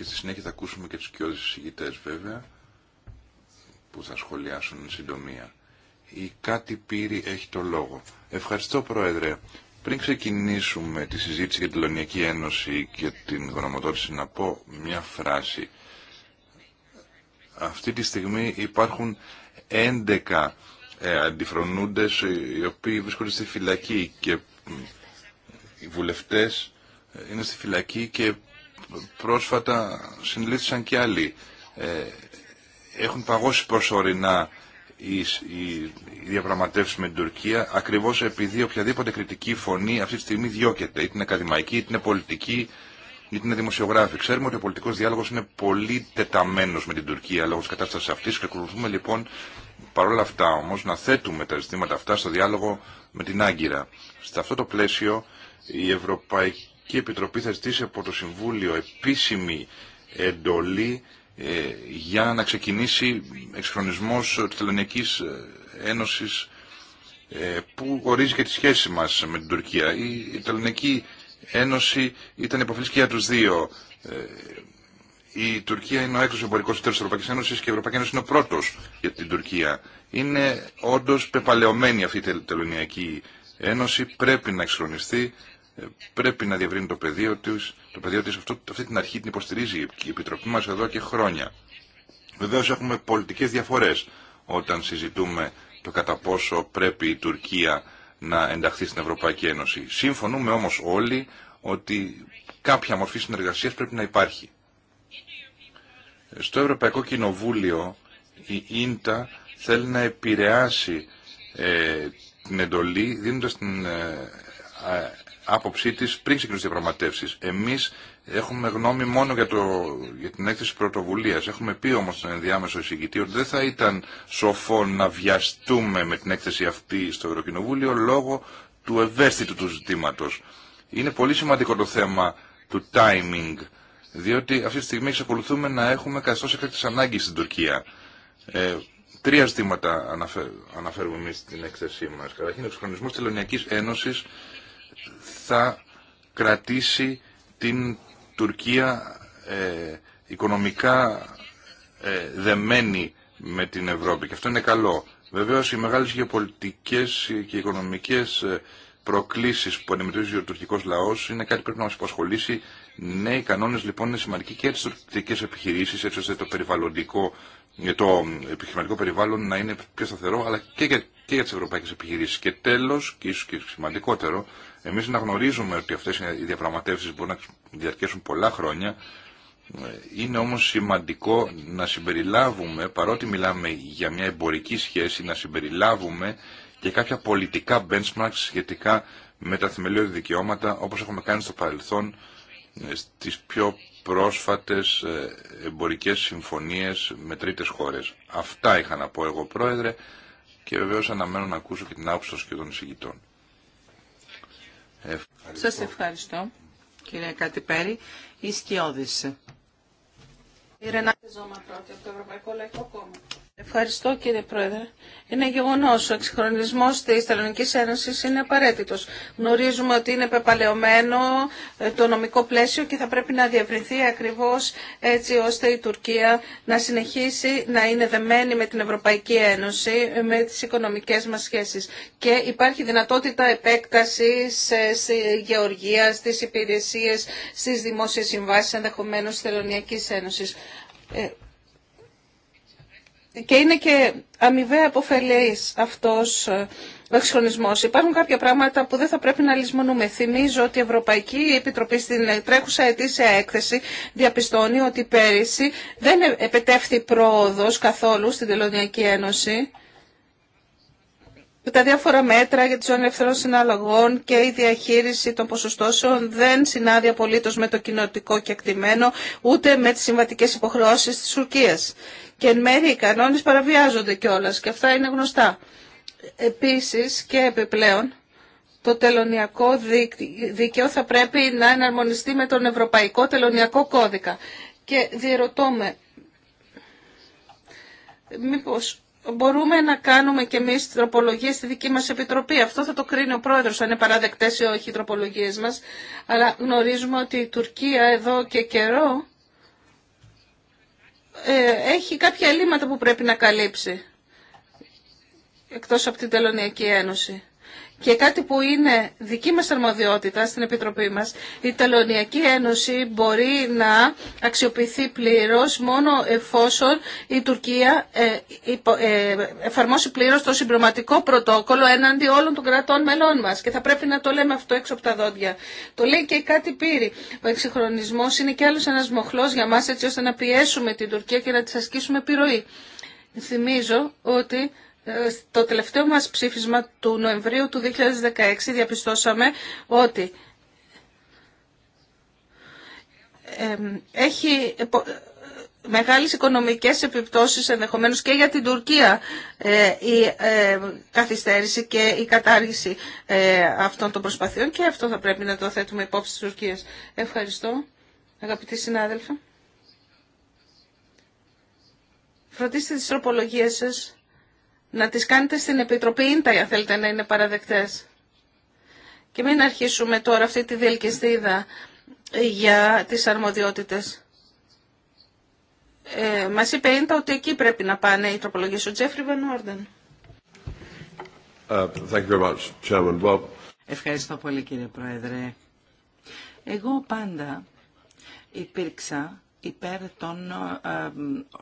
και στη συνέχεια θα ακούσουμε και τους κοιόδους συγγητές βέβαια που θα σχολιάσουν συντομία. Η κάτι πύρη έχει το λόγο. Ευχαριστώ Πρόεδρε. Πριν ξεκινήσουμε τη συζήτηση για την Τελωνιακή Ένωση και την γνωμοδότηση να πω μια φράση. Αυτή τη στιγμή υπάρχουν 11 ε, αντιφρονούντες οι οποίοι βρίσκονται στη φυλακή και οι βουλευτές είναι στη φυλακή και πρόσφατα συνελήφθησαν και άλλοι. Ε, έχουν παγώσει προσωρινά οι διαπραγματεύσει με την Τουρκία ακριβώς επειδή οποιαδήποτε κριτική φωνή αυτή τη στιγμή διώκεται. Είτε είναι ακαδημαϊκή, είτε είναι πολιτική, είτε είναι δημοσιογράφη. Ξέρουμε ότι ο πολιτικός διάλογος είναι πολύ τεταμένος με την Τουρκία λόγω της κατάστασης αυτής και ακολουθούμε λοιπόν παρόλα αυτά όμως να θέτουμε τα ζητήματα αυτά στο διάλογο με την Άγκυρα. Σε αυτό το πλαίσιο η Ευρωπαϊκή η Επιτροπή θα ζητήσει από το Συμβούλιο επίσημη εντολή ε, για να ξεκινήσει εξχρονισμός της Τελωνιακής ε, Ένωσης ε, που ορίζει και τη σχέση μας με την Τουρκία. Η Τελωνιακή Ένωση ήταν υποφελής και για τους δύο. Η Τουρκία είναι ο έκτος εμπορικός της Ευρωπαϊκής Ένωσης και η Ευρωπαϊκή Ένωση είναι ο πρώτος για την Τουρκία. Είναι όντως πεπαλαιωμένη αυτή η Τελωνιακή Ένωση, πρέπει να εξχρονιστεί ε, πρέπει να διευρύνει το πεδίο της, το πεδίο της αυτό, αυτή την αρχή την υποστηρίζει η Επιτροπή μας εδώ και χρόνια. Βεβαίως έχουμε πολιτικές διαφορές όταν συζητούμε το κατά πόσο πρέπει η Τουρκία να ενταχθεί στην Ευρωπαϊκή Ένωση. Συμφωνούμε όμως όλοι ότι κάποια μορφή συνεργασίας πρέπει να υπάρχει. Στο Ευρωπαϊκό Κοινοβούλιο η ίντα θέλει να επηρεάσει ε, την εντολή δίνοντας την ε, άποψή τη πριν ξεκινήσει τι διαπραγματεύσει. Εμεί έχουμε γνώμη μόνο για, το, για την έκθεση πρωτοβουλία. Έχουμε πει όμω στον ενδιάμεσο εισηγητή ότι δεν θα ήταν σοφό να βιαστούμε με την έκθεση αυτή στο Ευρωκοινοβούλιο λόγω του ευαίσθητου του ζητήματο. Είναι πολύ σημαντικό το θέμα του timing, διότι αυτή τη στιγμή εξακολουθούμε να έχουμε καθώ έκθεση ανάγκη στην Τουρκία. Ε, τρία ζητήματα αναφέρουμε εμεί στην έκθεσή μα. Καταρχήν, ο εξοχρονισμό τη Ελληνική Ένωση θα κρατήσει την Τουρκία ε, οικονομικά ε, δεμένη με την Ευρώπη και αυτό είναι καλό. Βεβαίως οι μεγάλες γεωπολιτικές και οικονομικές ε, προκλήσεις που αντιμετωπίζει ο τουρκικός λαός είναι κάτι που πρέπει να μας υποσχολήσει. Ναι, οι κανόνες λοιπόν είναι σημαντικοί και έτσι τις τουρκικές επιχειρήσεις έτσι ώστε το περιβαλλοντικό για ε, το επιχειρηματικό περιβάλλον να είναι πιο σταθερό, αλλά και για, και για τις ευρωπαϊκές επιχειρήσεις. Και τέλος, και ίσως και σημαντικότερο, εμείς να γνωρίζουμε ότι αυτές οι διαπραγματεύσεις μπορούν να διαρκέσουν πολλά χρόνια, ε, είναι όμως σημαντικό να συμπεριλάβουμε, παρότι μιλάμε για μια εμπορική σχέση, να συμπεριλάβουμε και κάποια πολιτικά benchmarks σχετικά με τα θεμελιώδη δικαιώματα, όπως έχουμε κάνει στο παρελθόν ε, στις πιο πρόσφατες ε, εμπορικές συμφωνίες με τρίτες χώρες. Αυτά είχα να πω εγώ πρόεδρε και βεβαίως αναμένω να ακούσω και την άποψη των σχεδόν συγκητών. Ευχαριστώ. Σας ευχαριστώ κύριε Κατυπέρη. Η Σκιώδης. Η Ζώμα από το Ευρωπαϊκό Λαϊκό Κόμμα. Ευχαριστώ κύριε Πρόεδρε. Είναι γεγονό ο εξυγχρονισμό τη Τελωνική Ένωση είναι απαραίτητο. Γνωρίζουμε ότι είναι πεπαλαιωμένο ε, το νομικό πλαίσιο και θα πρέπει να διευρυνθεί ακριβώ έτσι ώστε η Τουρκία να συνεχίσει να είναι δεμένη με την Ευρωπαϊκή Ένωση, με τι οικονομικέ μα σχέσει. Και υπάρχει δυνατότητα επέκταση ε, στη γεωργία, στι υπηρεσίε, στι δημόσιε συμβάσει ενδεχομένω τη Τελωνιακή Ένωση. Ε, και είναι και αμοιβαία αποφελής αυτός ε, ο εξχρονισμός. Υπάρχουν κάποια πράγματα που δεν θα πρέπει να λησμονούμε. Θυμίζω ότι η Ευρωπαϊκή Επιτροπή στην τρέχουσα ετήσια έκθεση διαπιστώνει ότι πέρυσι δεν ε, επετεύχθη πρόοδος καθόλου στην Τελωνιακή Ένωση τα διάφορα μέτρα για τη ζώνη ελευθερών συναλλαγών και η διαχείριση των ποσοστώσεων δεν συνάδει απολύτως με το κοινοτικό κεκτημένο ούτε με τις συμβατικές υποχρεώσεις της Τουρκίας και εν μέρει οι κανόνες παραβιάζονται κιόλας και αυτά είναι γνωστά. Επίσης και επιπλέον το τελωνιακό δίκαιο θα πρέπει να εναρμονιστεί με τον Ευρωπαϊκό Τελωνιακό Κώδικα. Και διερωτώ με, μήπως μπορούμε να κάνουμε κι εμείς τροπολογίες στη δική μας επιτροπή. Αυτό θα το κρίνει ο πρόεδρος, αν είναι παραδεκτές ή όχι οι τροπολογίες μας. Αλλά γνωρίζουμε ότι η Τουρκία εδώ και καιρό ε, έχει κάποια ελλείμματα που πρέπει να καλύψει εκτός από την Τελωνιακή Ένωση και κάτι που είναι δική μας αρμοδιότητα στην Επιτροπή μας, η Τελωνιακή Ένωση μπορεί να αξιοποιηθεί πλήρως μόνο εφόσον η Τουρκία ε, ε, εφαρμόσει πλήρως το συμπροματικό πρωτόκολλο έναντι όλων των κρατών μελών μας και θα πρέπει να το λέμε αυτό έξω από τα δόντια. Το λέει και κάτι πύρη. Ο εξυγχρονισμός είναι κι άλλος ένας μοχλός για μας έτσι ώστε να πιέσουμε την Τουρκία και να της ασκήσουμε επιρροή. Θυμίζω ότι ε, στο τελευταίο μας ψήφισμα του Νοεμβρίου του 2016 διαπιστώσαμε ότι έχει ε, μεγάλες οικονομικές επιπτώσεις ενδεχομένως και για την Τουρκία ε, η καθυστέρηση και η κατάργηση αυτών των προσπαθειών και αυτό θα πρέπει να το θέτουμε υπόψη της Τουρκίας. Ευχαριστώ αγαπητοί συνάδελφοι. Φροντίστε τις τροπολογίες σας να τις κάνετε στην Επιτροπή Ίντα, αν θέλετε να είναι παραδεκτές. Και μην αρχίσουμε τώρα αυτή τη διελκυστίδα ε, για τις αρμοδιότητες. Ε, μας είπε Ίντα ότι εκεί πρέπει να πάνε οι τροπολογίες. του Τζέφρι Βαν Όρντεν. Ε, Ευχαριστώ πολύ κύριε Πρόεδρε. Εγώ πάντα υπήρξα υπέρ των ε,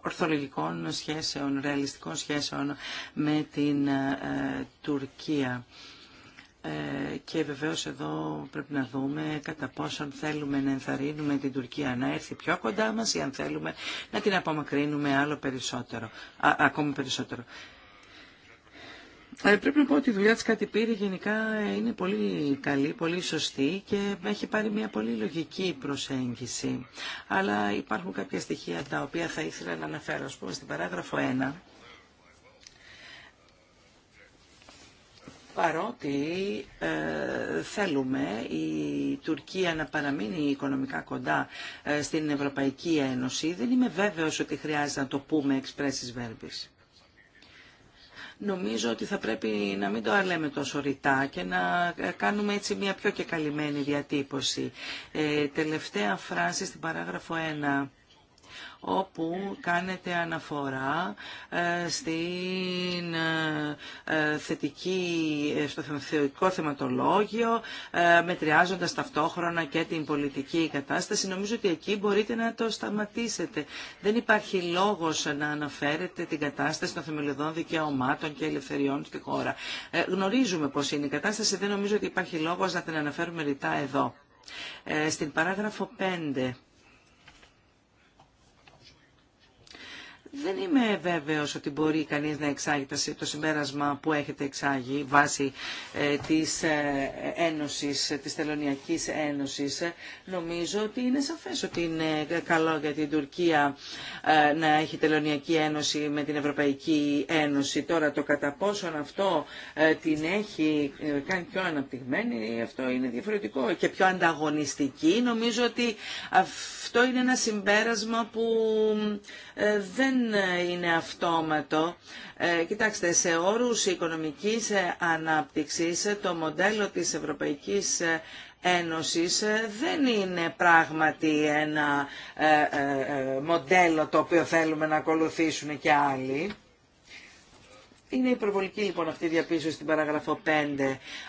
ορθολογικών σχέσεων, ρεαλιστικών σχέσεων με την ε, Τουρκία. Ε, και βεβαίως εδώ πρέπει να δούμε κατά πόσον θέλουμε να ενθαρρύνουμε την Τουρκία να έρθει πιο κοντά μας ή αν θέλουμε να την απομακρύνουμε άλλο περισσότερο, ακόμη περισσότερο. Ε, πρέπει να πω ότι η δουλειά της Κατυπήρη γενικά είναι πολύ καλή, πολύ σωστή και έχει πάρει μια πολύ λογική προσέγγιση. Αλλά υπάρχουν κάποια στοιχεία τα οποία θα ήθελα να αναφέρω. Ας πούμε στην παράγραφο 1, παρότι ε, θέλουμε η Τουρκία να παραμείνει οικονομικά κοντά ε, στην Ευρωπαϊκή Ένωση, δεν είμαι βέβαιος ότι χρειάζεται να το πούμε εξπρέσεις verbis νομίζω ότι θα πρέπει να μην το λέμε τόσο ρητά και να κάνουμε έτσι μια πιο και καλυμμένη διατύπωση. Ε, τελευταία φράση στην παράγραφο 1 όπου κάνετε αναφορά ε, στην ε, ε, θετική, στο θεωτικό θεματολόγιο, μετριάζοντας ταυτόχρονα και την πολιτική κατάσταση. Νομίζω ότι εκεί μπορείτε να το σταματήσετε. Δεν υπάρχει λόγος να αναφέρετε την κατάσταση των θεμελιωδών δικαιωμάτων και ελευθεριών στη χώρα. Γνωρίζουμε πώς είναι η κατάσταση, δεν νομίζω ότι υπάρχει λόγος να την αναφέρουμε ρητά εδώ. Στην παράγραφο 5 Δεν είμαι βέβαιος ότι μπορεί κανείς να εξάγει το συμπέρασμα που έχετε εξάγει βάσει ε, της ε, Ένωσης, ε, της Τελωνιακής Ένωσης. Νομίζω ότι είναι σαφές ότι είναι καλό για την Τουρκία να έχει Τελωνιακή Ένωση με την Ευρωπαϊκή Ένωση. Τώρα το κατά πόσον αυτό την έχει κάνει πιο αναπτυγμένη, αυτό είναι διαφορετικό και πιο ανταγωνιστική. Νομίζω ότι αυτό είναι ένα συμπέρασμα που δεν ε, είναι αυτόματο. Ε, κοιτάξτε, σε όρους οικονομικής ε, ανάπτυξης το μοντέλο της Ευρωπαϊκής Ένωσης δεν είναι πράγματι ένα μοντέλο το οποίο θέλουμε να ακολουθήσουν και άλλοι. Είναι υπερβολική λοιπόν αυτή η διαπίστωση στην παράγραφο 5.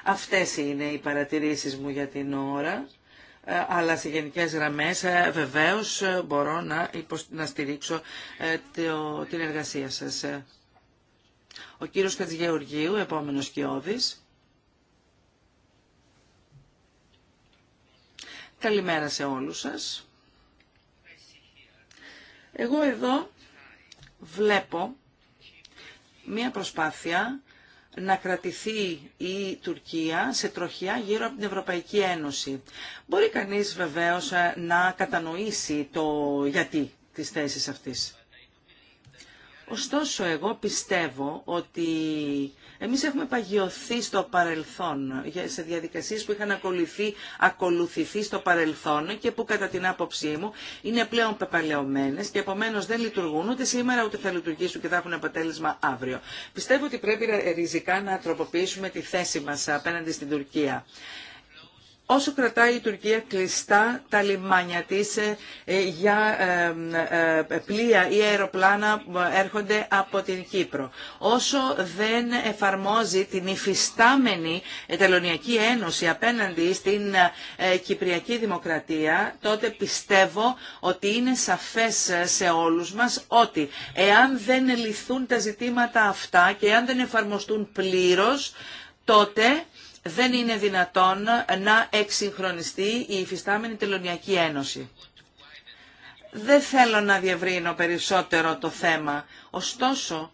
Αυτές είναι οι παρατηρήσεις μου για την ώρα. Ε, αλλά σε γενικές γραμμές ε, βεβαίως ε, μπορώ να, να στηρίξω την εργασία σας. Ο κύριος Κατζηγεωργίου, επόμενος Κιώδης. Καλημέρα σε όλους σας. Εγώ εδώ βλέπω μία προσπάθεια να κρατηθεί η Τουρκία σε τροχιά γύρω από την Ευρωπαϊκή Ένωση. Μπορεί κανείς βεβαίως ε, να κατανοήσει το γιατί της θέσης αυτής. Ωστόσο, εγώ πιστεύω ότι εμείς έχουμε παγιωθεί στο παρελθόν, σε διαδικασίες που είχαν ακολουθηθεί στο παρελθόν και που κατά την άποψή μου είναι πλέον πεπαλαιωμένες και επομένως δεν λειτουργούν ούτε σήμερα ούτε θα λειτουργήσουν και θα έχουν αποτέλεσμα αύριο. Πιστεύω ότι πρέπει ριζικά να τροποποιήσουμε τη θέση μας απέναντι στην Τουρκία όσο κρατάει η Τουρκία κλειστά τα λιμάνια της ε, ε, για ε, πλοία ή αεροπλάνα που έρχονται από την Κύπρο, όσο δεν εφαρμόζει την υφιστάμενη τελωνιακή ένωση απέναντι στην Κυπριακή Δημοκρατία, τότε πιστεύω ότι είναι σαφές σε όλους μας ότι εάν δεν λυθούν τα ζητήματα αυτά και εάν δεν εφαρμοστούν πλήρως, τότε δεν είναι δυνατόν να εξυγχρονιστεί η υφιστάμενη τελωνιακή ένωση. Δεν θέλω να διευρύνω περισσότερο το θέμα, ωστόσο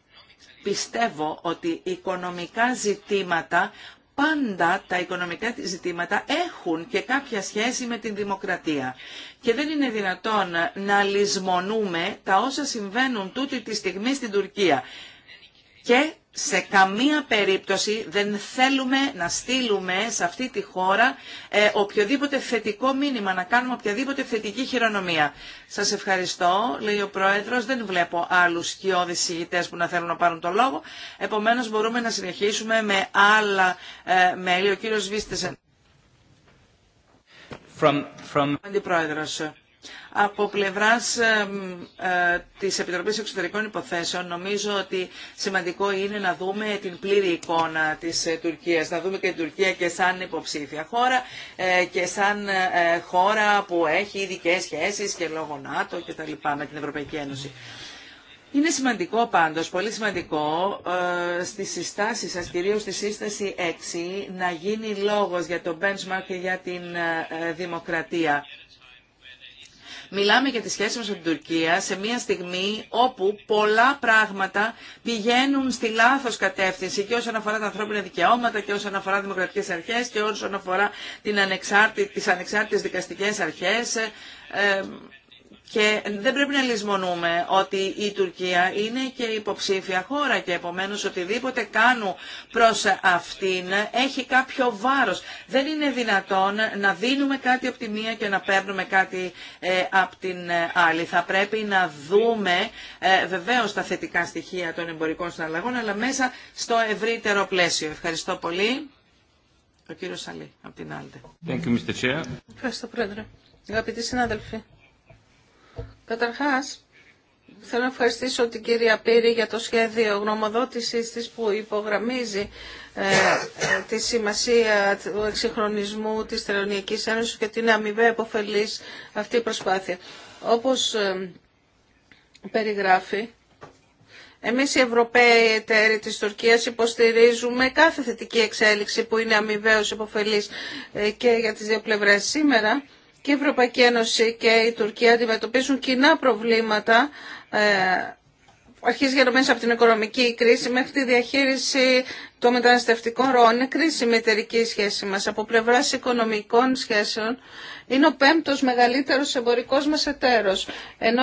πιστεύω ότι οικονομικά ζητήματα πάντα τα οικονομικά ζητήματα έχουν και κάποια σχέση με την δημοκρατία. Και δεν είναι δυνατόν να λησμονούμε τα όσα συμβαίνουν τούτη τη στιγμή στην Τουρκία. Και σε καμία περίπτωση δεν θέλουμε να στείλουμε σε αυτή τη χώρα ε, οποιοδήποτε θετικό μήνυμα, να κάνουμε οποιαδήποτε θετική χειρονομία. Σας ευχαριστώ, λέει ο Πρόεδρος, δεν βλέπω άλλους σκιώδεις συγητές που να θέλουν να πάρουν το λόγο, επομένως μπορούμε να συνεχίσουμε με άλλα ε, μέλη. Ο κύριος Βίστεσεν, from, from... αντιπρόεδρος. Από πλευράς ε, της Επιτροπής Εξωτερικών Υποθέσεων νομίζω ότι σημαντικό είναι να δούμε την πλήρη εικόνα της ε, Τουρκίας, να δούμε και την Τουρκία και σαν υποψήφια χώρα ε, και σαν χώρα που έχει ειδικέ σχέσεις και λόγω ΝΑΤΟ και τα λοιπά με την Ευρωπαϊκή Ένωση. Είναι σημαντικό πάντως, πολύ σημαντικό, ε, στις συστάσεις σας, στη σύσταση 6, να γίνει λόγος για το benchmark και για την δημοκρατία. Μιλάμε για τη σχέση μας με την Τουρκία σε μια στιγμή όπου πολλά πράγματα πηγαίνουν στη λάθος κατεύθυνση και όσον αφορά τα ανθρώπινα δικαιώματα και όσον αφορά δημοκρατικές αρχές και όσον αφορά την ανεξάρτη, τις ανεξάρτητες δικαστικές αρχές. Ε, και δεν πρέπει να λησμονούμε ότι η Τουρκία είναι και υποψήφια χώρα και επομένως οτιδήποτε κάνουν προς αυτήν έχει κάποιο βάρος. Δεν είναι δυνατόν να δίνουμε κάτι από τη μία και να παίρνουμε κάτι ε, από την ε, άλλη. Θα πρέπει να δούμε ε, βεβαίως τα θετικά στοιχεία των εμπορικών συναλλαγών αλλά μέσα στο ευρύτερο πλαίσιο. Ευχαριστώ πολύ. Ο κύριος Σαλή από την Άλτε. Ευχαριστώ πρόεδρε. Αγαπητοί συνάδελφοι. Καταρχάς, θέλω να ευχαριστήσω την κυρία Πύρη για το σχέδιο γνωμοδότησης της που υπογραμμίζει ε, ε, τη σημασία του εξυγχρονισμού της Τελωνιακής Ένωσης και την αμοιβαία επωφελής αυτή η προσπάθεια. Όπως ε, περιγράφει, εμείς οι Ευρωπαίοι εταίροι της Τουρκίας υποστηρίζουμε κάθε θετική εξέλιξη που είναι αμοιβαίως επωφελής και για τις δύο πλευρές σήμερα και η Ευρωπαϊκή Ένωση και η Τουρκία αντιμετωπίζουν κοινά προβλήματα ε, αρχίζει γενομένης από την οικονομική κρίση μέχρι τη διαχείριση των μεταναστευτικών ροών. Είναι κρίσιμη εταιρική σχέση μα από πλευρά οικονομικών σχέσεων. Είναι ο πέμπτο μεγαλύτερο εμπορικό μα εταίρο. ενώ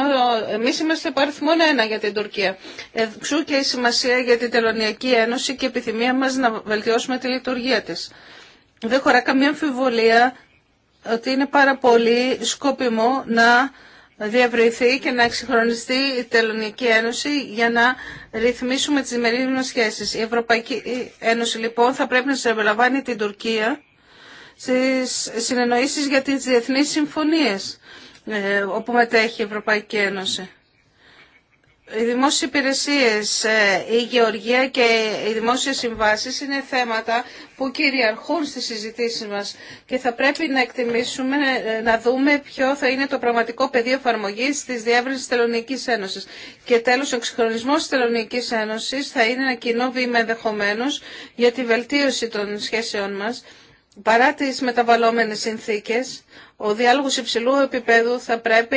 εμείς είμαστε παριθμόν ένα για την Τουρκία. Εξού και η σημασία για την Τελωνιακή Ένωση και η επιθυμία μα να βελτιώσουμε τη λειτουργία τη. Δεν χωρά καμία αμφιβολία ότι είναι πάρα πολύ σκόπιμο να διαβρεθεί και να εξυγχρονιστεί η Τελωνική Ένωση για να ρυθμίσουμε τις διμερείς μας σχέσεις. Η Ευρωπαϊκή Ένωση λοιπόν θα πρέπει να συμπεριλαμβάνει την Τουρκία στις συνεννοήσεις για τις διεθνείς συμφωνίες ε, όπου μετέχει η Ευρωπαϊκή Ένωση. Οι δημόσιες υπηρεσίες, ε, η γεωργία και οι δημόσιες συμβάσεις είναι θέματα που κυριαρχούν στις συζητήσεις μας και θα πρέπει να εκτιμήσουμε, ε, να δούμε ποιο θα είναι το πραγματικό πεδίο εφαρμογή της διεύρυνσης Τελωνικής Ένωσης. Και τέλος, ο εξυγχρονισμός της Τελωνικής Ένωσης θα είναι ένα κοινό βήμα ενδεχομένω για τη βελτίωση των σχέσεων μας παρά τις μεταβαλλόμενες συνθήκες, ο διάλογο υψηλού επίπεδου θα πρέπει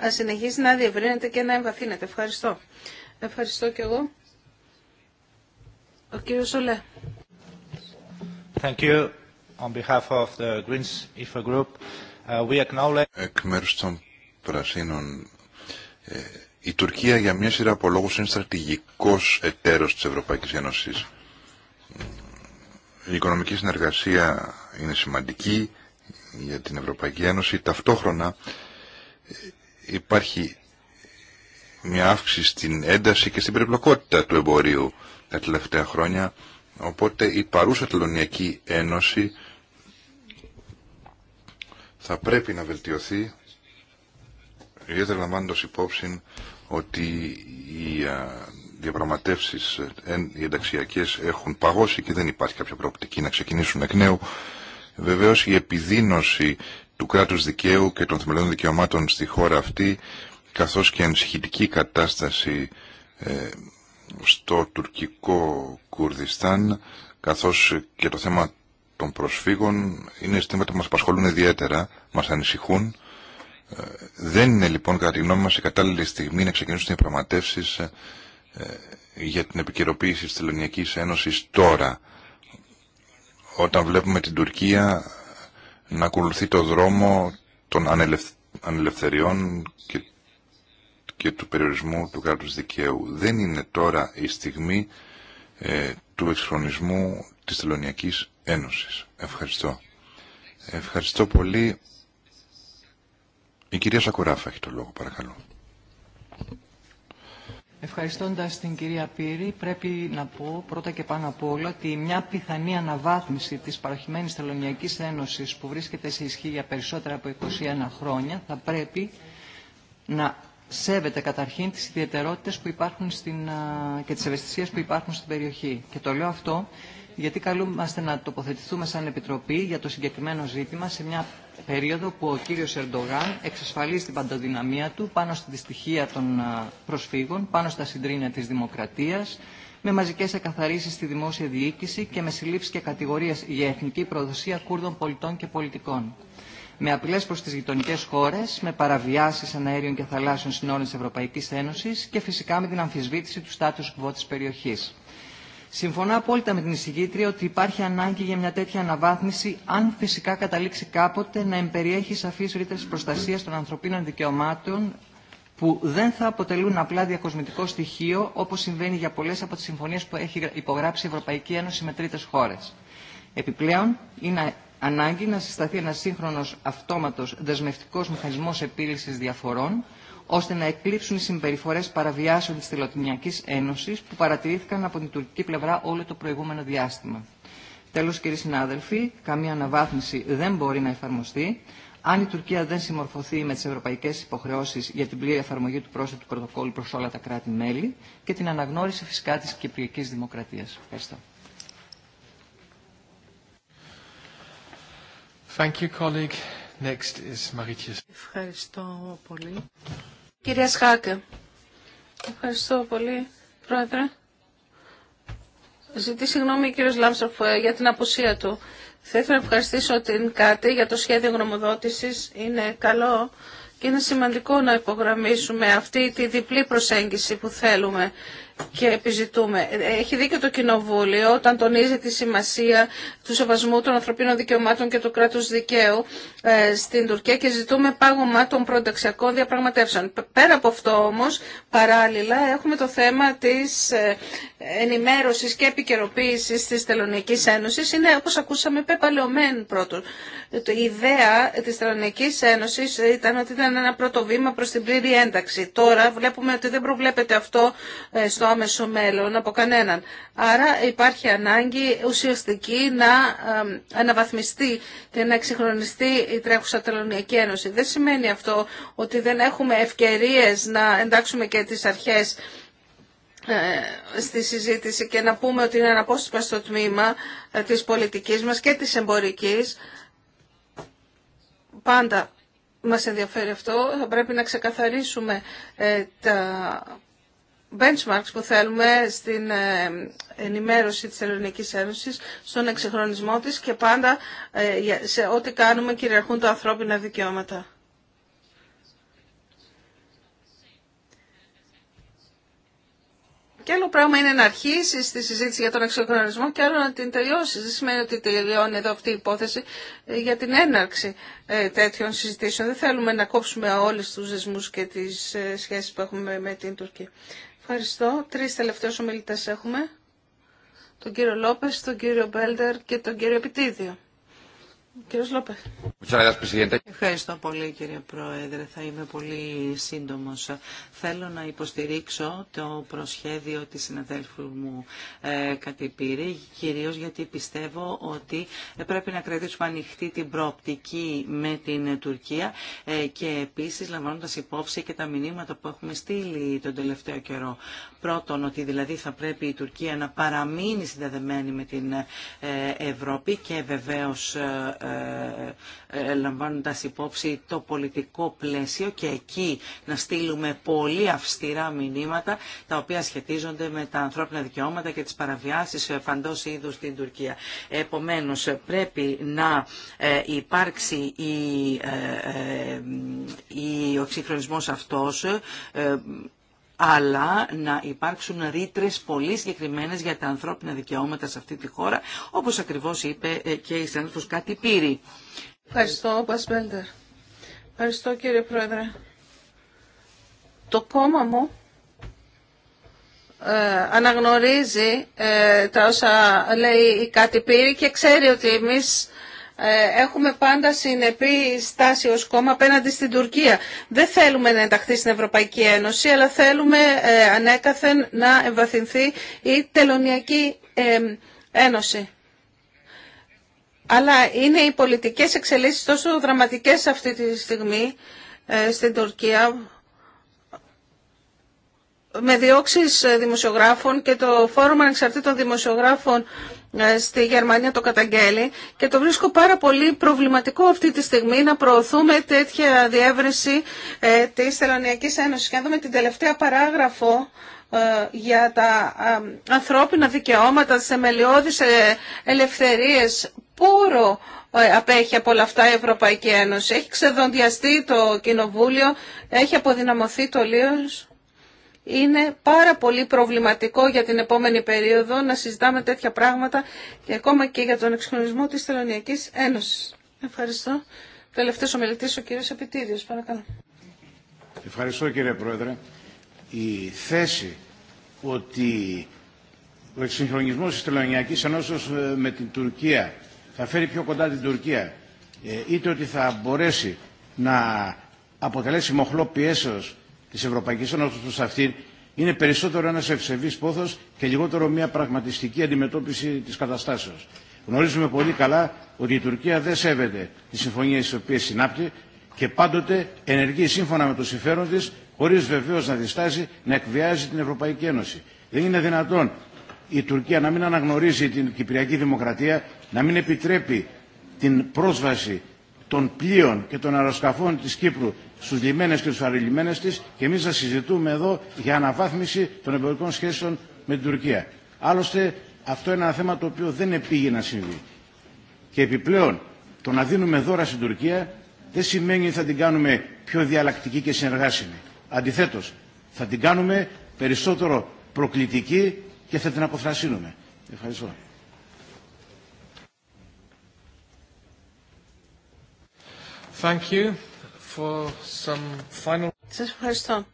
να συνεχίσει να διευρύνεται και να εμβαθύνεται. Ευχαριστώ. Ευχαριστώ και εγώ. Ο κύριος Σολέ. Εκ μέρου των Πρασίνων, ε, η Τουρκία για μια σειρά από λόγου είναι στρατηγικό εταίρο τη Ευρωπαϊκή Ένωση. Η οικονομική συνεργασία είναι σημαντική, για την Ευρωπαϊκή Ένωση. Ταυτόχρονα υπάρχει μια αύξηση στην ένταση και στην περιπλοκότητα του εμπορίου τα τελευταία χρόνια. Οπότε η παρούσα Τελωνιακή Ένωση θα πρέπει να βελτιωθεί ιδιαίτερα λαμβάνοντας υπόψη ότι οι διαπραγματεύσεις οι ενταξιακές έχουν παγώσει και δεν υπάρχει κάποια προοπτική να ξεκινήσουν εκ νέου. Βεβαίως η επιδείνωση του κράτους δικαίου και των θεμελιών δικαιωμάτων στη χώρα αυτή, καθώς και ενσχυτική κατάσταση ε, στο τουρκικό Κουρδιστάν, καθώς και το θέμα των προσφύγων, είναι ζητήματα που μας απασχολούν ιδιαίτερα, μας ανησυχούν. Ε, δεν είναι λοιπόν κατά τη γνώμη μας η κατάλληλη στιγμή να ξεκινήσουν οι πραγματεύσεις ε, για την επικαιροποίηση της Τελωνιακής Ένωσης τώρα όταν βλέπουμε την Τουρκία να ακολουθεί το δρόμο των ανελευθεριών και, του περιορισμού του κράτους δικαίου. Δεν είναι τώρα η στιγμή ε, του εξχρονισμού της Θελωνιακής Ένωσης. Ευχαριστώ. Ευχαριστώ πολύ. Η κυρία Σακουράφα έχει το λόγο, παρακαλώ. Ευχαριστώντας την κυρία Πύρη, πρέπει να πω πρώτα και πάνω απ' όλα ότι μια πιθανή αναβάθμιση της παροχημένης Θελωνιακής Ένωσης που βρίσκεται σε ισχύ για περισσότερα από 21 χρόνια θα πρέπει να σέβεται καταρχήν τις ιδιαιτερότητες που υπάρχουν στην, και τις ευαισθησίες που υπάρχουν στην περιοχή. Και το λέω αυτό γιατί καλούμαστε να τοποθετηθούμε σαν Επιτροπή για το συγκεκριμένο ζήτημα σε μια περίοδο που ο κύριος Ερντογάν εξασφαλίζει την παντοδυναμία του πάνω στη δυστυχία των προσφύγων, πάνω στα συντρίνια της δημοκρατίας, με μαζικές εκαθαρίσεις στη δημόσια διοίκηση και με συλλήψεις και κατηγορίες για εθνική προδοσία Κούρδων πολιτών και πολιτικών. Με απειλέ προ τι γειτονικέ χώρε, με παραβιάσει αναέριων και θαλάσσιων συνόρων τη Ευρωπαϊκή Ένωση και φυσικά με την αμφισβήτηση του στάτου quo τη περιοχή. Συμφωνώ απόλυτα με την εισηγήτρια ότι υπάρχει ανάγκη για μια τέτοια αναβάθμιση, αν φυσικά καταλήξει κάποτε να εμπεριέχει σαφεί ρήτρε προστασία των ανθρωπίνων δικαιωμάτων, που δεν θα αποτελούν απλά διακοσμητικό στοιχείο, όπω συμβαίνει για πολλέ από τι συμφωνίε που έχει υπογράψει η Ευρωπαϊκή Ένωση με τρίτε χώρε. Επιπλέον, είναι ανάγκη να συσταθεί ένα σύγχρονο αυτόματο δεσμευτικό μηχανισμό επίλυση διαφορών, ώστε να εκλείψουν οι συμπεριφορέ παραβιάσεων τη Τελωτινιακή Ένωση που παρατηρήθηκαν από την τουρκική πλευρά όλο το προηγούμενο διάστημα. Τέλο, κύριοι συνάδελφοι, καμία αναβάθμιση δεν μπορεί να εφαρμοστεί αν η Τουρκία δεν συμμορφωθεί με τι ευρωπαϊκέ υποχρεώσει για την πλήρη εφαρμογή του πρόσθετου πρωτοκόλλου προ όλα τα κράτη-μέλη και την αναγνώριση φυσικά τη Κυπριακή Δημοκρατία. Ευχαριστώ. Thank you, Next is Ευχαριστώ πολύ. Κυρία Σχάκε. Ευχαριστώ πολύ, Πρόεδρε. Ζητή συγγνώμη ο κύριος Λάμστροφ ε, για την απουσία του. Θα ήθελα να ευχαριστήσω την Κάτι για το σχέδιο γνωμοδότησης. Είναι καλό και είναι σημαντικό να υπογραμμίσουμε αυτή τη διπλή προσέγγιση που θέλουμε και επιζητούμε. Έχει δίκιο το Κοινοβούλιο όταν τονίζει τη σημασία του σεβασμού των ανθρωπίνων δικαιωμάτων και του κράτου δικαίου ε, στην Τουρκία και ζητούμε πάγωμα των προενταξιακών διαπραγματεύσεων. Πέρα από αυτό όμω, παράλληλα, έχουμε το θέμα τη ε, ενημέρωση και επικαιροποίηση τη Τελωνιακή Ένωση. Είναι, όπω ακούσαμε, πεπαλαιωμένη πρώτον. Η ιδέα τη Τελωνιακή Ένωση ήταν ότι ήταν ένα πρώτο βήμα προ την πλήρη ένταξη. Τώρα βλέπουμε ότι δεν προβλέπεται αυτό ε, στο στο άμεσο μέλλον από κανέναν. Άρα υπάρχει ανάγκη ουσιαστική να αναβαθμιστεί και να εξυγχρονιστεί η τρέχουσα τελωνιακή ένωση. Δεν σημαίνει αυτό ότι δεν έχουμε ευκαιρίες να εντάξουμε και τις αρχές ε, στη συζήτηση και να πούμε ότι είναι αναπόσπαστο στο τμήμα ε, της πολιτικής μας και της εμπορικής. Πάντα μας ενδιαφέρει αυτό. Θα πρέπει να ξεκαθαρίσουμε ε, τα benchmarks που θέλουμε στην ε, ενημέρωση της Ελληνικής Ένωσης, στον εξυγχρονισμό της και πάντα ε, σε ό,τι κάνουμε κυριαρχούν τα ανθρώπινα δικαιώματα. Και άλλο πράγμα είναι να αρχίσει τη συζήτηση για τον εξοχρονισμό και άλλο να την τελειώσει. Δεν σημαίνει ότι τελειώνει εδώ αυτή η υπόθεση ε, για την έναρξη τέτοιων συζητήσεων. Δεν θέλουμε να κόψουμε όλου του δεσμού και τι σχέσει που έχουμε με την Τουρκία. Ευχαριστώ. Τρεις τελευταίους ομιλητές έχουμε. Τον κύριο Λόπες, τον κύριο Μπέλτερ και τον κύριο Επιτίδιο. Ευχαριστώ πολύ κύριε Πρόεδρε. Θα είμαι πολύ σύντομος. Θέλω να υποστηρίξω το προσχέδιο της συναδέλφου μου ε, Κατυπήρη, κυρίως γιατί πιστεύω ότι πρέπει να κρατήσουμε ανοιχτή την προοπτική με την Τουρκία ε, και επίσης λαμβάνοντας υπόψη και τα μηνύματα που έχουμε στείλει τον τελευταίο καιρό. Πρώτον, ότι δηλαδή θα πρέπει η Τουρκία να παραμείνει συνδεδεμένη με την ε, Ευρώπη και βεβαίως ε, ε, ε, ε, λαμβάνοντας υπόψη το πολιτικό πλαίσιο και εκεί να στείλουμε πολύ αυστηρά μηνύματα τα οποία σχετίζονται με τα ανθρώπινα δικαιώματα και τις παραβιάσεις παντός είδου στην Τουρκία. Επομένως πρέπει να υπάρξει η, η, ο εξυγχρονισμός αυτός αλλά να υπάρξουν ρήτρε πολύ συγκεκριμένε για τα ανθρώπινα δικαιώματα σε αυτή τη χώρα, όπως ακριβώς είπε ε, και η συνάδελφο Κάτι Πύρη. Ευχαριστώ, Μπασμπέντερ. Ευχαριστώ, κύριε Πρόεδρε. Το κόμμα μου ε, αναγνωρίζει ε, τα όσα λέει η Κάτι Πύρη και ξέρει ότι εμείς ε, έχουμε πάντα συνεπή στάση ως κόμμα απέναντι στην Τουρκία. Δεν θέλουμε να ενταχθεί στην Ευρωπαϊκή Ένωση, αλλά θέλουμε ε, ανέκαθεν να εμβαθυνθεί η τελωνιακή ε, ένωση. Αλλά είναι οι πολιτικές εξελίξεις τόσο δραματικές αυτή τη στιγμή στην Τουρκία με διώξεις δημοσιογράφων και το Φόρουμ Ανεξαρτήτων Δημοσιογράφων ε, στη Γερμανία το καταγγέλει και το βρίσκω πάρα πολύ προβληματικό αυτή τη στιγμή να προωθούμε τέτοια διεύρυνση ε, της Θελωνιακής Ένωσης. Και αν δούμε την τελευταία παράγραφο ε, για τα ανθρώπινα δικαιώματα, τις ε, ελευθερίες, πόρο απέχει από όλα αυτά η Ευρωπαϊκή Ένωση. Έχει ξεδοντιαστεί το Κοινοβούλιο, έχει αποδυναμωθεί το λίος είναι πάρα πολύ προβληματικό για την επόμενη περίοδο να συζητάμε τέτοια πράγματα και ακόμα και για τον εξυγχρονισμό της Τελωνιακή Ένωσης. Ευχαριστώ. Τελευταίος ομιλητής ο κύριος Επιτήδιος. Παρακαλώ. Ευχαριστώ κύριε Πρόεδρε. Η θέση ότι ο εξυγχρονισμός της Τελωνιακή Ένωσης ε, με την Τουρκία θα φέρει πιο κοντά την Τουρκία ε, είτε ότι θα μπορέσει να αποτελέσει μοχλό πιέσεως της Ευρωπαϊκή Ένωσης προς αυτήν είναι περισσότερο ένας ευσεβής πόθος και λιγότερο μια πραγματιστική αντιμετώπιση της καταστάσεως. Γνωρίζουμε πολύ καλά ότι η Τουρκία δεν σέβεται τις συμφωνίες τις οποίες συνάπτει και πάντοτε ενεργεί σύμφωνα με το συμφέρον της, χωρίς βεβαίως να διστάζει να εκβιάζει την Ευρωπαϊκή Ένωση. Δεν είναι δυνατόν η Τουρκία να μην αναγνωρίζει την Κυπριακή Δημοκρατία, να μην επιτρέπει την πρόσβαση των πλοίων και των αεροσκαφών της Κύπρου στους λιμένες και τους αρελιμένες της και εμείς θα συζητούμε εδώ για αναβάθμιση των εμπορικών σχέσεων με την Τουρκία. Άλλωστε αυτό είναι ένα θέμα το οποίο δεν επήγει να συμβεί. Και επιπλέον το να δίνουμε δώρα στην Τουρκία δεν σημαίνει ότι θα την κάνουμε πιο διαλλακτική και συνεργάσιμη. Αντιθέτως, θα την κάνουμε περισσότερο προκλητική και θα την αποθρασύνουμε. Ευχαριστώ. Thank Σας ευχαριστώ.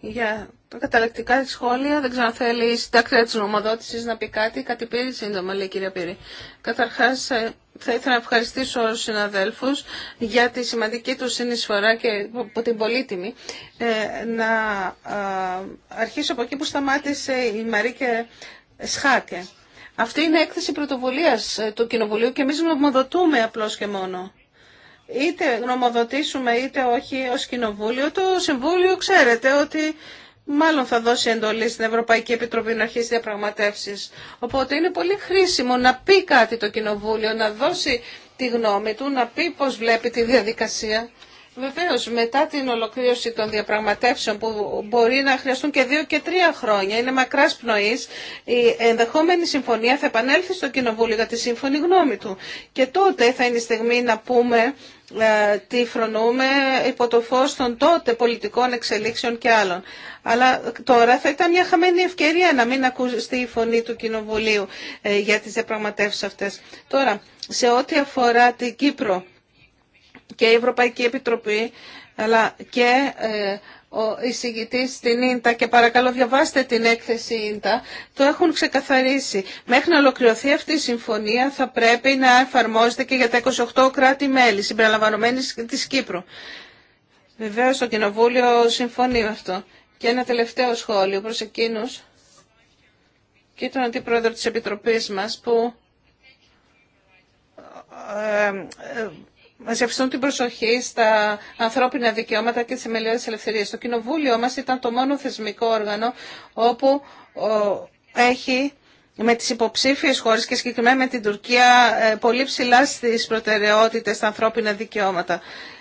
Για τα καταλεκτικά σχόλια, δεν ξέρω αν θέλει η συντάκτρια της νομοδότησης να πει κάτι. Κάτι πήρε σύντομα, λέει κυρία Πύρη. Καταρχάς, ε, θα ήθελα να ευχαριστήσω όλους τους συναδέλφους για τη σημαντική του συνεισφορά και από την πολύτιμη. Ε, να αρχίσω από εκεί που σταμάτησε η Μαρίκε Σχάκε. Αυτή είναι έκθεση πρωτοβουλίας ε, του Κοινοβουλίου και εμείς νομοδοτούμε απλώς και μόνο είτε γνωμοδοτήσουμε είτε όχι ως κοινοβούλιο, το Συμβούλιο ξέρετε ότι μάλλον θα δώσει εντολή στην Ευρωπαϊκή Επιτροπή να αρχίσει διαπραγματεύσεις. Οπότε είναι πολύ χρήσιμο να πει κάτι το Κοινοβούλιο, να δώσει τη γνώμη του, να πει πώς βλέπει τη διαδικασία. Βεβαίω, μετά την ολοκλήρωση των διαπραγματεύσεων που μπορεί να χρειαστούν και δύο και τρία χρόνια, είναι μακρά πνοή, η ενδεχόμενη συμφωνία θα επανέλθει στο Κοινοβούλιο για τη σύμφωνη γνώμη του. Και τότε θα είναι η στιγμή να πούμε ε, τι φρονούμε υπό το φω των τότε πολιτικών εξελίξεων και άλλων. Αλλά τώρα θα ήταν μια χαμένη ευκαιρία να μην ακούσει η φωνή του Κοινοβουλίου ε, για τι διαπραγματεύσει αυτέ. Τώρα, σε ό,τι αφορά την Κύπρο, και η Ευρωπαϊκή Επιτροπή αλλά και ε, ο εισηγητής στην ίντα και παρακαλώ διαβάστε την έκθεση ίντα, το έχουν ξεκαθαρίσει. Μέχρι να ολοκληρωθεί αυτή η συμφωνία θα πρέπει να εφαρμόζεται και για τα 28 κράτη-μέλη, συμπεριλαμβανομένης της Κύπρου. Βεβαίω το Κοινοβούλιο συμφωνεί με αυτό. Και ένα τελευταίο σχόλιο προς εκείνους και τον Αντίπρόεδρο της Επιτροπής μας που ε, ε, μαζευστούν την προσοχή στα ανθρώπινα δικαιώματα και τις θεμελιώδεις ελευθερίες. Το Κοινοβούλιο μας ήταν το μόνο θεσμικό όργανο όπου έχει με τις υποψήφιες χώρες και συγκεκριμένα με την Τουρκία ε, πολύ ψηλά στις προτεραιότητες στα ανθρώπινα δικαιώματα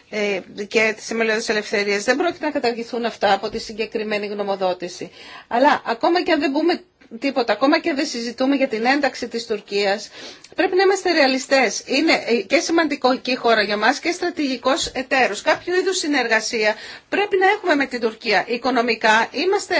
ε, και τις θεμελιώδεις ελευθερίες. Δεν πρόκειται να καταργηθούν αυτά από τη συγκεκριμένη γνωμοδότηση. Αλλά ακόμα και αν δεν μπούμε τίποτα. Ακόμα και δεν συζητούμε για την ένταξη της Τουρκίας. Πρέπει να είμαστε ρεαλιστές. Είναι ε, και σημαντικό η χώρα για μας και στρατηγικός εταίρος. Κάποιο είδους συνεργασία πρέπει να έχουμε με την Τουρκία. Οικονομικά είμαστε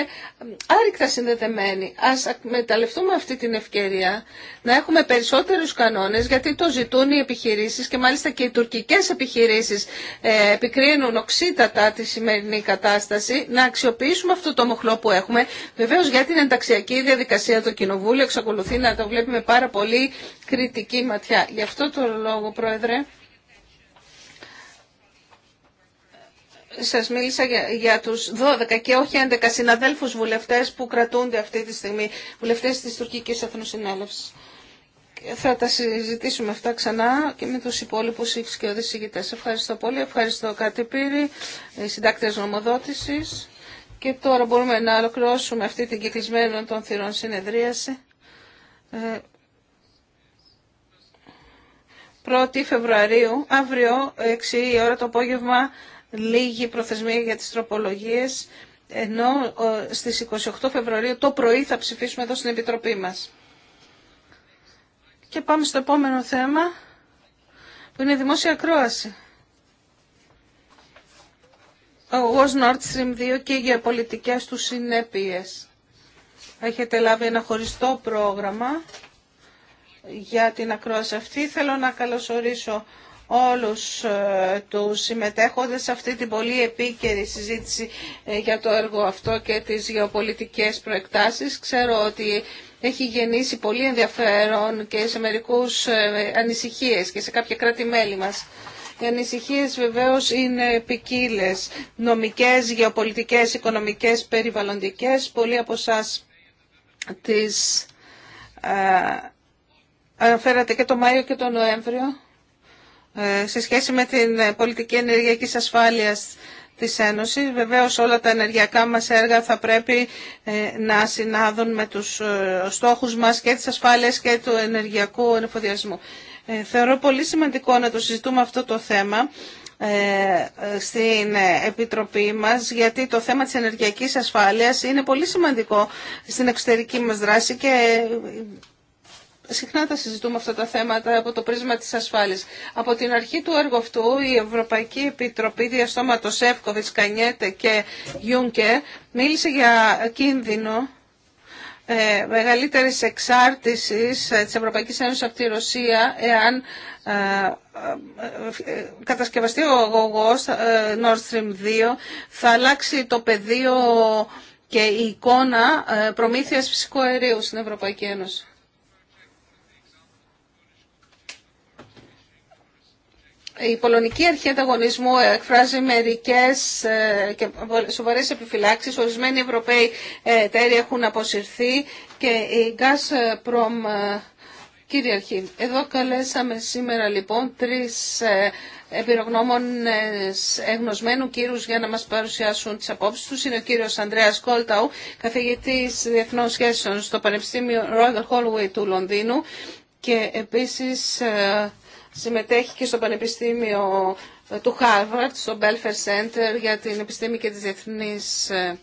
άρρηκτα συνδεδεμένοι. Ας μεταλλευτούμε αυτή την ευκαιρία να έχουμε περισσότερους κανόνες γιατί το ζητούν οι επιχειρήσεις και μάλιστα και οι τουρκικές επιχειρήσεις ε, επικρίνουν οξύτατα τη σημερινή κατάσταση. Να αξιοποιήσουμε αυτό το μοχλό που έχουμε βεβαίω για την ενταξιακή διαδικασία διαδικασία το Κοινοβούλιο εξακολουθεί να το βλέπει με πάρα πολύ κριτική ματιά. Γι' αυτό το λόγο, Πρόεδρε, σας μίλησα για, για τους 12 και όχι 11 συναδέλφους βουλευτές που κρατούνται αυτή τη στιγμή, βουλευτές της τουρκικής Εθνοσυνέλευσης. Θα τα συζητήσουμε αυτά ξανά και με τους υπόλοιπους και οδησίγητες. Ευχαριστώ πολύ. Ευχαριστώ Κάτι Πύρη, συντάκτες νομοδότησης. Και τώρα μπορούμε να ολοκληρώσουμε αυτή την κυκλισμένη των θυρών συνεδρίαση. 1η ε, Φεβρουαρίου, αύριο 6 η ώρα το απόγευμα, λίγη προθεσμία για τις τροπολογίες, ενώ στις 28 Φεβρουαρίου το πρωί θα ψηφίσουμε εδώ στην Επιτροπή μας. Και πάμε στο επόμενο θέμα, που είναι δημόσια ακρόαση. Ο Nord Stream 2 και για πολιτικές του συνέπειες. Έχετε λάβει ένα χωριστό πρόγραμμα για την ακρόαση αυτή. Θέλω να καλωσορίσω όλους ε, τους συμμετέχοντες σε αυτή την πολύ επίκαιρη συζήτηση ε, για το έργο αυτό και τις γεωπολιτικές προεκτάσεις. Ξέρω ότι έχει γεννήσει πολύ ενδιαφέρον και σε μερικούς ε, ανησυχίες και σε κάποια κράτη-μέλη μας. Οι ανησυχίε βεβαίως είναι ποικίλε, νομικές, γεωπολιτικέ, οικονομικές, περιβαλλοντικές. Πολλοί από εσά τι ε, αναφέρατε και το Μάιο και το Νοέμβριο ε, σε σχέση με την πολιτική ενεργειακή ασφάλεια της Ένωσης. Βεβαίως όλα τα ενεργειακά μας έργα θα πρέπει ε, να συνάδουν με τους στόχους μας και της ασφάλεια και του ενεργειακού ενεφοδιασμού. Ε, θεωρώ πολύ σημαντικό να το συζητούμε αυτό το θέμα ε, στην Επιτροπή μας γιατί το θέμα της ενεργειακής ασφάλειας είναι πολύ σημαντικό στην εξωτερική μας δράση και ε, συχνά τα συζητούμε αυτά τα θέματα από το πρίσμα της ασφάλειας. Από την αρχή του έργου αυτού η Ευρωπαϊκή Επιτροπή Διαστόματος Εύκοβιτς, Κανιέτε και Γιούνκε μίλησε για κίνδυνο ε, μεγαλύτερης εξάρτησης ε, της Ευρωπαϊκής Ένωσης από τη Ρωσία εάν ε, ε, κατασκευαστεί ο αγωγός Nord Stream 2 θα αλλάξει το πεδίο και η εικόνα προμήθειας φυσικού αερίου στην Ευρωπαϊκή Ένωση. Η Πολωνική Αρχή Ανταγωνισμού εκφράζει μερικές ε, και σοβαρέ επιφυλάξει. Ορισμένοι Ευρωπαίοι ε, εταίροι έχουν αποσυρθεί και η Gazprom ε, κυριαρχεί. Εδώ καλέσαμε σήμερα λοιπόν τρεις εμπειρογνώμονες εγνωσμένου κύρους για να μας παρουσιάσουν τις απόψει του. Είναι ο κύριο Ανδρέας Κόλταου, καθηγητή διεθνών σχέσεων στο Πανεπιστήμιο Royal Holloway του Λονδίνου και επίσης συμμετέχει και στο Πανεπιστήμιο ε, του Χάρβαρτ, στο Belfer Center για την επιστήμη και τις διεθνείς ε,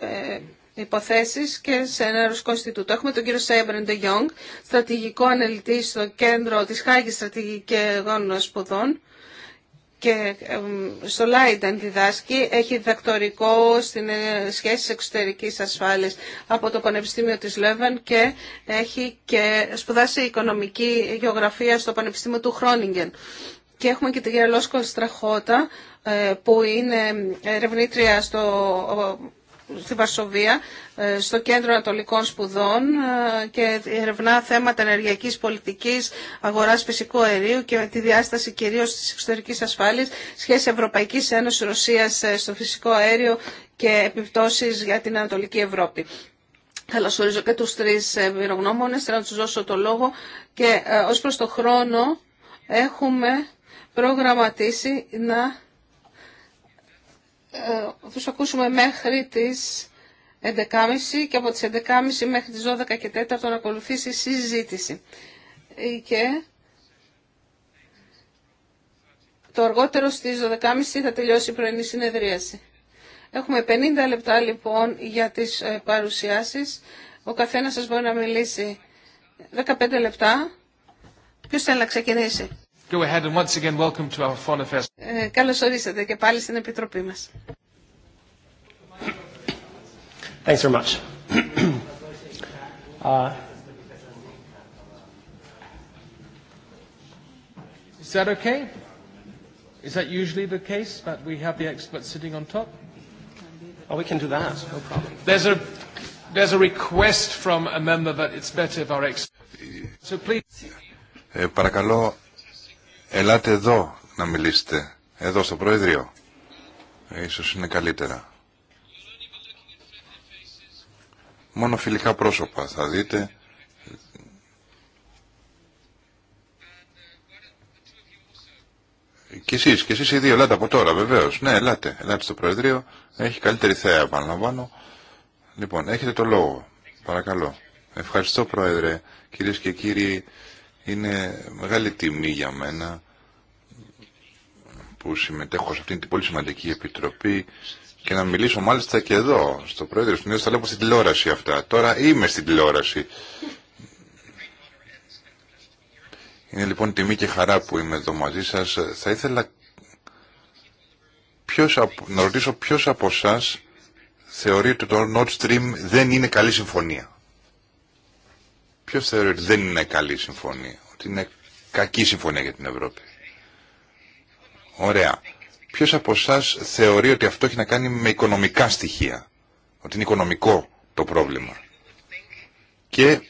ε, υποθέσεις και σε ένα ρωσικό Ινστιτούτο. Έχουμε τον κύριο Σέμπρεν Ντε Γιόγκ, στρατηγικό αναλυτή στο κέντρο της Χάγης Στρατηγικών Σπουδών και στο Λάινταν διδάσκει, έχει διδακτορικό στην ε, σχέση εξωτερικής ασφάλειας από το Πανεπιστήμιο της Λέβαν και έχει και σπουδάσει οικονομική γεωγραφία στο Πανεπιστήμιο του Χρόνιγκεν. Και έχουμε και τη κυρία Στραχώτα ε, που είναι ερευνήτρια στο στη Βαρσοβία, ε, στο Κέντρο Ανατολικών Σπουδών ε, και ερευνά θέματα ενεργειακής πολιτικής, αγοράς φυσικού αερίου και τη διάσταση κυρίως της εξωτερικής ασφάλειας, σχέση Ευρωπαϊκής Ένωσης Ρωσίας ε, στο φυσικό αέριο και επιπτώσεις για την Ανατολική Ευρώπη. Καλώς ορίζω και τους τρεις εμπειρογνώμονες, θέλω να τους δώσω το λόγο και ως προς το χρόνο έχουμε προγραμματίσει να ε, θα τους ακούσουμε μέχρι τις 11.30 και από τις 11.30 μέχρι τις 12 και 4 να ακολουθήσει συζήτηση. Ε, και το αργότερο στις 12.30 θα τελειώσει η πρωινή συνεδρίαση. Έχουμε 50 λεπτά λοιπόν για τις ε, παρουσιάσεις. Ο καθένας σας μπορεί να μιλήσει 15 λεπτά. Ποιος θέλει να ξεκινήσει. Go ahead and once again welcome to our foreign affairs. καλώς ορίσατε και πάλι στην Επιτροπή μας. Thanks very much. uh, Is that okay? Is that usually the case that we have the experts sitting on top? Oh, we can do that. No problem. There's a there's a request from a member that it's better if our experts. So please. Ε, παρακαλώ Ελάτε εδώ να μιλήσετε. Εδώ στο Προεδρείο. Ε, ίσως είναι καλύτερα. Μόνο φιλικά πρόσωπα θα δείτε. Και εσείς, και εσείς οι δύο, ελάτε από τώρα βεβαίως. Ναι, ελάτε, ελάτε στο Προεδρείο. Έχει καλύτερη θέα, επαναλαμβάνω. Λοιπόν, έχετε το λόγο. Παρακαλώ. Ευχαριστώ Πρόεδρε, κυρίες και κύριοι. Είναι μεγάλη τιμή για μένα που συμμετέχω σε αυτήν την πολύ σημαντική επιτροπή και να μιλήσω μάλιστα και εδώ, στο Πρόεδρο του Νέου, θα λέω στην τηλεόραση αυτά. Τώρα είμαι στην τηλεόραση. Είναι λοιπόν τιμή και χαρά που είμαι εδώ μαζί σας. Θα ήθελα ποιος, να ρωτήσω ποιος από εσά θεωρεί ότι το Nord Stream δεν είναι καλή συμφωνία. Ποιο θεωρεί ότι δεν είναι καλή συμφωνία, ότι είναι κακή συμφωνία για την Ευρώπη. Ωραία. Ποιο από εσά θεωρεί ότι αυτό έχει να κάνει με οικονομικά στοιχεία, ότι είναι οικονομικό το πρόβλημα. Και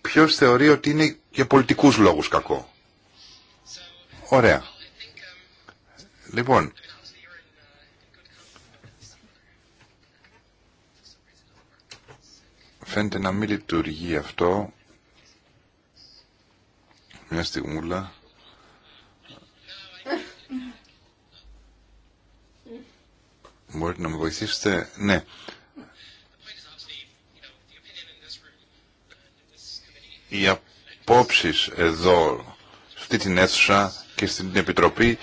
ποιο θεωρεί ότι είναι για πολιτικούς λόγους κακό. Ωραία. Λοιπόν, φαίνεται να μην λειτουργεί αυτό. Μια στιγμούλα. Μπορείτε να με βοηθήσετε. Ναι. Οι απόψεις εδώ, σε αυτή την αίθουσα και στην Επιτροπή,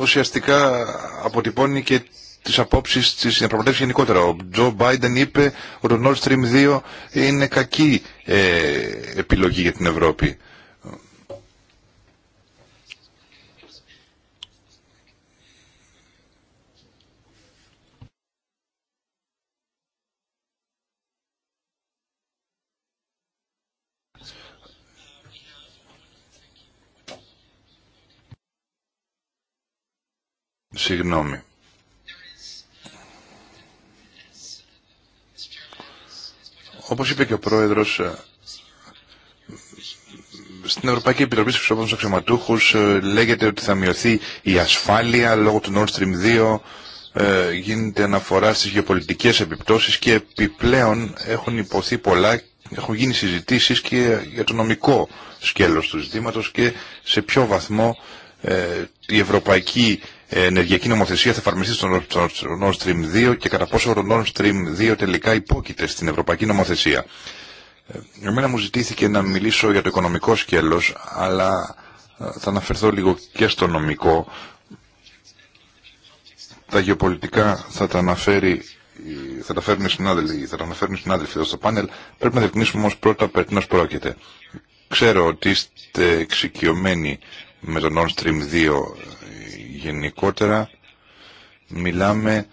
ουσιαστικά αποτυπώνει και τις απόψεις της διαπραγματεύσης γενικότερα. Ο Τζο Μπάιντεν είπε ότι το Nord Stream 2 είναι κακή ε, επιλογή για την Ευρώπη. Συγγνώμη. Όπως είπε και ο Πρόεδρος, ε, στην Ευρωπαϊκή Επιτροπή στους Ευρωπαϊκούς Αξιωματούχους ε, λέγεται ότι θα μειωθεί η ασφάλεια λόγω του Nord Stream 2, ε, γίνεται αναφορά στις γεωπολιτικές επιπτώσεις και επιπλέον έχουν υποθεί πολλά, έχουν γίνει συζητήσεις και για το νομικό σκέλος του ζητήματος και σε ποιο βαθμό η ευρωπαϊκή ενεργειακή νομοθεσία θα εφαρμιστεί στο Nord Stream 2 και κατά πόσο ο Nord Stream 2 τελικά υπόκειται στην ευρωπαϊκή νομοθεσία. Ε, εμένα μου ζητήθηκε να μιλήσω για το οικονομικό σκέλος, αλλά ε, θα αναφερθώ λίγο και στο νομικό. Τα γεωπολιτικά θα τα αναφέρει θα τα οι θα τα αναφέρουν οι συνάδελφοι εδώ στο πάνελ. Πρέπει να διευκρινίσουμε όμω πρώτα περί πρόκειται. Ξέρω ότι είστε εξοικειωμένοι με τον Nord Stream 2 γενικότερα μιλάμε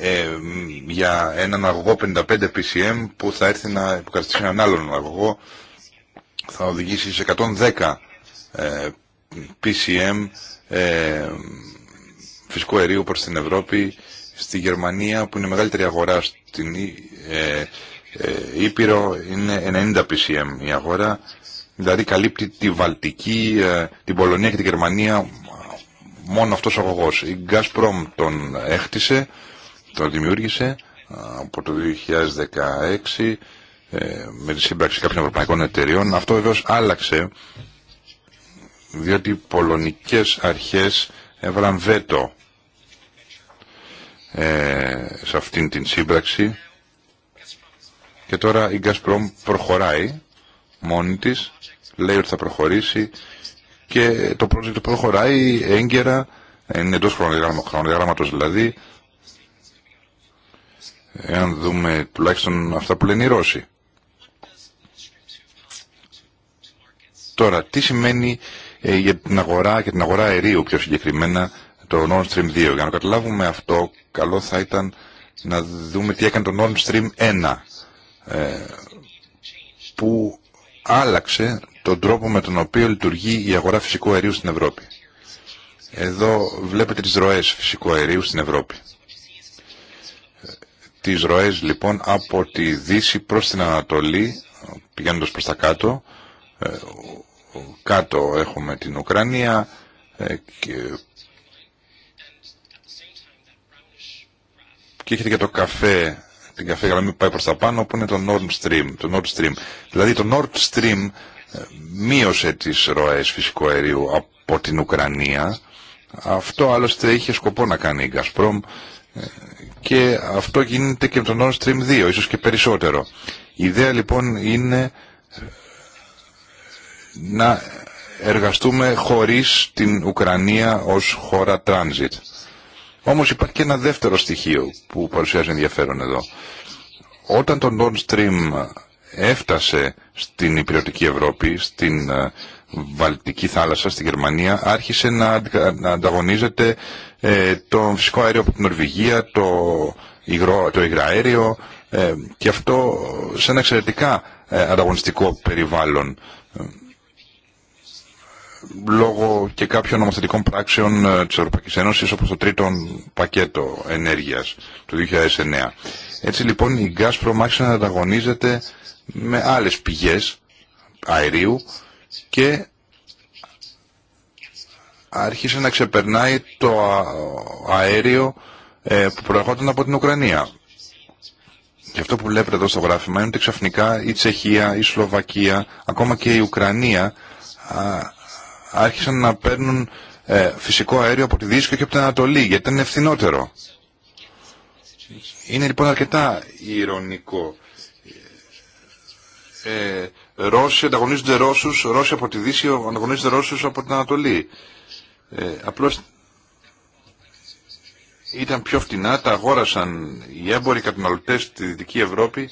ε, για έναν αγωγό 55 PCM που θα έρθει να υποκαταστήσει έναν άλλον αγωγό θα οδηγήσει σε 110 PCM ε, ε φυσικού αερίου προς την Ευρώπη στη Γερμανία που είναι η μεγαλύτερη αγορά στην ε, ε Ήπειρο είναι 90 PCM η αγορά δηλαδή καλύπτει τη Βαλτική, την Πολωνία και τη Γερμανία μόνο αυτός ο αγωγός. Η Gazprom τον έχτισε, τον δημιούργησε από το 2016 ε, με τη σύμπραξη κάποιων ευρωπαϊκών εταιριών. Αυτό βεβαίως άλλαξε διότι οι πολωνικές αρχές έβαλαν βέτο ε, σε αυτήν την σύμπραξη και τώρα η Gazprom προχωράει μόνη της, λέει ότι θα προχωρήσει και το project προχωράει έγκαιρα, είναι εντός χρονοδιάγραμματος δηλαδή, εάν δούμε τουλάχιστον αυτά που λένε οι Ρώσοι. Τώρα, τι σημαίνει ε, για την αγορά και την αγορά αερίου πιο συγκεκριμένα το Nord Stream 2. Για να καταλάβουμε αυτό, καλό θα ήταν να δούμε τι έκανε το Nord Stream 1 ε, που άλλαξε τον τρόπο με τον οποίο λειτουργεί η αγορά φυσικού αερίου στην Ευρώπη. Εδώ βλέπετε τις ροές φυσικού αερίου στην Ευρώπη. Τις ροές λοιπόν από τη Δύση προς την Ανατολή, πηγαίνοντας προς τα κάτω, ε, κάτω έχουμε την Ουκρανία ε, και, και έχετε και το καφέ την καφέ γραμμή που πάει προς τα πάνω που είναι το Nord Stream, το Nord Stream. Δηλαδή το Nord Stream μείωσε τις ροές φυσικού αερίου από την Ουκρανία. Αυτό άλλωστε είχε σκοπό να κάνει η Gazprom ε, και αυτό γίνεται και με τον Nord Stream 2, ίσως και περισσότερο. Η ιδέα λοιπόν είναι ε, να εργαστούμε χωρίς την Ουκρανία ως χώρα transit. Όμως υπάρχει και ένα δεύτερο στοιχείο που παρουσιάζει ενδιαφέρον εδώ. Όταν το Nord Stream έφτασε στην υπηρετική Ευρώπη, στην ε, Βαλτική θάλασσα, στη Γερμανία, άρχισε να, ανταγωνίζεται ε, το φυσικό αέριο από την Νορβηγία, το, υγρό, το υγραέριο ε, και αυτό σε ένα εξαιρετικά ανταγωνιστικό περιβάλλον λόγω και κάποιων νομοθετικών πράξεων της Ευρωπαϊκής Ένωσης όπως το τρίτο πακέτο ενέργειας του 2009. Έτσι λοιπόν η Γκάσπρο μάχησε να ανταγωνίζεται με άλλες πηγές αερίου και άρχισε να ξεπερνάει το αέριο ε, που προερχόταν από την Ουκρανία. Και αυτό που βλέπετε εδώ στο γράφημα είναι ότι ξαφνικά η Τσεχία, η Σλοβακία, ακόμα και η Ουκρανία άρχισαν να παίρνουν ε, φυσικό αέριο από τη Δύση και από την Ανατολή, γιατί ήταν ευθυνότερο. Είναι λοιπόν αρκετά ηρωνικό ε, Ρώσοι ανταγωνίζονται Ρώσους, Ρώσοι από τη Δύση ανταγωνίζονται Ρώσους από την Ανατολή. Ε, απλώς ήταν πιο φτηνά, τα αγόρασαν οι έμποροι καταναλωτές στη Δυτική Ευρώπη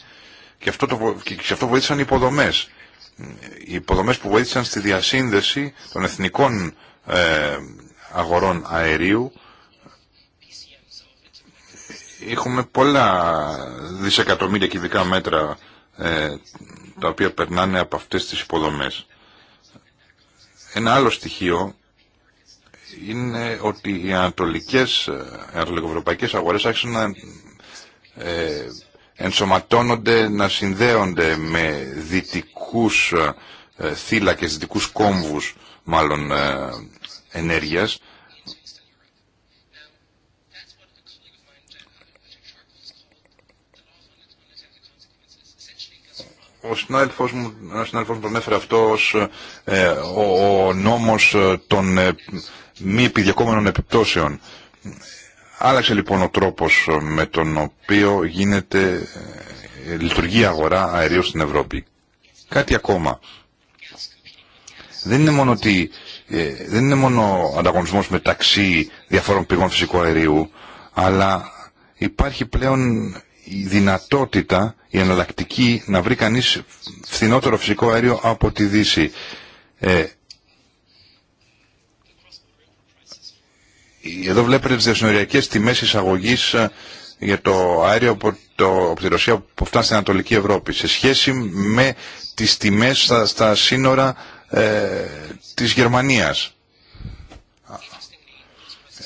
και, αυτό το, και σε αυτό βοήθησαν οι υποδομές. Οι υποδομές που βοήθησαν στη διασύνδεση των εθνικών ε, αγορών αερίου έχουμε πολλά δισεκατομμύρια κυβικά μέτρα ε, τα οποία περνάνε από αυτές τις υποδομές. Ένα άλλο στοιχείο είναι ότι οι ανατολικές, ε, οι αγορές άρχισαν να ε, ενσωματώνονται, να συνδέονται με δυτικούς ε, θύλακες, δυτικούς κόμβους μάλλον ενέργειας ο συνάδελφός μου, ένας συνάδελφός μου τον έφερε αυτό ε, ο, ο νόμος ε, των ε, μη επιδιακόμενων επιπτώσεων. Άλλαξε λοιπόν ο τρόπος με τον οποίο γίνεται, ε, λειτουργεί αγορά αερίου στην Ευρώπη. Κάτι ακόμα. Δεν είναι μόνο, ότι, δεν είναι μόνο ανταγωνισμός μεταξύ διαφόρων πηγών φυσικού αερίου, αλλά υπάρχει πλέον η δυνατότητα, η εναλλακτική να βρει κανείς φθηνότερο φυσικό αέριο από τη Δύση. Ε, εδώ βλέπετε τις διασυνοριακές τιμές εισαγωγής ε, για το αέριο από, το, από τη Ρωσία που φτάνει στην Ανατολική Ευρώπη σε σχέση με τις τιμές στα, σύνορα ε, της Γερμανίας.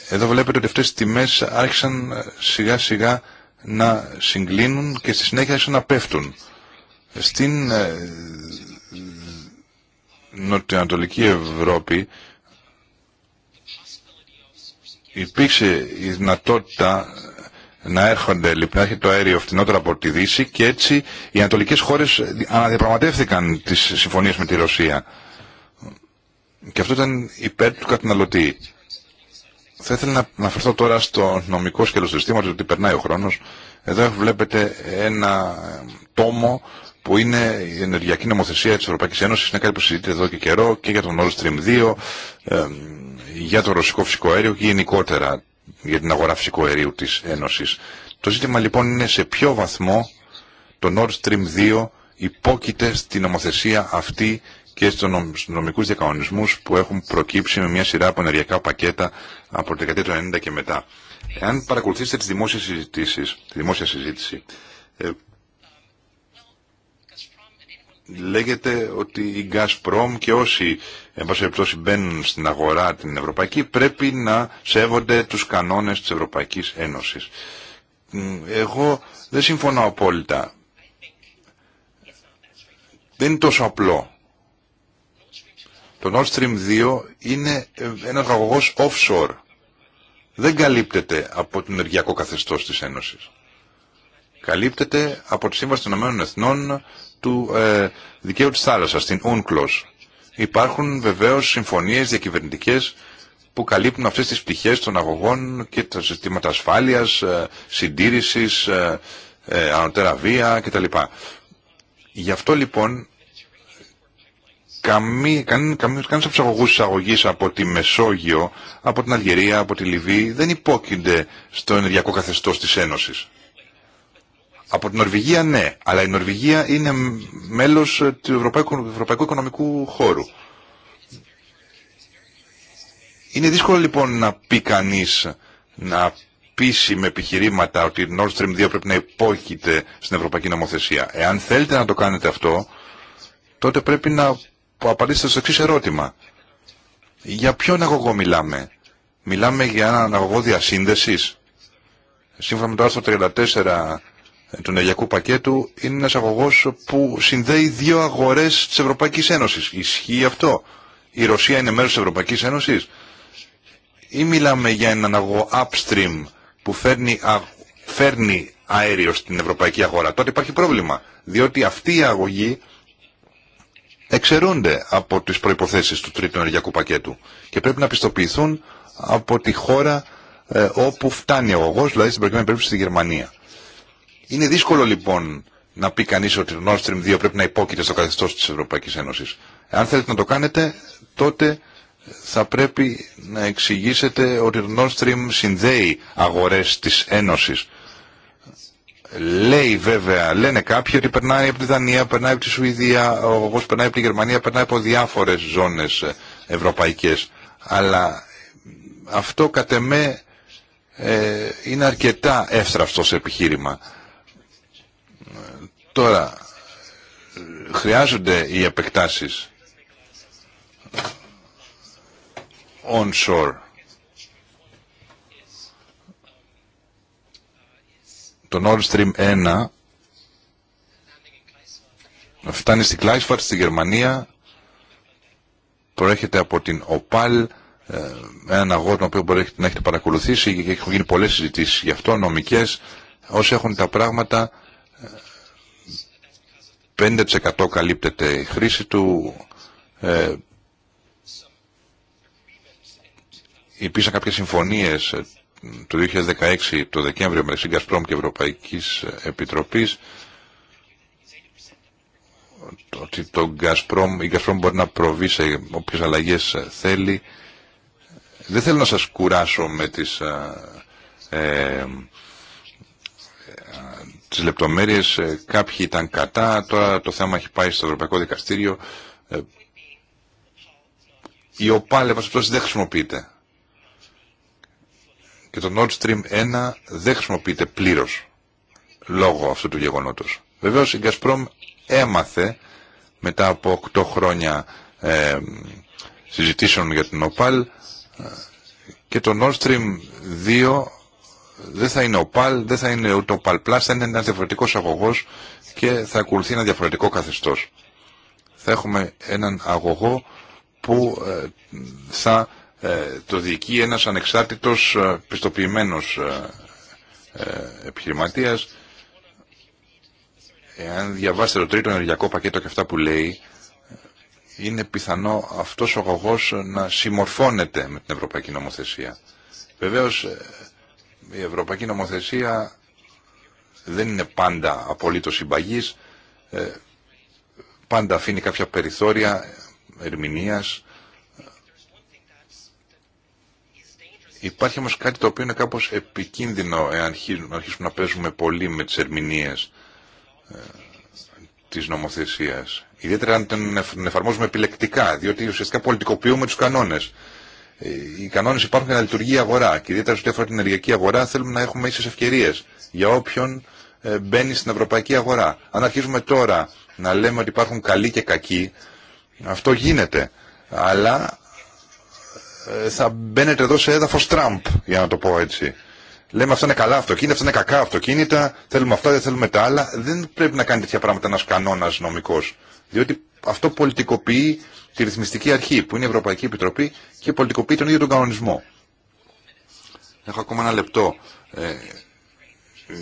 Εδώ βλέπετε ότι αυτές τις τιμές άρχισαν σιγά σιγά να συγκλίνουν και στη συνέχεια να πέφτουν. Στην ε, νοτιοανατολική Ευρώπη υπήρξε η δυνατότητα να έρχονται λοιπόν, έχει το αέριο φτηνότερο από τη Δύση και έτσι οι ανατολικές χώρες αναδιαπραγματεύθηκαν τις συμφωνίες με τη Ρωσία. Και αυτό ήταν υπέρ του καταναλωτή. Θα ήθελα να αναφερθώ τώρα στο νομικό σκέλος του συστήματος, ότι περνάει ο χρόνος. Εδώ βλέπετε ένα τόμο που είναι η ενεργειακή νομοθεσία της Ευρωπαϊκής Ένωσης. Είναι κάτι που συζητείται εδώ και καιρό και για τον Nord Stream 2, για το ρωσικό φυσικό αέριο και γενικότερα για την αγορά φυσικού αερίου της Ένωσης. Το ζήτημα λοιπόν είναι σε ποιο βαθμό το Nord Stream 2 υπόκειται στην νομοθεσία αυτή και στου νομικού διακανονισμούς που έχουν προκύψει με μια σειρά από ενεργειακά πακέτα από το δεκαετία 1990 και μετά. Εάν παρακολουθήσετε τις δημόσιε, συζητήσει, τη δημόσια συζήτηση, ε, λέγεται ότι η Gazprom και όσοι εν πάση μπαίνουν στην αγορά την Ευρωπαϊκή πρέπει να σέβονται τους κανόνες της Ευρωπαϊκή Ένωση. Εγώ δεν συμφωνώ απόλυτα. Δεν είναι τόσο απλό το Nord Stream 2 είναι ένας αγωγός offshore. Δεν καλύπτεται από το ενεργειακό καθεστώς της Ένωσης. Καλύπτεται από τη Σύμβαση των Ηνωμένων Εθνών του ε, Δικαίου της Θάλασσας, την UNCLOS. Υπάρχουν βεβαίως συμφωνίες διακυβερνητικές που καλύπτουν αυτές τις πτυχές των αγωγών και τα συστήματα ασφάλειας, ε, συντήρησης, ε, ε, ανωτέρα βία κτλ. Γι' αυτό λοιπόν κανεί, κανείς από εισαγωγής από τη Μεσόγειο, από την Αλγερία, από τη Λιβύη δεν υπόκεινται στο ενεργειακό καθεστώς της Ένωσης. Από την Νορβηγία ναι, αλλά η Νορβηγία είναι μέλος του Ευρωπαϊκού, Ευρωπαϊκού Οικονομικού Χώρου. Είναι δύσκολο λοιπόν να πει κανεί να πείσει με επιχειρήματα ότι η Nord Stream 2 πρέπει να υπόκειται στην Ευρωπαϊκή Νομοθεσία. Εάν θέλετε να το κάνετε αυτό, τότε πρέπει να που απαντήσετε στο εξή ερώτημα. Για ποιον αγωγό μιλάμε. Μιλάμε για έναν αγωγό διασύνδεσης. Σύμφωνα με το άρθρο 34 του Νεγιακού πακέτου, είναι ένας αγωγός που συνδέει δύο αγορές της Ευρωπαϊκής Ένωσης. Ισχύει αυτό. Η Ρωσία είναι μέρος της Ευρωπαϊκής Ένωσης. Ή μιλάμε για έναν αγωγό upstream που φέρνει, φέρνει αέριο στην ευρωπαϊκή αγορά. Τότε υπάρχει πρόβλημα. Διότι αυτή η αγωγή εξαιρούνται από τις προϋποθέσεις του τρίτου ενεργειακού πακέτου και πρέπει να πιστοποιηθούν από τη χώρα ε, όπου φτάνει ο αγωγός, δηλαδή στην προηγούμενη περίπτωση στη Γερμανία. Είναι δύσκολο λοιπόν να πει κανείς ότι το Nord Stream 2 πρέπει να υπόκειται στο καθεστώς της Ευρωπαϊκής Ένωσης. Αν θέλετε να το κάνετε, τότε θα πρέπει να εξηγήσετε ότι το Nord Stream συνδέει αγορές της Ένωσης Λέει βέβαια, λένε κάποιοι ότι περνάει από τη Δανία, περνάει από τη Σουηδία, όπω περνάει από τη Γερμανία, περνάει από διάφορε ζώνε ευρωπαϊκέ. Αλλά αυτό κατ' εμέ ε, είναι αρκετά σε επιχείρημα. Τώρα, χρειάζονται οι επεκτάσεις onshore. Το Nord Stream 1 φτάνει στην Κλάισφαρτ στη Γερμανία, προέρχεται από την ΟΠΑΛ, ε, ένα αγώνα που μπορείτε να έχετε παρακολουθήσει και έχουν γίνει πολλές συζητήσεις γι' αυτό, νομικές, όσοι έχουν τα πράγματα 5% ε, καλύπτεται η χρήση του ε, υπήρξαν κάποιες συμφωνίες το 2016 το Δεκέμβριο μεταξύ Γκάσπρομ και Ευρωπαϊκής Επιτροπής ότι το Gazprom, η Gazprom μπορεί να προβεί σε όποιες αλλαγές θέλει. Δεν θέλω να σας κουράσω με τις, ε, ε λεπτομέρειες. Ε, κάποιοι ήταν κατά, τώρα το θέμα έχει πάει στο Ευρωπαϊκό Δικαστήριο. Ε, η ΟΠΑΛ, δεν χρησιμοποιείται και το Nord Stream 1 δεν χρησιμοποιείται πλήρως λόγω αυτού του γεγονότος. Βεβαίως η Gazprom έμαθε μετά από 8 χρόνια ε, συζητήσεων για την ΟΠΑΛ και το Nord Stream 2 δεν θα είναι ΟΠΑΛ, δεν θα είναι ούτε ΟΠΑΛ θα είναι ένα διαφορετικός αγωγός και θα ακολουθεί ένα διαφορετικό καθεστώς. Θα έχουμε έναν αγωγό που ε, θα ε, το διοικεί ένας ανεξάρτητος ε, πιστοποιημένος ε, επιχειρηματίας. Εάν διαβάσετε το τρίτο ενεργειακό πακέτο και αυτά που λέει, είναι πιθανό αυτός ο αγωγός να συμμορφώνεται με την Ευρωπαϊκή Νομοθεσία. Βεβαίως η Ευρωπαϊκή Νομοθεσία δεν είναι πάντα απολύτως συμπαγής, πάντα αφήνει κάποια περιθώρια ερμηνείας, Υπάρχει όμω κάτι το οποίο είναι κάπω επικίνδυνο εάν αρχίσουμε, να παίζουμε πολύ με τι ερμηνείε ε, της νομοθεσίας. Ιδιαίτερα αν την εφαρμόζουμε επιλεκτικά, διότι ουσιαστικά πολιτικοποιούμε του κανόνε, ε, οι κανόνε υπάρχουν για να λειτουργεί η αγορά και ιδιαίτερα σε αφορά την ενεργειακή αγορά θέλουμε να έχουμε ίσες ευκαιρίε για όποιον ε, μπαίνει στην ευρωπαϊκή αγορά. Αν αρχίζουμε τώρα να λέμε ότι υπάρχουν καλοί και κακοί, αυτό γίνεται. Αλλά ε, θα μπαίνετε εδώ σε έδαφο Τραμπ, για να το πω έτσι. Λέμε αυτά είναι καλά αυτοκίνητα, αυτά είναι κακά αυτοκίνητα, θέλουμε αυτά, δεν θέλουμε τα άλλα. Δεν πρέπει να κάνει τέτοια πράγματα ένα κανόνα νομικό. Διότι αυτό πολιτικοποιεί τη ρυθμιστική αρχή, που είναι η Ευρωπαϊκή Επιτροπή, και πολιτικοποιεί τον ίδιο τον κανονισμό. Έχω ακόμα ένα λεπτό. Ε,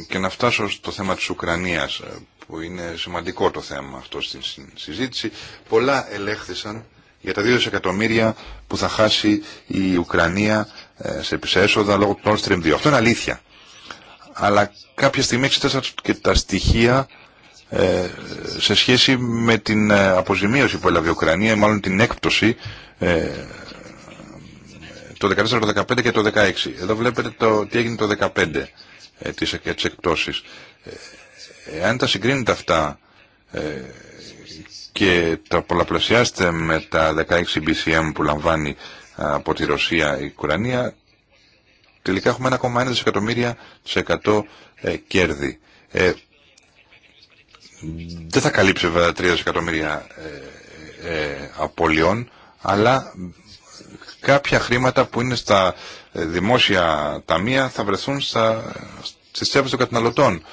και να φτάσω στο θέμα της Ουκρανίας, ε, που είναι σημαντικό το θέμα αυτό στην συζήτηση. Πολλά ελέγχθησαν για τα δύο δισεκατομμύρια που θα χάσει η Ουκρανία ε, σε, έσοδα λόγω του Nord Stream 2. Αυτό είναι αλήθεια. Αλλά κάποια στιγμή εξετάσα και τα στοιχεία ε, σε σχέση με την ε, αποζημίωση που έλαβε η Ουκρανία, μάλλον την έκπτωση το 2014, το 15 και το 16. Εδώ βλέπετε το, τι έγινε το 15 τις εκπτώσεις. εάν τα συγκρίνετε αυτά και το πολλαπλασιάστε με τα 16 BCM που λαμβάνει από τη Ρωσία η Κουρανία, τελικά έχουμε 1,1 δισεκατομμύρια σε 100 ε, κέρδη. Ε, δεν θα καλύψει βέβαια 3 δισεκατομμύρια ε, ε, απολειών, αλλά κάποια χρήματα που είναι στα ε, δημόσια ταμεία θα βρεθούν στα, στις τσέπες των καταναλωτών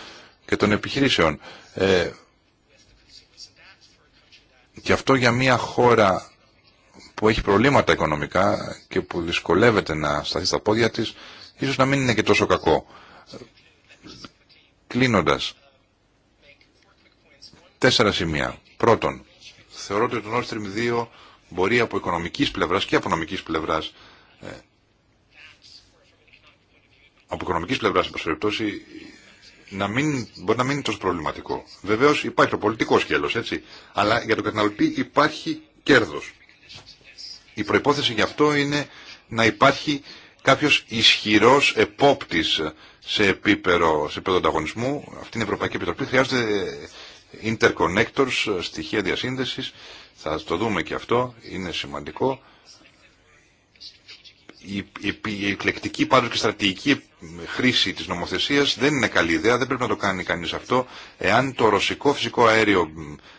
και των επιχειρήσεων. Ε, και αυτό για μια χώρα που έχει προβλήματα οικονομικά και που δυσκολεύεται να σταθεί στα πόδια της, ίσως να μην είναι και τόσο κακό. Κλείνοντας, τέσσερα σημεία. Πρώτον, θεωρώ ότι το Nord Stream 2 μπορεί από οικονομικής πλευράς και από νομικής πλευράς ε, από οικονομικής πλευράς, περιπτώσει, να μην, μπορεί να μην είναι τόσο προβληματικό. Βεβαίω υπάρχει το πολιτικό σκέλο, έτσι. Αλλά για τον καταναλωτή υπάρχει κέρδο. Η προπόθεση γι' αυτό είναι να υπάρχει κάποιο ισχυρό επόπτη σε επίπεδο, σε επίπεδο ανταγωνισμού. Αυτή είναι η Ευρωπαϊκή Επιτροπή. χρειάζεται ε, interconnectors, στοιχεία διασύνδεση. Θα το δούμε και αυτό. Είναι σημαντικό η εκλεκτική πάντως και στρατηγική χρήση της νομοθεσίας δεν είναι καλή ιδέα, δεν πρέπει να το κάνει κανείς αυτό. Εάν το ρωσικό φυσικό αέριο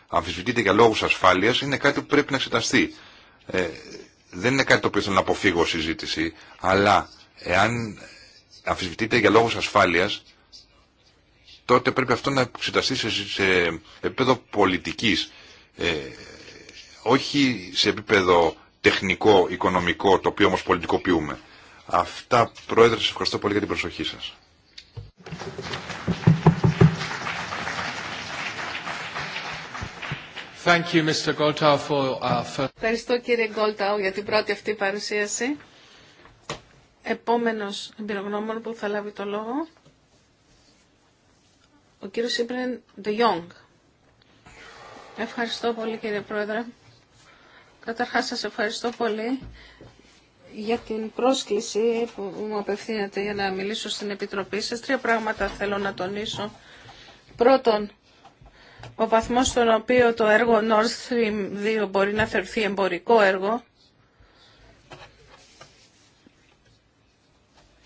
αμφισβητείται για λόγους ασφάλειας, είναι κάτι που πρέπει να εξεταστεί. Ε, δεν είναι κάτι το οποίο θέλω να αποφύγω συζήτηση, αλλά εάν αμφισβητείται για λόγους ασφάλειας, τότε πρέπει αυτό να εξεταστεί σε, επίπεδο πολιτικής, ε, όχι σε επίπεδο τεχνικό, οικονομικό, το οποίο όμως πολιτικοποιούμε. Αυτά, Πρόεδρε, σας ευχαριστώ πολύ για την προσοχή σας. Thank you, Mr. Uh, for Ευχαριστώ κύριε Γκόλταου για την πρώτη αυτή παρουσίαση. Επόμενος εμπειρογνώμων που θα λάβει το λόγο, ο κύριος Σίμπρεν Ντεγιόγκ. Ευχαριστώ πολύ κύριε Πρόεδρε. Καταρχάς σας ευχαριστώ πολύ για την πρόσκληση που μου απευθύνεται για να μιλήσω στην Επιτροπή σας. Τρία πράγματα θέλω να τονίσω. Πρώτον, ο βαθμός στον οποίο το έργο Nord Stream 2 μπορεί να θεωρηθεί εμπορικό έργο,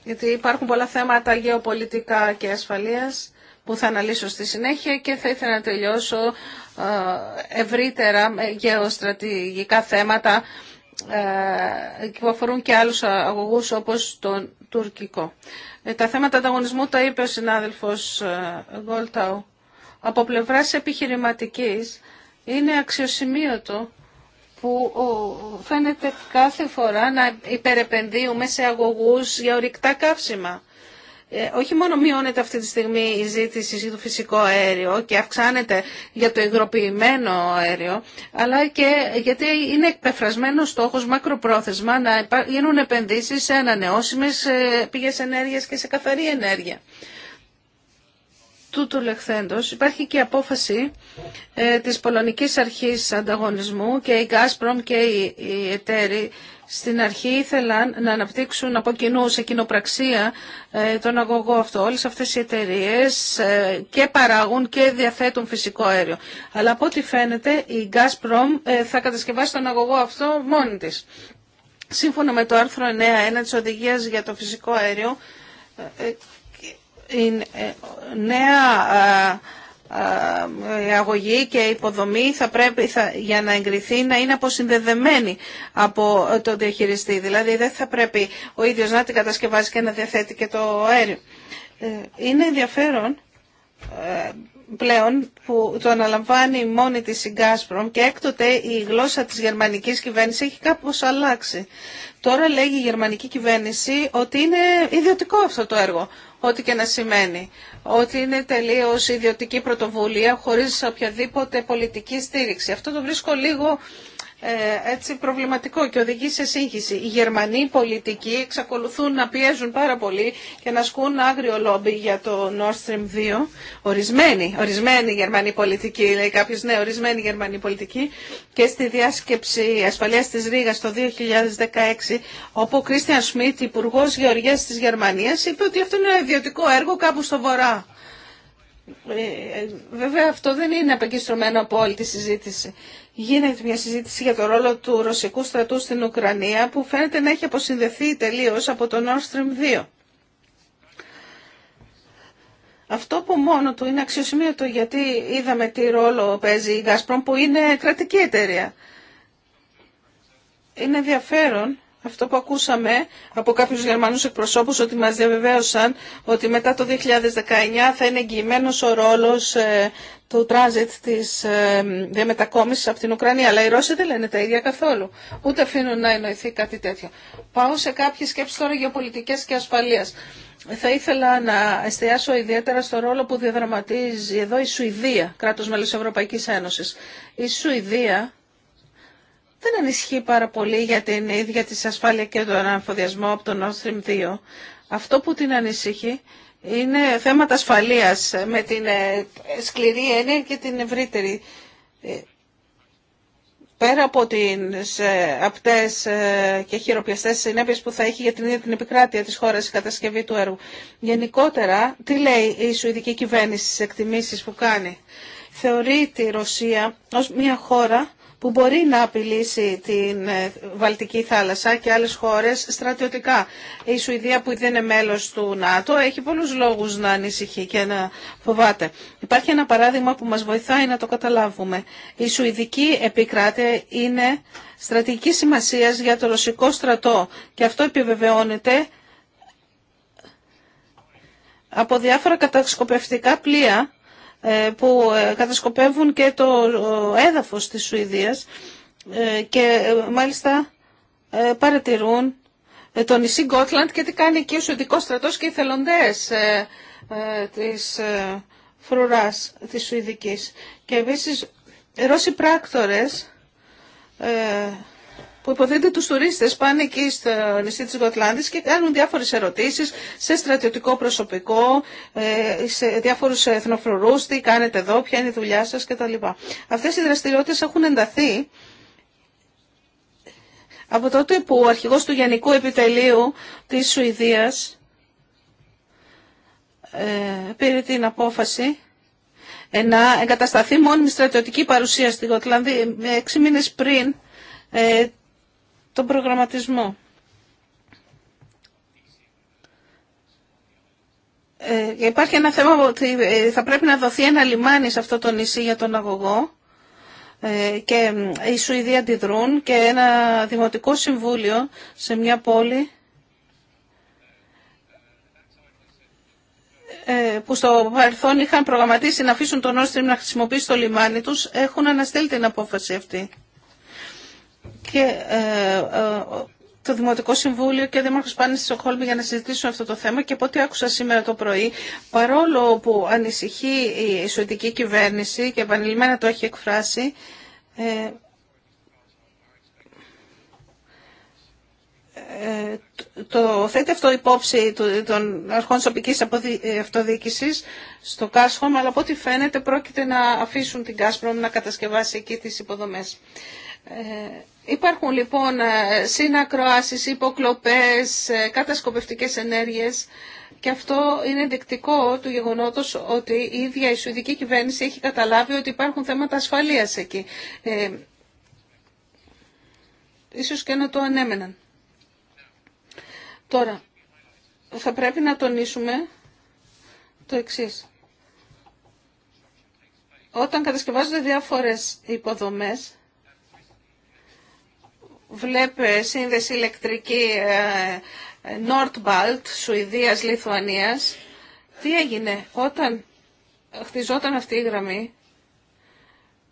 γιατί υπάρχουν πολλά θέματα γεωπολιτικά και ασφαλείας που θα αναλύσω στη συνέχεια και θα ήθελα να τελειώσω ε, ευρύτερα ε, γεωστρατηγικά θέματα ε, που αφορούν και άλλους αγωγούς όπως τον τουρκικό. Τα θέματα ανταγωνισμού τα είπε ο συνάδελφος Γκόλταου. Από πλευράς επιχειρηματικής είναι αξιοσημείωτο που φαίνεται κάθε φορά να υπερεπενδύουμε σε αγωγούς για ορυκτά καύσιμα. Ε, όχι μόνο μειώνεται αυτή τη στιγμή η ζήτηση για το φυσικό αέριο και αυξάνεται για το υγροποιημένο αέριο, αλλά και γιατί είναι εκπεφρασμένο στόχο μακροπρόθεσμα να γίνουν επενδύσει σε ανανεώσιμες ε, πηγές ενέργειας και σε καθαρή ενέργεια. Τούτου λεχθέντος υπάρχει και απόφαση ε, της Πολωνικής Αρχής Ανταγωνισμού και η Gazprom και οι εταίροι στην αρχή ήθελαν να αναπτύξουν από κοινού σε κοινοπραξία ε, τον αγωγό αυτό. Όλες αυτές οι εταιρείες ε, και παράγουν και διαθέτουν φυσικό αέριο. Αλλά από ό,τι φαίνεται η Gazprom ε, θα κατασκευάσει τον αγωγό αυτό μόνη τη. Σύμφωνα με το άρθρο 9.1 τη Οδηγίας για το Φυσικό Αέριο, η νέα η αγωγή και η υποδομή θα πρέπει θα, για να εγκριθεί να είναι αποσυνδεδεμένη από το διαχειριστή. Δηλαδή δεν θα πρέπει ο ίδιος να την κατασκευάζει και να διαθέτει και το αέριο. Ε, είναι ενδιαφέρον ε, πλέον που το αναλαμβάνει μόνη της η Gazprom και έκτοτε η γλώσσα της γερμανικής κυβέρνησης έχει κάπως αλλάξει. Τώρα λέγει η γερμανική κυβέρνηση ότι είναι ιδιωτικό αυτό το έργο ό,τι και να σημαίνει. Ότι είναι τελείως ιδιωτική πρωτοβουλία χωρίς οποιαδήποτε πολιτική στήριξη. Αυτό το βρίσκω λίγο ε, έτσι προβληματικό και οδηγεί σε σύγχυση. Οι Γερμανοί πολιτικοί εξακολουθούν να πιέζουν πάρα πολύ και να ασκούν άγριο λόμπι για το Nord Stream 2. Ορισμένοι, ορισμένοι Γερμανοί πολιτικοί, λέει κάποιος, ναι, ορισμένοι Γερμανοί πολιτικοί και στη διάσκεψη ασφαλείας της Ρήγας το 2016, όπου ο Κρίστιαν Σμιτ, υπουργό Γεωργίας της Γερμανίας, είπε ότι αυτό είναι ένα ιδιωτικό έργο κάπου στο βορρά. Ε, ε, βέβαια αυτό δεν είναι απεγκιστρωμένο από όλη τη συζήτηση γίνεται μια συζήτηση για το ρόλο του ρωσικού στρατού στην Ουκρανία που φαίνεται να έχει αποσυνδεθεί τελείως από το Nord Stream 2. Αυτό που μόνο του είναι αξιοσημείωτο γιατί είδαμε τι ρόλο παίζει η Gazprom που είναι κρατική εταιρεία. Είναι ενδιαφέρον αυτό που ακούσαμε από κάποιους Γερμανούς εκπροσώπους ότι μας διαβεβαίωσαν ότι μετά το 2019 θα είναι εγγυημένος ο ρόλος ε, του τράζιτ της ε, διαμετακόμισης από την Ουκρανία. Αλλά οι Ρώσοι δεν λένε τα ίδια καθόλου. Ούτε αφήνουν να εννοηθεί κάτι τέτοιο. Πάω σε κάποιες σκέψεις τώρα γεωπολιτικές και ασφαλείας. Θα ήθελα να εστιάσω ιδιαίτερα στο ρόλο που διαδραματίζει εδώ η Σουηδία, κράτος μέλος Ευρωπαϊκής Ένωσης. Η Σουηδία δεν ανησυχεί πάρα πολύ για την ίδια της ασφάλεια και τον αναφοδιασμό από τον Nord Stream 2. Αυτό που την ανησυχεί είναι θέματα ασφαλείας με την ε, σκληρή έννοια και την ευρύτερη. Ε, πέρα από τις ε, απτές και χειροπιαστές συνέπειες που θα έχει για την ίδια την επικράτεια της χώρας η κατασκευή του έργου. Γενικότερα, τι λέει η Σουηδική κυβέρνηση στις εκτιμήσεις που κάνει. Θεωρεί τη Ρωσία ως μια χώρα που μπορεί να απειλήσει την ε, Βαλτική θάλασσα και άλλες χώρες στρατιωτικά. Η Σουηδία που δεν είναι μέλος του ΝΑΤΟ έχει πολλούς λόγους να ανησυχεί και να φοβάται. Υπάρχει ένα παράδειγμα που μας βοηθάει να το καταλάβουμε. Η Σουηδική επικράτεια είναι στρατηγική σημασία για το ρωσικό στρατό και αυτό επιβεβαιώνεται από διάφορα κατασκοπευτικά πλοία ε, που ε, κατασκοπεύουν και το έδαφος της Σουηδίας ε, και μάλιστα παρατηρούν το νησί Γκότλαντ και τι κάνει και ο Σουηδικός στρατός και οι θελοντές της φρουράς της Σουηδικής. Και επίσης Ρώσοι πράκτορες που υποθέτει τους τουρίστες πάνε εκεί στο νησί της Γκοτλάνδη και κάνουν διάφορες ερωτήσεις σε στρατιωτικό προσωπικό, ε, σε διάφορους εθνοφρουρούς, τι κάνετε εδώ, ποια είναι η δουλειά σας κτλ. Αυτές οι δραστηριότητες έχουν ενταθεί από τότε που ο αρχηγός του Γενικού Επιτελείου της Σουηδίας ε, πήρε την απόφαση να εγκατασταθεί μόνιμη στρατιωτική παρουσία στη Γοτλανδία έξι μήνες πριν ε, τον προγραμματισμό. Ε, υπάρχει ένα θέμα ότι ε, θα πρέπει να δοθεί ένα λιμάνι σε αυτό το νησί για τον αγωγό ε, και οι Σουηδοί αντιδρούν και ένα δημοτικό συμβούλιο σε μια πόλη που στο παρελθόν είχαν προγραμματίσει να αφήσουν τον Όστριμ να χρησιμοποιήσει το λιμάνι τους έχουν αναστείλει την απόφαση αυτή και ε, ε, το Δημοτικό Συμβούλιο και ο Δήμαρχο πάνε στη Οχόλμη για να συζητήσουν αυτό το θέμα. Και από ό,τι άκουσα σήμερα το πρωί, παρόλο που ανησυχεί η Σουηδική κυβέρνηση και επανειλημμένα το έχει εκφράσει, ε, ε το θέτει αυτό υπόψη των αρχών της τοπικής αυτοδιοίκησης στο Κάσχομ, αλλά από ό,τι φαίνεται πρόκειται να αφήσουν την Κάσπρομ να κατασκευάσει εκεί τις υποδομές. Υπάρχουν λοιπόν ε, συνακροάσεις, υποκλοπές, ε, κατασκοπευτικές ενέργειες και αυτό είναι ενδεικτικό του γεγονότος ότι η ίδια η Σουηδική κυβέρνηση έχει καταλάβει ότι υπάρχουν θέματα ασφαλείας εκεί. Ε, ίσως και να το ανέμεναν. Τώρα, θα πρέπει να τονίσουμε το εξής. Όταν κατασκευάζονται διάφορες υποδομές, βλέπε σύνδεση ηλεκτρική ε, Nordbalt, Σουηδίας, Λιθουανίας. Τι έγινε όταν χτιζόταν αυτή η γραμμή.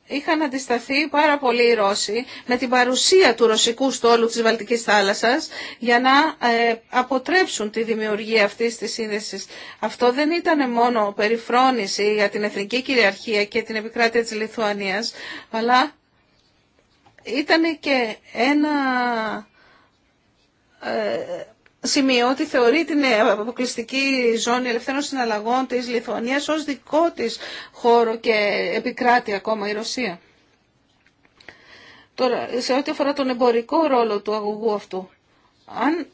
Είχαν αντισταθεί πάρα πολύ οι Ρώσοι με την παρουσία του ρωσικού στόλου της Βαλτικής θάλασσας για να ε, αποτρέψουν τη δημιουργία αυτής της σύνδεσης. Αυτό δεν ήταν μόνο περιφρόνηση για την εθνική κυριαρχία και την επικράτεια της Λιθουανίας, αλλά ήταν και ένα ε, σημείο ότι θεωρεί την ε, αποκλειστική ζώνη ελευθέρων συναλλαγών της Λιθουανίας ως δικό της χώρο και επικράτη ακόμα η Ρωσία. Τώρα, σε ό,τι αφορά τον εμπορικό ρόλο του αγωγού αυτού, αν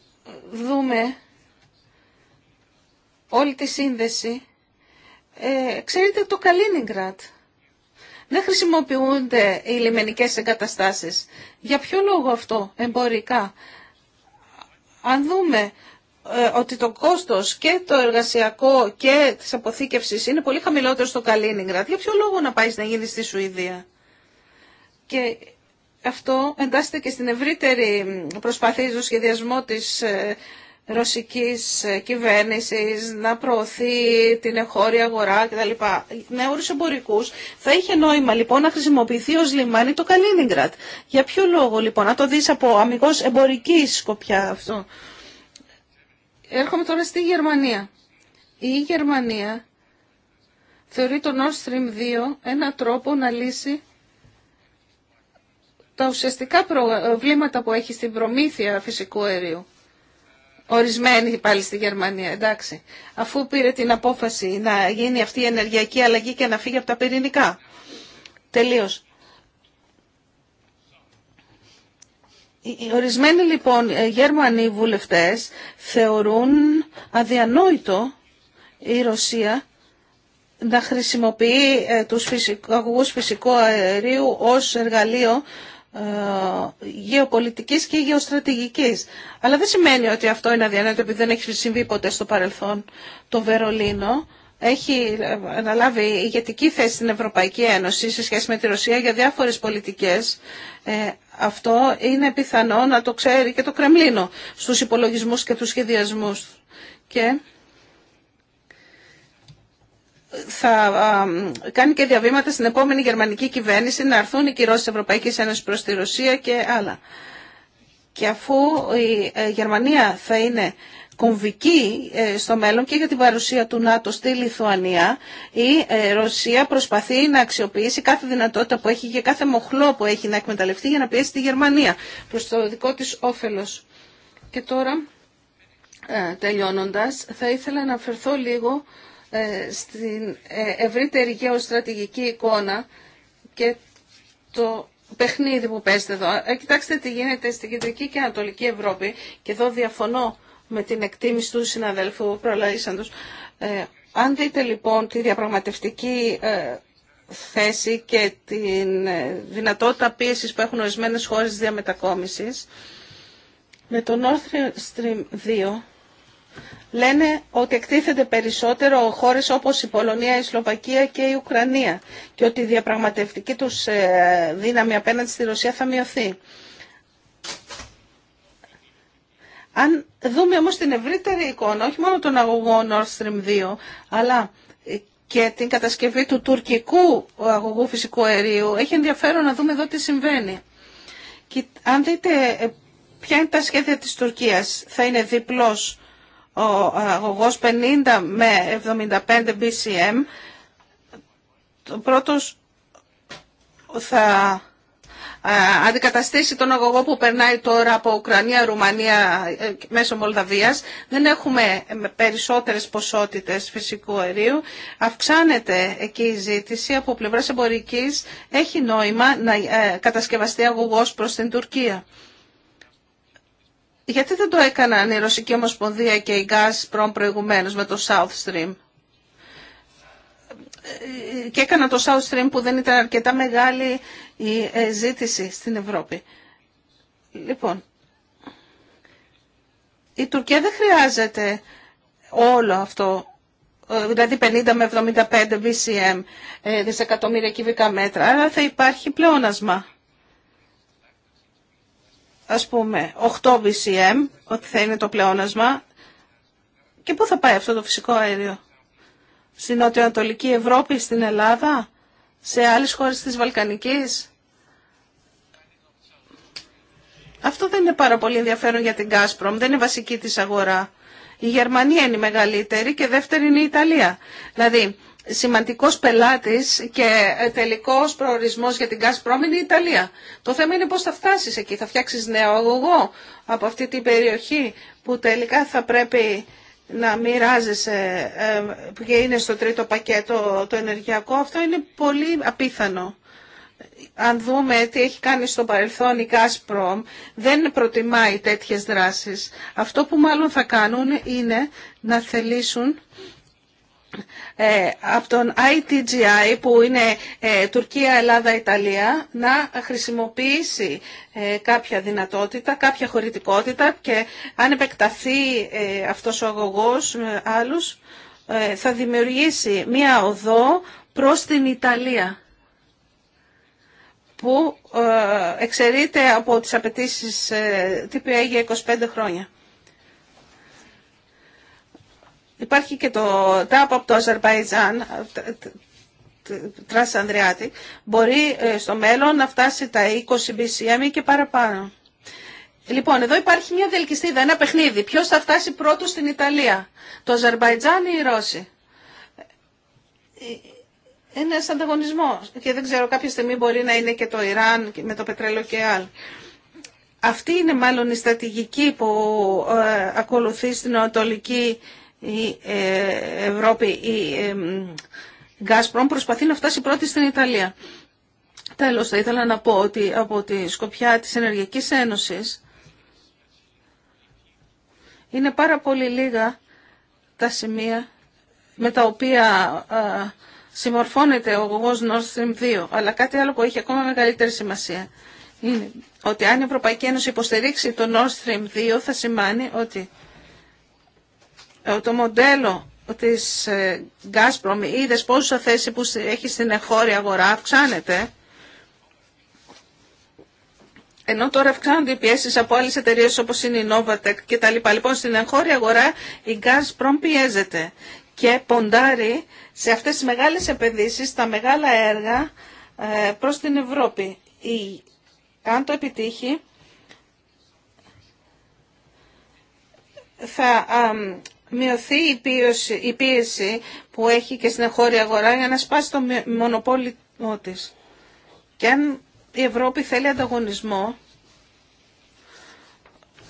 δούμε όλη τη σύνδεση, ε, ξέρετε το Καλίνιγκρατ δεν χρησιμοποιούνται οι λιμενικές εγκαταστάσεις. Για ποιο λόγο αυτό εμπορικά. Αν δούμε ε, ότι το κόστος και το εργασιακό και της αποθήκευσης είναι πολύ χαμηλότερο στο Καλίνιγκρατ. Για ποιο λόγο να πάει να γίνει στη Σουηδία. Και αυτό εντάσσεται και στην ευρύτερη προσπαθή του σχεδιασμό της ε, ρωσικής ε, κυβέρνησης να προωθεί την εχώρια αγορά κτλ. Νέους εμπορικού θα είχε νόημα λοιπόν να χρησιμοποιηθεί ως λιμάνι το Καλίνιγκρατ. Για ποιο λόγο λοιπόν, να το δεις από αμυγός εμπορική σκοπιά αυτό. Έρχομαι τώρα στη Γερμανία. Η Γερμανία θεωρεί το Nord Stream 2 ένα τρόπο να λύσει τα ουσιαστικά προβλήματα που έχει στην προμήθεια φυσικού αερίου. Ορισμένοι πάλι στη Γερμανία, εντάξει. Αφού πήρε την απόφαση να γίνει αυτή η ενεργειακή αλλαγή και να φύγει από τα πυρηνικά. Τελείως. Ορισμένοι λοιπόν ε, Γερμανοί βουλευτές θεωρούν αδιανόητο η Ρωσία να χρησιμοποιεί ε, τους φυσικούς, φυσικού αερίου ως εργαλείο ε, γεωπολιτικής και γεωστρατηγικής. Αλλά δεν σημαίνει ότι αυτό είναι αδιανόητο επειδή δεν έχει συμβεί ποτέ στο παρελθόν το Βερολίνο. Έχει ε, αναλάβει ηγετική θέση στην Ευρωπαϊκή Ένωση σε σχέση με τη Ρωσία για διάφορες πολιτικές. Ε, αυτό είναι πιθανό να το ξέρει και το Κρεμλίνο στους υπολογισμούς και τους σχεδιασμούς. Και θα κάνει και διαβήματα στην επόμενη γερμανική κυβέρνηση να έρθουν οι κυρώσει τη Ευρωπαϊκής Ένωση προ τη Ρωσία και άλλα. Και αφού η ε, Γερμανία θα είναι κομβική ε, στο μέλλον και για την παρουσία του ΝΑΤΟ στη Λιθουανία, η ε, Ρωσία προσπαθεί να αξιοποιήσει κάθε δυνατότητα που έχει και κάθε μοχλό που έχει να εκμεταλλευτεί για να πιέσει τη Γερμανία προς το δικό της όφελος. Και τώρα, τελειώνοντας, θα ήθελα να αναφερθώ λίγο ε, στην ε, ευρύτερη γεωστρατηγική εικόνα και το παιχνίδι που παίζετε εδώ. Ε, κοιτάξτε τι γίνεται στην Κεντρική και Ανατολική Ευρώπη και εδώ διαφωνώ με την εκτίμηση του συναδέλφου Προλαΐσαντος. Ε, αν δείτε λοιπόν τη διαπραγματευτική θέση και τη δυνατότητα πίεσης που έχουν ορισμένες χώρες διαμετακόμισης, με το North Stream 2 λένε ότι εκτίθεται περισσότερο χώρες όπως η Πολωνία, η Σλοβακία και η Ουκρανία και ότι η διαπραγματευτική τους ε, δύναμη απέναντι στη Ρωσία θα μειωθεί. Αν δούμε όμως την ευρύτερη εικόνα, όχι μόνο τον αγωγό Nord Stream 2, αλλά και την κατασκευή του τουρκικού αγωγού φυσικού αερίου, έχει ενδιαφέρον να δούμε εδώ τι συμβαίνει. Και αν δείτε ε, ποια είναι τα σχέδια της Τουρκίας, θα είναι διπλός ο αγωγός 50 με 75 BCM. Το πρώτος θα ε, αντικαταστήσει τον αγωγό που περνάει τώρα από Ουκρανία, Ρουμανία ε, μέσω Μολδαβίας. Δεν έχουμε ε, περισσότερες ποσότητες φυσικού αερίου. Αυξάνεται εκεί η ζήτηση. Από πλευράς εμπορικής έχει νόημα να κατασκευαστεί αγωγός προς την Τουρκία. Γιατί δεν το έκαναν η Ρωσική Ομοσπονδία και η Gazprom προηγουμένως με το South Stream. Και έκανα το South Stream που δεν ήταν αρκετά μεγάλη η ε, ζήτηση στην Ευρώπη. Λοιπόν, η Τουρκία δεν χρειάζεται όλο αυτό ε, δηλαδή 50 με 75 BCM ε, δισεκατομμύρια κυβικά μέτρα, αλλά θα υπάρχει πλεόνασμα ας πούμε, 8 BCM, ότι θα είναι το πλεόνασμα. Και πού θα πάει αυτό το φυσικό αέριο. Στην νοτιοανατολική Ευρώπη, στην Ελλάδα, σε άλλες χώρες της Βαλκανικής. Αυτό δεν είναι πάρα πολύ ενδιαφέρον για την Gazprom, δεν είναι βασική της αγορά. Η Γερμανία είναι η μεγαλύτερη και δεύτερη είναι η Ιταλία. Δηλαδή, σημαντικός πελάτης και τελικός προορισμός για την Gazprom είναι η Ιταλία. Το θέμα είναι πώς θα φτάσεις εκεί, θα φτιάξεις νέο αγωγό από αυτή την περιοχή που τελικά θα πρέπει να μοιράζεσαι που ε, είναι στο τρίτο πακέτο το ενεργειακό. Αυτό είναι πολύ απίθανο. Αν δούμε τι έχει κάνει στο παρελθόν η Gazprom, δεν προτιμάει τέτοιες δράσεις. Αυτό που μάλλον θα κάνουν είναι να θελήσουν ε, από τον ITGI που είναι ε, Τουρκία, Ελλάδα, Ιταλία να χρησιμοποιήσει ε, κάποια δυνατότητα, κάποια χωρητικότητα και αν επεκταθεί αυτός ο αγωγός με άλλους θα δημιουργήσει μία οδό προς την Ιταλία που εξαιρείται από τις απαιτήσεις TPA για 25 χρόνια. Υπάρχει και το τάπο από το Αζερβαϊτζάν, Ανδριάτη, μπορεί ε, στο μέλλον να φτάσει τα 20 BCM και παραπάνω. Λοιπόν, εδώ υπάρχει μια διελκυστίδα, ένα παιχνίδι. Ποιος θα φτάσει πρώτο στην Ιταλία, το Αζερβαϊτζάν ή οι Ρώσοι. Είναι ένας ανταγωνισμός και δεν ξέρω κάποια στιγμή μπορεί να είναι και το Ιράν με το πετρέλαιο και άλλοι. Αυτή είναι μάλλον η στρατηγική που ε, ακολουθεί στην Ανατολική η ε, Ευρώπη, η Γκάσπρομ ε, προσπαθεί να φτάσει πρώτη στην Ιταλία. Τέλος, θα ήθελα να πω ότι από τη σκοπιά της Ενεργειακής Ένωσης είναι πάρα πολύ λίγα τα σημεία με τα οποία συμμορφώνεται ο γογός Nord Stream 2. Αλλά κάτι άλλο που έχει ακόμα μεγαλύτερη σημασία είναι ότι αν η Ευρωπαϊκή Ένωση υποστηρίξει το Nord Stream 2 θα σημαίνει ότι ε, το μοντέλο της ε, Gazprom ή είδε πόσο θέση που έχει στην εγχώρια αγορά αυξάνεται. Ενώ τώρα αυξάνονται οι πιέσει από άλλε εταιρείε όπως είναι η Novatec και τα λοιπά. Λοιπόν, στην εγχώρια αγορά η Gazprom πιέζεται και ποντάρει σε αυτές τις μεγάλες επενδύσεις, τα μεγάλα έργα ε, προς την Ευρώπη. Η, αν το επιτύχει, θα μειωθεί η, πίεση, που έχει και στην εγχώρια αγορά για να σπάσει το μονοπόλιο τη. Και αν η Ευρώπη θέλει ανταγωνισμό,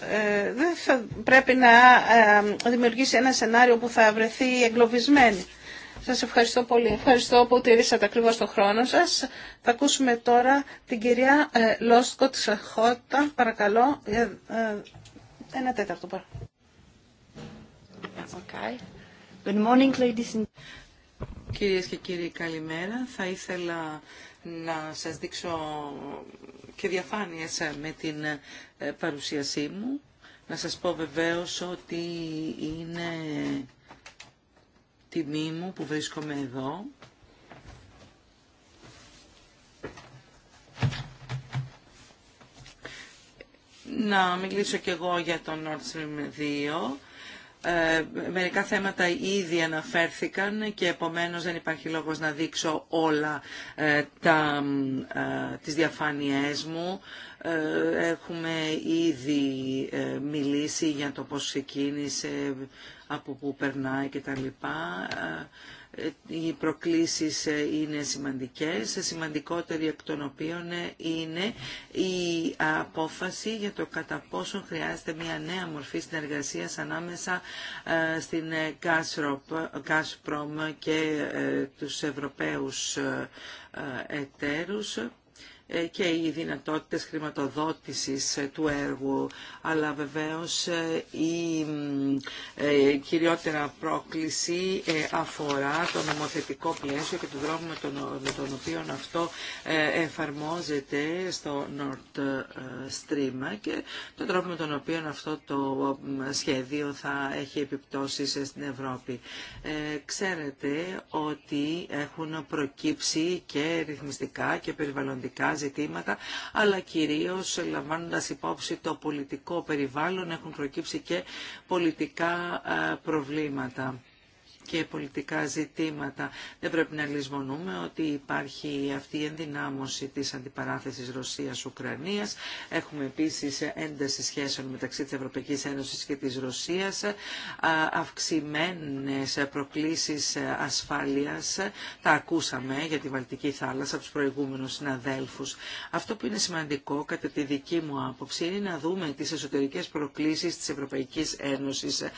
ε, δεν θα πρέπει να ε, δημιουργήσει ένα σενάριο που θα βρεθεί εγκλωβισμένη. Σας ευχαριστώ πολύ. Ευχαριστώ που τηρήσατε ακριβώς το χρόνο σας. Θα ακούσουμε τώρα την κυρία ε, Λόσκο Χότα παρακαλώ, ένα τέταρτο παρακαλώ. Okay. Κυρίες και κύριοι, καλημέρα. Θα ήθελα να σας δείξω και διαφάνειες με την ε, παρουσίασή μου. Να σας πω βεβαίως ότι είναι τιμή μου που βρίσκομαι εδώ. Να μιλήσω κι εγώ για τον Nord Stream 2 ε, μερικά θέματα ήδη αναφέρθηκαν και επομένως δεν υπάρχει λόγος να δείξω όλα ε, τα, ε, τις διαφάνειές μου. Έχουμε ήδη μιλήσει για το πώς ξεκίνησε, από πού περνάει κτλ οι προκλήσεις ε, είναι σημαντικές, σημαντικότερη εκ των οποίων ε, είναι η απόφαση για το κατά πόσο χρειάζεται μια νέα μορφή συνεργασίας ανάμεσα ε, στην Gazprom και τους Ευρωπαίους εταίρους ε, και οι δυνατότητες χρηματοδότησης ε, του έργου. Αλλά βεβαίως ε, η κυριότερα πρόκληση αφορά το νομοθετικό πλαίσιο και τον δρόμο με τον, οποίο αυτό εφαρμόζεται στο Nord Stream και τον τρόπο με τον οποίο αυτό το σχέδιο θα έχει επιπτώσεις στην Ευρώπη. Ξέρετε ότι έχουν προκύψει και ρυθμιστικά και περιβαλλοντικά ζητήματα, αλλά κυρίως λαμβάνοντας υπόψη το πολιτικό περιβάλλον έχουν προκύψει και πολιτικά ε, προβλήματα και πολιτικά ζητήματα. Δεν πρέπει να λησμονούμε ότι υπάρχει αυτή η ενδυνάμωση της αντιπαράθεσης Ρωσίας-Ουκρανίας. Έχουμε επίσης ένταση σχέσεων μεταξύ της Ευρωπαϊκής Ένωσης και της Ρωσίας, αυξημένες προκλήσεις ασφάλειας. Τα ακούσαμε για τη Βαλτική θάλασσα από τους προηγούμενους συναδέλφους. Αυτό που είναι σημαντικό κατά τη δική μου άποψη είναι να δούμε τις εσωτερικές προκλήσεις της Ευρωπαϊκής Ένωσης. Ε,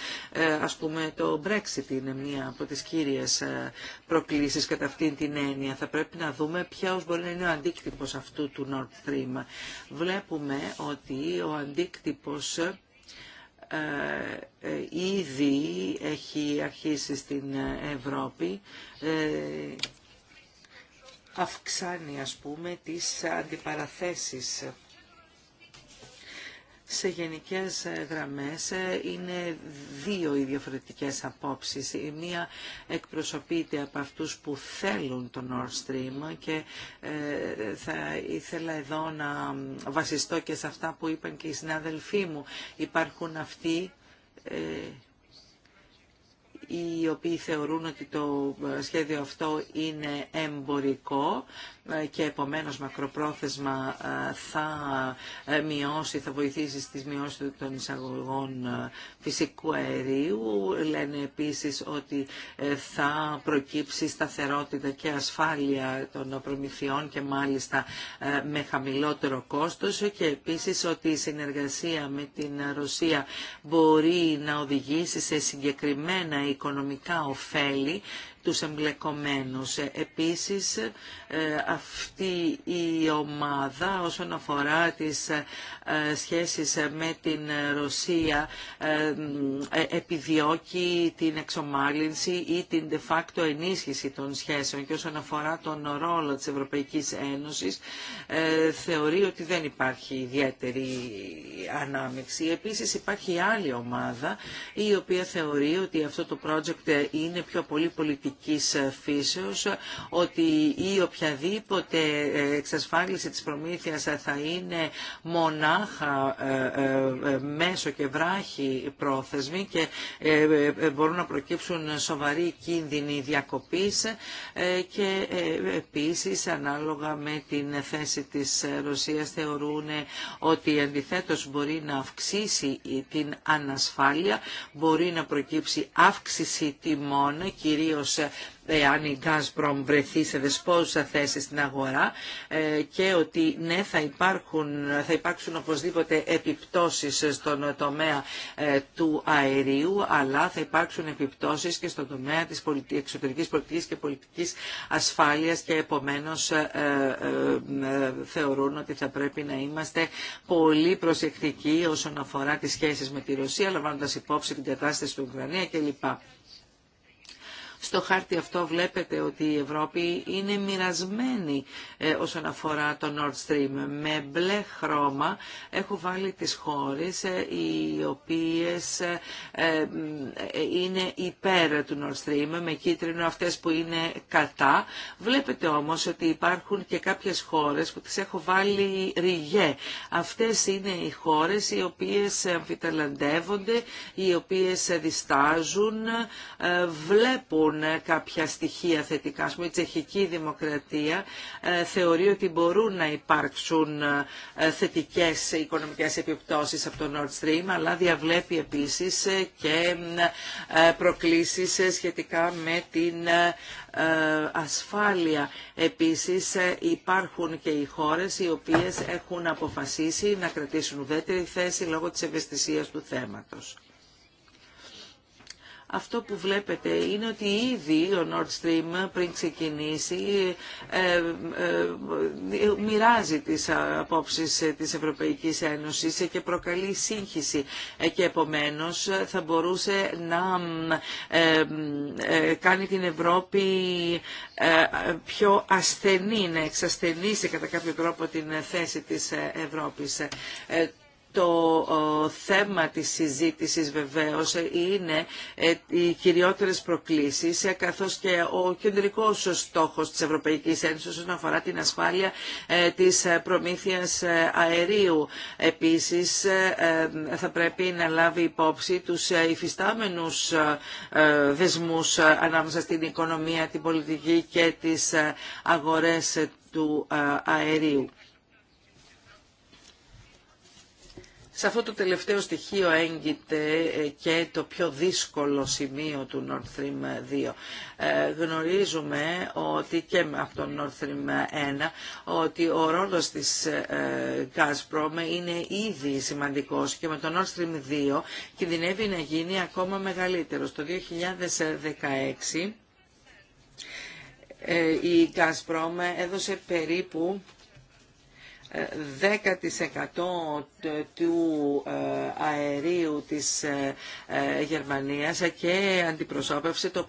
ας πούμε το Brexit είναι μια από τις κύριες ε, προκλήσεις κατά αυτήν την έννοια. Θα πρέπει να δούμε ποιος μπορεί να είναι ο αντίκτυπος αυτού του Nord Stream. Βλέπουμε ότι ο αντίκτυπος ε, ε, ήδη έχει αρχίσει στην Ευρώπη αυξάνει ας πούμε τις αντιπαραθέσεις σε γενικές ε, γραμμές ε, είναι δύο οι διαφορετικές απόψεις. Η μία εκπροσωπείται από αυτούς που θέλουν το Nord Stream και ε, θα ήθελα εδώ να βασιστώ και σε αυτά που είπαν και οι συνάδελφοί μου. Υπάρχουν αυτοί οι οποίοι θεωρούν ότι το σχέδιο αυτό είναι εμπορικό ε, και επομένως μακροπρόθεσμα ε, θα ε, μειώσει, θα βοηθήσει στις μειώσεις των εισαγωγών φυσικού αερίου. Λένε επίσης ότι θα προκύψει σταθερότητα και ασφάλεια των προμηθειών και μάλιστα με χαμηλότερο κόστος και επίσης ότι η συνεργασία με την Ρωσία μπορεί να οδηγήσει σε συγκεκριμένα οικονομικά ωφέλη τους εμπλεκομένους. Ε, επίσης, ε, αυτή η ομάδα όσον αφορά τις ε, σχέσεις με την Ρωσία επιδιώκει την εξομάλυνση ή την de facto ενίσχυση των σχέσεων και όσον αφορά τον ρόλο της Ευρωπαϊκής Ένωσης θεωρεί ότι δεν υπάρχει ιδιαίτερη αναμεξη Επίσης υπάρχει άλλη ομάδα η οποία θεωρεί ότι αυτό το project είναι πιο πολύ πολιτική ε, ε, ότι η οποιαδήποτε ε, εξασφάλιση της προμήθειας θα είναι μονάχα μέσο και βράχη πρόθεσμη και μπορούν να προκύψουν σοβαροί κίνδυνοι διακοπής και επίσης ανάλογα με την θέση της Ρωσίας θεωρούν ότι αντιθέτως μπορεί να αυξήσει την ανασφάλεια, μπορεί να προκύψει αύξηση τιμών κυρίως εάν η Gazprom βρεθεί σε δεσπόζουσα θέση στην αγορά ε, και ότι ναι θα, υπάρχουν, θα υπάρξουν οπωσδήποτε επιπτώσεις στον τομέα ε, του αερίου αλλά θα υπάρξουν επιπτώσεις και στον τομέα της εξωτερικής πολιτικής και πολιτικής ασφάλειας και επομένως ε, θεωρούν ότι θα πρέπει να είμαστε πολύ προσεκτικοί όσον αφορά τις σχέσεις με τη Ρωσία λαμβάνοντας υπόψη την κατάσταση στην Ουκρανία κλπ. Στο χάρτη αυτό βλέπετε ότι η Ευρώπη είναι μοιρασμένη ε, όσον αφορά το Nord Stream. Με μπλε χρώμα έχω βάλει τις χώρες ε, οι οποίες ε, είναι υπέρ του Nord Stream, με κίτρινο αυτές που είναι κατά. Βλέπετε όμως ότι υπάρχουν και κάποιες χώρες που τις έχω βάλει ριγέ. Αυτές είναι οι χώρες οι οποίες αμφιταλαντεύονται, οι οποίες διστάζουν, βλέπουν κάποια στοιχεία θετικά. Ας πούμε, η τσεχική δημοκρατία ε, θεωρεί ότι μπορούν να υπάρξουν ε, θετικές οικονομικές επιπτώσεις από το Nord Stream, αλλά διαβλέπει επίσης ε, και προκλήσεις σχετικά με την ασφάλεια. Επίσης υπάρχουν και οι χώρες οι οποίες έχουν αποφασίσει να κρατήσουν ουδέτερη θέση λόγω της ευαισθησίας του θέματος. Αυτό που βλέπετε είναι ότι ήδη ο Nord Stream πριν ξεκινήσει ε, ε, μοιράζει τις απόψεις της Ευρωπαϊκής Ένωσης και προκαλεί σύγχυση ε, και επομένως θα μπορούσε να κάνει την Ευρώπη πιο ασθενή, να εξασθενήσει κατά κάποιο τρόπο την θέση της Ευρώπης. Το θέμα της συζήτησης βεβαίως είναι ε, οι κυριότερες προκλήσεις ε, καθώς και ο κεντρικός στόχος της Ευρωπαϊκής Ένωσης όσον αφορά την ασφάλεια ε, της προμήθειας αερίου. Επίσης θα πρέπει να λάβει υπόψη τους υφιστάμενους δεσμούς ανάμεσα στην οικονομία, την πολιτική και τις αγορές του αερίου. Σε αυτό το τελευταίο στοιχείο έγκυται ε, και το πιο δύσκολο σημείο του Nord Stream 2. Ε, γνωρίζουμε ότι και με από το Nord Stream 1 ότι ο ρόλος της ε, Gazprom είναι ήδη σημαντικός και με το Nord Stream 2 κινδυνεύει να γίνει ακόμα μεγαλύτερος. Το 2016 η Gazprom έδωσε περίπου 10% του ε, αερίου της ε, ε, Γερμανίας και αντιπροσώπευσε το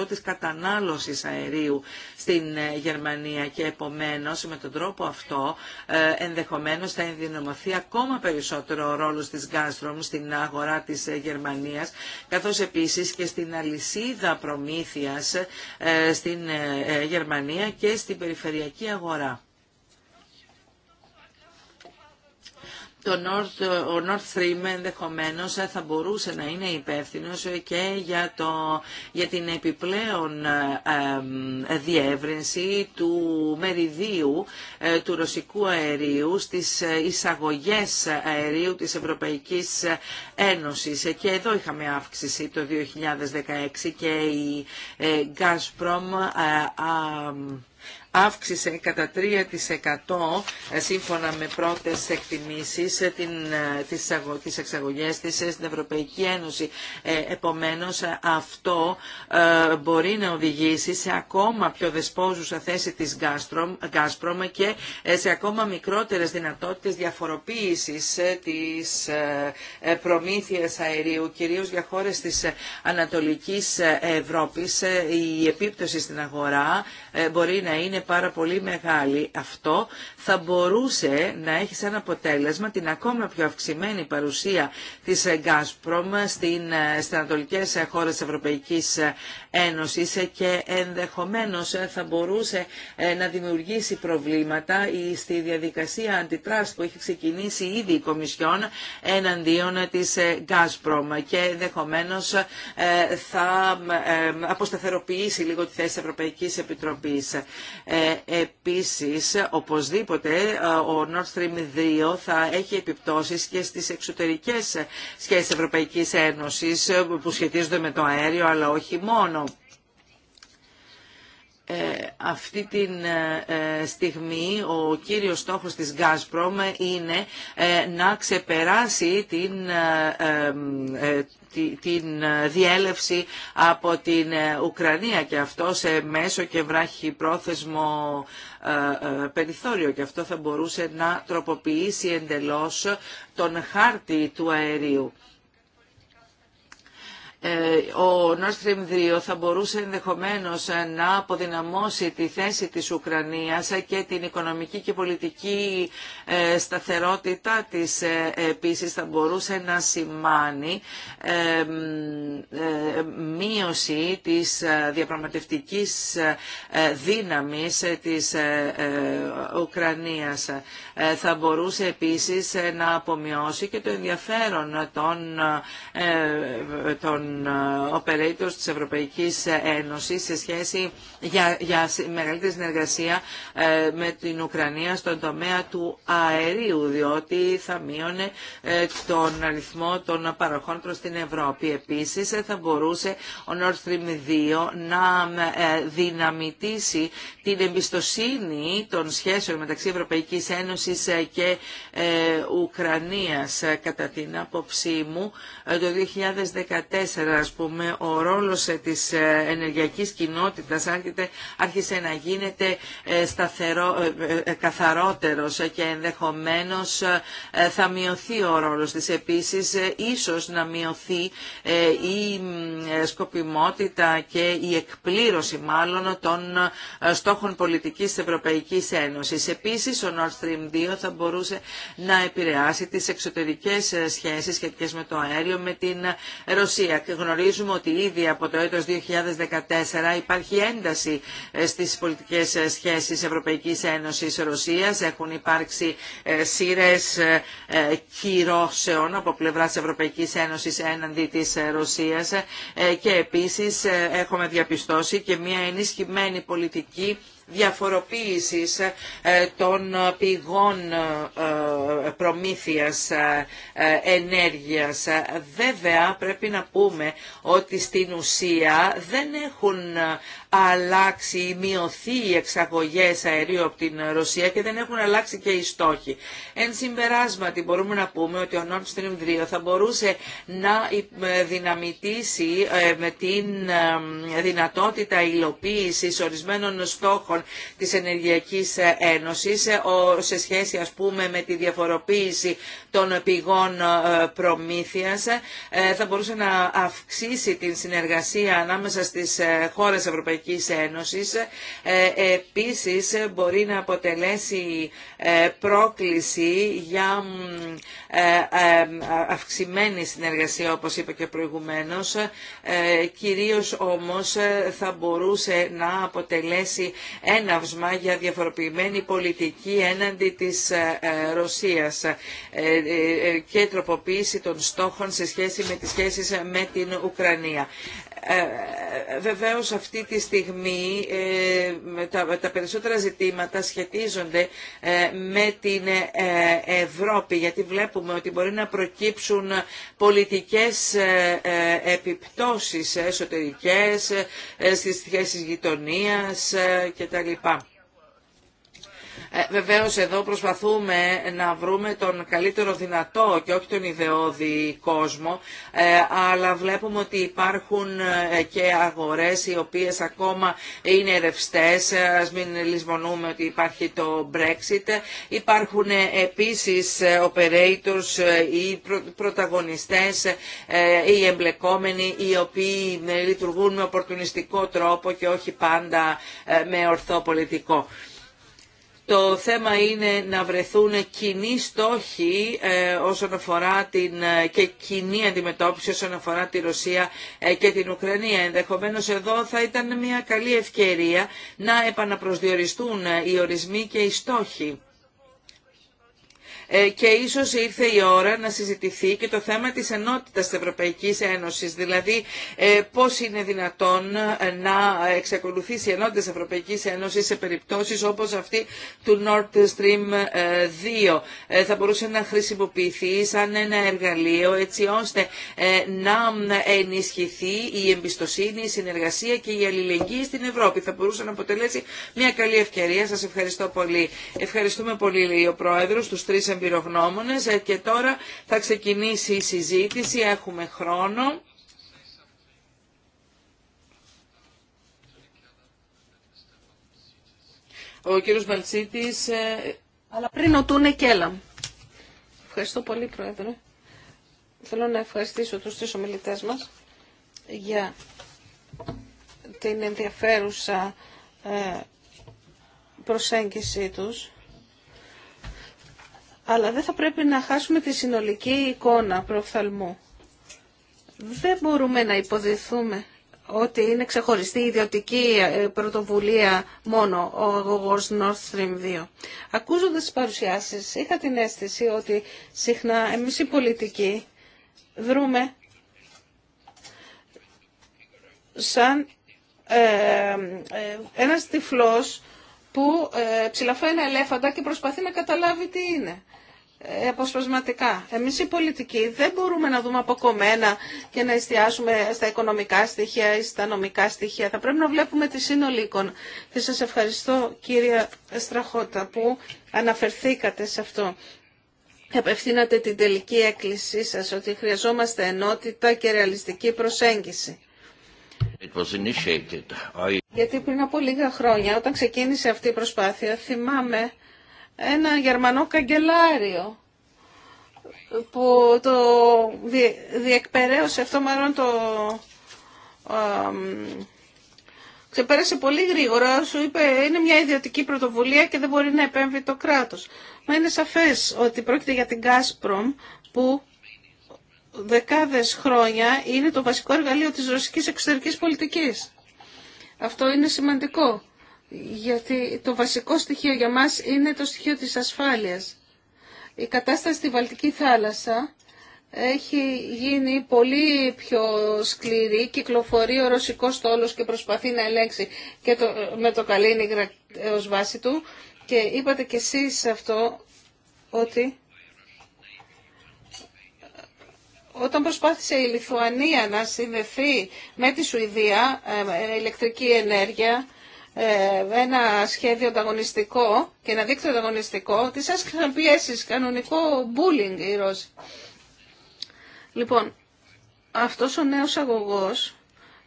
50% της κατανάλωσης αερίου στην Γερμανία και επομένως με τον τρόπο αυτό ενδεχομένως θα ενδυναμωθεί ακόμα περισσότερο ο ρόλος της Gazprom στην αγορά της Γερμανίας καθώς επίσης και στην αλυσίδα προμήθειας στην Γερμανία και στην περιφερειακή αγορά. το North, ο North Stream ενδεχομένω ε, θα μπορούσε να είναι υπεύθυνο και για, το, για την επιπλέον ε, ε διεύρυνση του μεριδίου ε, του ρωσικού αερίου στις εισαγωγές αερίου της Ευρωπαϊκής Ένωσης. Και εδώ είχαμε αύξηση το 2016 και η ε, Gazprom αύξησε κατά 3% ε, σύμφωνα με πρώτες εκτιμήσεις ε, την, ε, τις, τις της στην Ευρωπαϊκή Ένωση. επομένως αυτό μπορεί να οδηγήσει σε ακόμα πιο δεσπόζουσα θέση της Gazprom και σε ακόμα μικρότερες δυνατότητες διαφοροποίησης της προμήθειας αερίου, κυρίως για χώρες της Ανατολικής Ευρώπης. Η επίπτωση στην αγορά μπορεί να είναι πάρα πολύ μεγάλη. Αυτό θα μπορούσε να έχει σαν αποτέλεσμα την ακόμα πιο αυξημένη παρουσία της Gazprom στην, ε, στις ανατολικές ε, χώρες Ευρωπαϊκής ε, Ένωσης και ενδεχομένως θα μπορούσε ε, να δημιουργήσει προβλήματα στη διαδικασία αντιτράστ που έχει ξεκινήσει ήδη η Κομισιόν εναντίον της ε, Gazprom και ενδεχομένως ε, θα αποσταθεροποιήσει λίγο τη θέση της Ευρωπαϊκής Επιτροπής. Επίσης, οπωσδήποτε, ο Nord Stream 2 θα έχει επιπτώσεις και στις εξωτερικές σχέσεις Ευρωπαϊκής Ένωσης που σχετίζονται με το αέριο, αλλά όχι μόνο. Ε, αυτή τη ε, ε, στιγμή ο κύριος στόχος της Gazprom είναι να ξεπεράσει την την διέλευση από την Ουκρανία και αυτό σε μέσο και βράχη πρόθεσμο περιθώριο και αυτό θα μπορούσε να τροποποιήσει εντελώς τον χάρτη του αερίου. Ε, ο Nord Stream 2 θα μπορούσε ενδεχομένως ε, να αποδυναμώσει τη θέση της Ουκρανίας και την οικονομική και πολιτική ε, σταθερότητα της επίσης θα μπορούσε να σημάνει μείωση της διαπραγματευτικής δύναμης της Ουκρανίας. Ε, θα μπορούσε επίσης ε, να απομειώσει και το ενδιαφέρον των, ε, των operators της Ευρωπαϊκής Ένωσης σε σχέση για, για μεγαλύτερη συνεργασία με την Ουκρανία στον τομέα του αερίου, διότι θα μείωνε τον αριθμό των παροχών προς την Ευρώπη. Επίσης θα μπορούσε ο Nord Stream 2 να δυναμητήσει την εμπιστοσύνη των σχέσεων μεταξύ Ευρωπαϊκής Ένωσης Ένωσης ε, και ε, Ουκρανίας. Ε, κατά την άποψή μου, το 2014, ας πούμε, ο ρόλος της ενεργειακής κοινότητας άρχισε να γίνεται σταθερό, καθαρότερος και ενδεχομένως θα μειωθεί ο ρόλος της. Επίσης, ίσως να μειωθεί η σκοπιμότητα και η εκπλήρωση μάλλον των στόχων πολιτικής της Ευρωπαϊκής Ένωσης. Επίσης, ο Nord Stream 2 θα μπορούσε να επηρεάσει τις εξωτερικές ε, σχέσεις σχετικές με το αέριο με την ε, Ρωσία. Γνωρίζουμε ότι ήδη από το έτος 2014 υπάρχει ένταση ε, στις πολιτικές σχέσεις Ευρωπαϊκής Ένωσης Ρωσίας. Έχουν υπάρξει σύρες κυρώσεων από πλευράς Ευρωπαϊκής Ένωσης έναντι της Ρωσίας και επίσης έχουμε διαπιστώσει και μια ενισχυμένη πολιτική διαφοροποίησης ε, των πηγών ε, προμήθειας ε, ενέργειας. Βέβαια πρέπει να πούμε ότι στην ουσία δεν έχουν αλλάξει ή μειωθεί οι εξαγωγές αερίου από την Ρωσία και δεν έχουν αλλάξει και οι στόχοι. Εν συμπεράσματι μπορούμε να πούμε ότι ο Nord Stream 2 θα μπορούσε να δυναμητήσει ε, με την ε, δυνατότητα υλοποίησης ορισμένων στόχων της Ενεργειακής Ένωσης ε, σε σχέση ας πούμε με τη διαφοροποίηση των πηγών προμήθειας θα μπορούσε να αυξήσει την συνεργασία ανάμεσα στις χώρες Ευρωπαϊκής Ευρωπαϊκής ε, επίσης μπορεί να αποτελέσει ε, πρόκληση για ε, αυξημένη συνεργασία όπως είπα και προηγουμένως κυρίως όμως θα μπορούσε να αποτελέσει έναυσμα για διαφοροποιημένη πολιτική έναντι της Ρωσίας και τροποποίηση των στόχων σε σχέση με τις σχέσεις με την Ουκρανία. Ε, βεβαίως αυτή τη στιγμή ε, τα περισσότερα ζητήματα σχετίζονται ε, με την Ευρώπη γιατί βλέπουμε ότι μπορεί να προκύψουν πολιτικές επιπτώσεις εσωτερικές στις θέσεις γειτονίας κτλ. Ε, Βεβαίω εδώ προσπαθούμε να βρούμε τον καλύτερο δυνατό και όχι τον ιδεώδη κόσμο, ε, αλλά βλέπουμε ότι υπάρχουν ε, και αγορές οι οποίες ακόμα είναι ρευστές, ας μην λησμονούμε ότι υπάρχει το Brexit. Υπάρχουν επίσης operators ή πρωταγωνιστές ή εμπλεκόμενοι οι οποίοι λειτουργούν με οπορτουνιστικό τρόπο και όχι πάντα με ορθό πολιτικό. Το θέμα είναι να βρεθούν κοινοί στόχοι ε, όσον αφορά την, ε, και κοινή αντιμετώπιση όσον αφορά τη Ρωσία ε, και την Ουκρανία. Ενδεχομένως εδώ θα ήταν μια καλή ευκαιρία να επαναπροσδιοριστούν οι ορισμοί και οι στόχοι. Ε, και ίσως ήρθε η ώρα να συζητηθεί και το θέμα της ενότητας της Ευρωπαϊκής Ένωσης, δηλαδή ε, πώς είναι δυνατόν ε, να εξακολουθήσει η ενότητα της Ευρωπαϊκής Ένωσης σε περιπτώσεις όπως αυτή του Nord Stream 2. Θα μπορούσε να χρησιμοποιηθεί σαν ένα εργαλείο έτσι ώστε να ενισχυθεί η εμπιστοσύνη, η συνεργασία και η αλληλεγγύη στην Ευρώπη. Θα μπορούσε να αποτελέσει μια καλή ευκαιρία. Σας ευχαριστώ πολύ. Ευχαριστούμε πολύ, λέει ο Πρόεδρος, τους τρεις ε, και τώρα θα ξεκινήσει η συζήτηση, έχουμε χρόνο. Ο κύριος Μπαλτσίτης... Ε, Αλλά πριν ο Τούνε Κέλαμ. Ευχαριστώ πολύ, Πρόεδρε. Θέλω να ευχαριστήσω τους τρεις ομιλητές μας για την ενδιαφέρουσα ε, προσέγγιση τους αλλά δεν θα πρέπει να χάσουμε τη συνολική εικόνα προφθαλμού. Δεν μπορούμε να υποδηθούμε ότι είναι ξεχωριστή ιδιωτική ε, πρωτοβουλία μόνο ο αγωγός Nord Stream 2. Ακούζοντας τις παρουσιάσεις, είχα την αίσθηση ότι συχνά εμείς οι πολιτικοί δρούμε σαν ε, ε ένας τυφλός που ε, ψηλαφάει ένα ελέφαντα και προσπαθεί να καταλάβει τι είναι. Ε, αποσπασματικά. Εμείς οι πολιτικοί δεν μπορούμε να δούμε αποκομμένα και να εστιάσουμε στα οικονομικά στοιχεία ή στα νομικά στοιχεία. Θα πρέπει να βλέπουμε τη σύνολη εικόνα. Και σας ευχαριστώ κύριε Στραχώτα που αναφερθήκατε σε αυτό. Απευθύνατε την τελική έκκλησή σας ότι χρειαζόμαστε ενότητα και ρεαλιστική προσέγγιση. It was initiated. I... Γιατί πριν από λίγα χρόνια όταν ξεκίνησε αυτή η προσπάθεια θυμάμαι ένα γερμανό καγκελάριο που το διεκπαιρέωσε αυτό μάλλον το ξεπέρασε πολύ γρήγορα, σου είπε είναι μια ιδιωτική πρωτοβουλία και δεν μπορεί να επέμβει το κράτος. Μα είναι σαφές ότι πρόκειται για την Gazprom που δεκάδες χρόνια είναι το βασικό εργαλείο της ρωσικής εξωτερικής πολιτικής. Αυτό είναι σημαντικό γιατί το βασικό στοιχείο για μας είναι το στοιχείο της ασφάλειας. Η κατάσταση στη Βαλτική θάλασσα έχει γίνει πολύ πιο σκληρή, κυκλοφορεί ο ρωσικός στόλος και προσπαθεί να ελέγξει και το, με το Καλίνιγρα ως βάση του. Και είπατε κι εσείς αυτό ότι όταν προσπάθησε η Λιθουανία να συνδεθεί με τη Σουηδία ε, ε, ηλεκτρική ενέργεια, ε, ένα σχέδιο ανταγωνιστικό και ένα δίκτυο ανταγωνιστικό, τι άσκησαν είχαν πιέσει, κανονικό bullying οι Ρώσοι. Λοιπόν, αυτό ο νέος αγωγό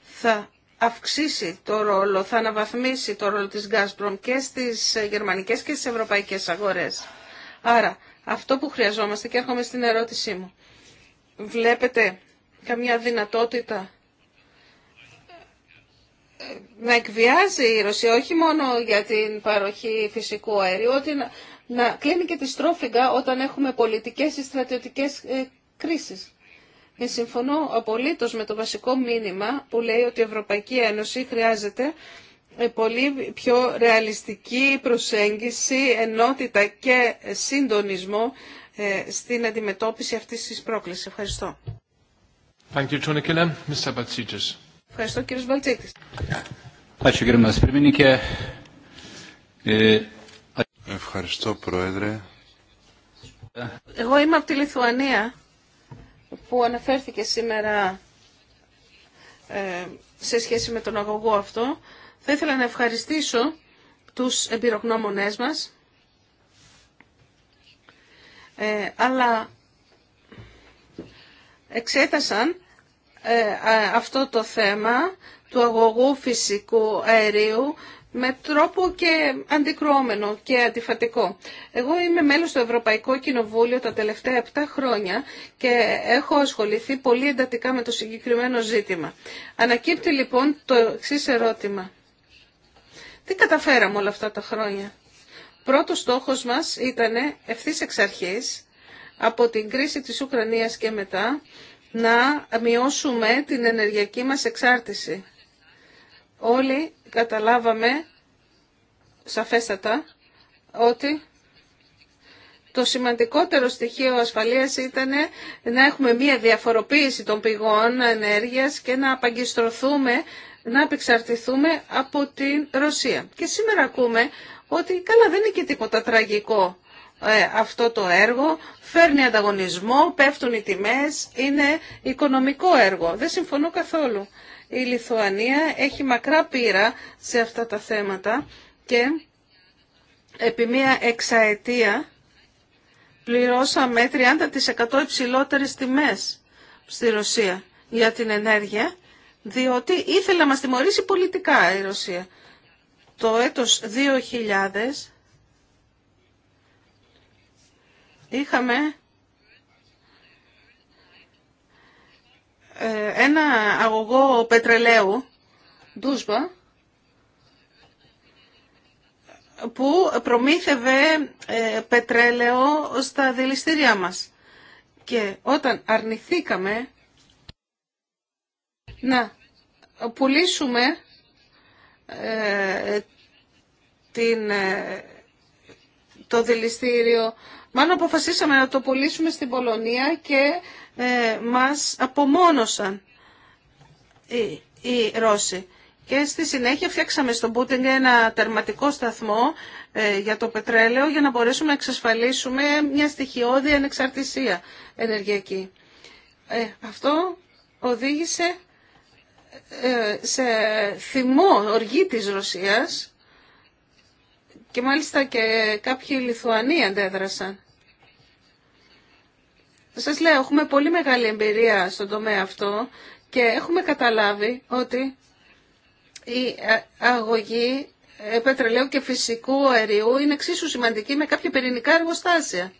θα αυξήσει το ρόλο, θα αναβαθμίσει το ρόλο της Gazprom και στις γερμανικές και στις ευρωπαϊκές αγορές. Άρα, αυτό που χρειαζόμαστε και έρχομαι στην ερώτησή μου. Βλέπετε καμιά δυνατότητα να εκβιάζει η Ρωσία όχι μόνο για την παροχή φυσικού αερίου, ότι να, κλείνει και τη στρόφιγγα όταν έχουμε πολιτικές ή στρατιωτικές ε, κρίσεις. συμφωνώ απολύτως με το βασικό μήνυμα που λέει ότι η Ευρωπαϊκή Ένωση χρειάζεται ε, πολύ πιο ρεαλιστική προσέγγιση, ενότητα και συντονισμό ε, στην αντιμετώπιση αυτής της πρόκλησης. Ευχαριστώ. Thank you, Mr. Ευχαριστώ κύριε Βαλτσίτης. E, Ευχαριστώ Πρόεδρε. Εγώ είμαι από τη Λιθουανία που αναφέρθηκε σήμερα ε, σε σχέση με τον αγωγό αυτό. Θα ήθελα να ευχαριστήσω τους εμπειρογνώμονές μας, ε, αλλά εξέτασαν ε, αυτό το θέμα του αγωγού φυσικού αερίου με τρόπο και αντικρουόμενο και αντιφατικό. Εγώ είμαι μέλος του Ευρωπαϊκού Κοινοβούλιο τα τελευταία 7 χρόνια και έχω ασχοληθεί πολύ εντατικά με το συγκεκριμένο ζήτημα. Ανακύπτει λοιπόν το εξή ερώτημα. Τι καταφέραμε όλα αυτά τα χρόνια. Πρώτος στόχος μας ήταν ευθύ εξ αρχής, από την κρίση της Ουκρανίας και μετά, να μειώσουμε την ενεργειακή μας εξάρτηση. Όλοι καταλάβαμε σαφέστατα ότι το σημαντικότερο στοιχείο ασφαλείας ήταν να έχουμε μία διαφοροποίηση των πηγών ενέργειας και να απαγκιστρωθούμε, να απεξαρτηθούμε από την Ρωσία. Και σήμερα ακούμε ότι καλά δεν είναι και τίποτα τραγικό ε, αυτό το έργο, φέρνει ανταγωνισμό, πέφτουν οι τιμές, είναι οικονομικό έργο. Δεν συμφωνώ καθόλου. Η Λιθουανία έχει μακρά πείρα σε αυτά τα θέματα και επί μία εξαετία πληρώσαμε 30% υψηλότερες τιμές στη Ρωσία για την ενέργεια, διότι ήθελα να μας τιμωρήσει πολιτικά η Ρωσία. Το έτος 2000 είχαμε ε, ένα αγωγό πετρελαίου, ντούσπα, που προμήθευε ε, πετρέλαιο στα δηληστήριά μας. Και όταν αρνηθήκαμε να πουλήσουμε ε, την, το δηληστήριο Μάλλον αποφασίσαμε να το πουλήσουμε στην Πολωνία και ε, μας απομόνωσαν οι, οι Ρώσοι. Και στη συνέχεια φτιάξαμε στον Πούτινγκ ένα τερματικό σταθμό ε, για το πετρέλαιο για να μπορέσουμε να εξασφαλίσουμε μια στοιχειώδη ανεξαρτησία ενεργειακή. Ε, αυτό οδήγησε ε, σε θυμό οργή της Ρωσίας και μάλιστα και κάποιοι Λιθουανοί αντέδρασαν. Σας λέω, έχουμε πολύ μεγάλη εμπειρία στον τομέα αυτό και έχουμε καταλάβει ότι η αγωγή ε, πετρελαίου και φυσικού αερίου είναι εξίσου σημαντική με κάποια πυρηνικά εργοστάσια.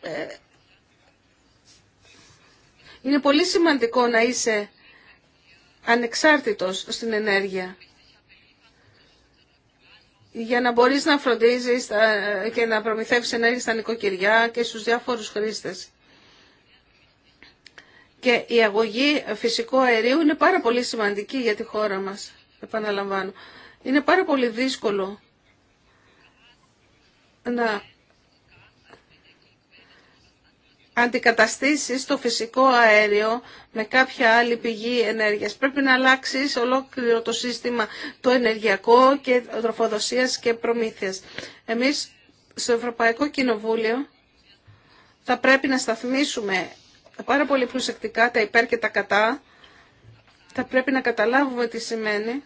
Ε, είναι πολύ σημαντικό να είσαι ανεξάρτητος στην ενέργεια για να μπορείς να φροντίζεις ε, και να προμηθεύεις ενέργεια στα νοικοκυριά και στους διάφορους χρήστες. Και η αγωγή φυσικού αερίου είναι πάρα πολύ σημαντική για τη χώρα μας, επαναλαμβάνω. Είναι πάρα πολύ δύσκολο να Αντικαταστήσεις το φυσικό αέριο με κάποια άλλη πηγή ενέργειας. Πρέπει να αλλάξει ολόκληρο το σύστημα το ενεργειακό και τροφοδοσίας και προμήθειας. Εμείς στο Ευρωπαϊκό Κοινοβούλιο θα πρέπει να σταθμίσουμε πάρα πολύ προσεκτικά τα υπέρ και τα κατά. Θα πρέπει να καταλάβουμε τι σημαίνει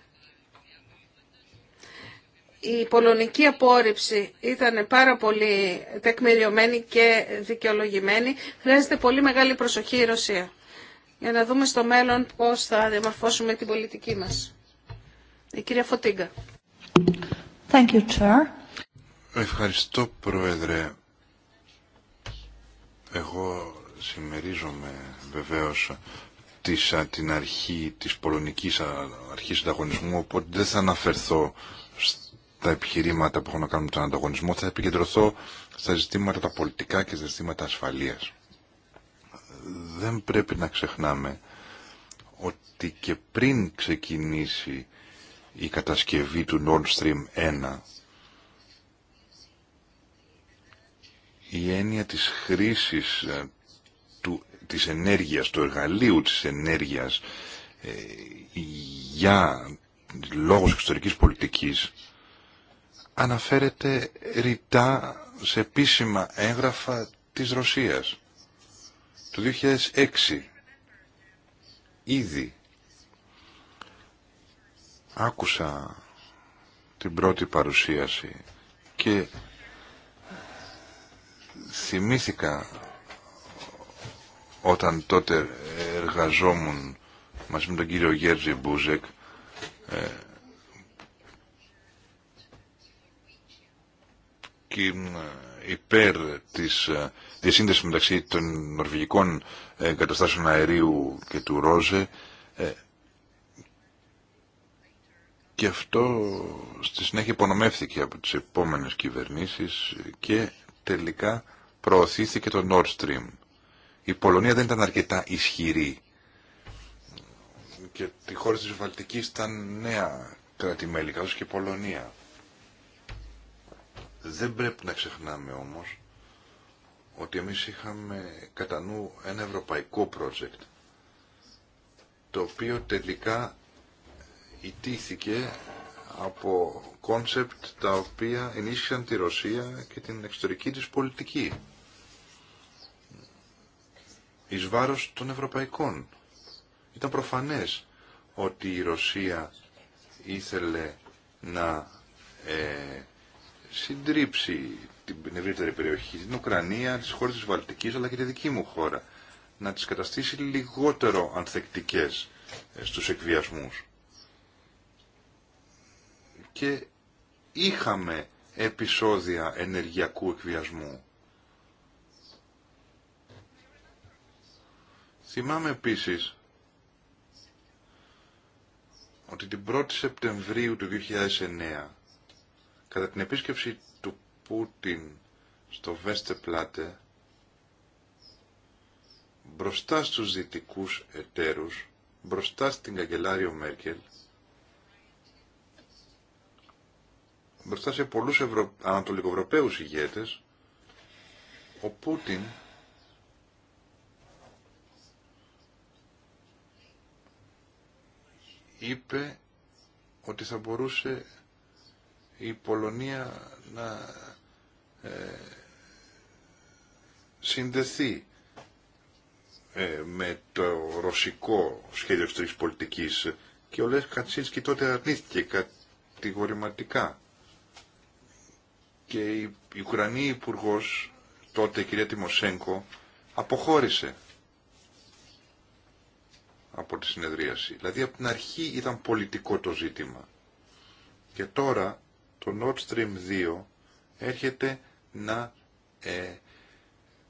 η πολωνική απόρριψη ήταν πάρα πολύ τεκμηριωμένη και δικαιολογημένη. Χρειάζεται πολύ μεγάλη προσοχή η Ρωσία για να δούμε στο μέλλον πώς θα διαμορφώσουμε την πολιτική μας. Η κυρία Φωτίγκα. Thank you, Chair. Ευχαριστώ, Πρόεδρε. Εγώ συμμερίζομαι βεβαίως της, την αρχή της πολωνικής αρχής ανταγωνισμού, οπότε δεν θα αναφερθώ τα επιχειρήματα που έχουν να κάνουν με τον ανταγωνισμό, θα επικεντρωθώ στα ζητήματα τα πολιτικά και στα ζητήματα ασφαλείας. Δεν πρέπει να ξεχνάμε ότι και πριν ξεκινήσει η κατασκευή του Nord Stream 1, η έννοια της χρήσης ε, του, της ενέργειας, του εργαλείου της ενέργειας ε, για λόγους εξωτερικής πολιτικής αναφέρεται ρητά σε επίσημα έγγραφα της Ρωσίας. Το 2006 ήδη άκουσα την πρώτη παρουσίαση και θυμήθηκα όταν τότε εργαζόμουν μαζί με τον κύριο Γερζι Μπούζεκ ε, και ε, υπέρ της ε, διασύνδεσης μεταξύ των νορβηγικών ε, καταστάσεων αερίου και του Ρόζε και αυτό στη συνέχεια υπονομεύθηκε από τις επόμενες κυβερνήσεις και τελικά προωθήθηκε το Nord Stream. Η Πολωνία δεν ήταν αρκετά ισχυρή και οι χώρες της Βαλτικής ήταν νέα κράτη-μέλη, καθώς και η Πολωνία. Δεν πρέπει να ξεχνάμε όμως ότι εμείς είχαμε κατά νου ένα ευρωπαϊκό project το οποίο τελικά ιτήθηκε από κόνσεπτ τα οποία ενίσχυσαν τη Ρωσία και την εξωτερική της πολιτική εις βάρος των Ευρωπαϊκών. Ήταν προφανές ότι η Ρωσία ήθελε να ε, συντρίψει την ευρύτερη περιοχή, την Ουκρανία, τις χώρες της Βαλτικής αλλά και τη δική μου χώρα. Να τις καταστήσει λιγότερο ανθεκτικές ε, στους εκβιασμούς. Και είχαμε επεισόδια ενεργειακού εκβιασμού. Θυμάμαι επίσης ότι την 1η Σεπτεμβρίου του 2009 Κατά την επίσκεψη του Πούτιν στο Βέστεπλάτε, μπροστά στους δυτικούς εταίρους, μπροστά στην καγκελάριο Μέρκελ, μπροστά σε πολλούς Ευρω... ανατολικοευρωπαίους ηγέτες, ο Πούτιν είπε ότι θα μπορούσε η Πολωνία να ε, συνδεθεί ε, με το ρωσικό σχέδιο εξωτερικής πολιτικής και ο Λες και τότε αρνήθηκε κατηγορηματικά. Και η Ουκρανή υπουργό τότε η κυρία Τιμοσέγκο αποχώρησε από τη συνεδρίαση. Δηλαδή από την αρχή ήταν πολιτικό το ζήτημα. Και τώρα το Nord Stream 2 έρχεται να ε,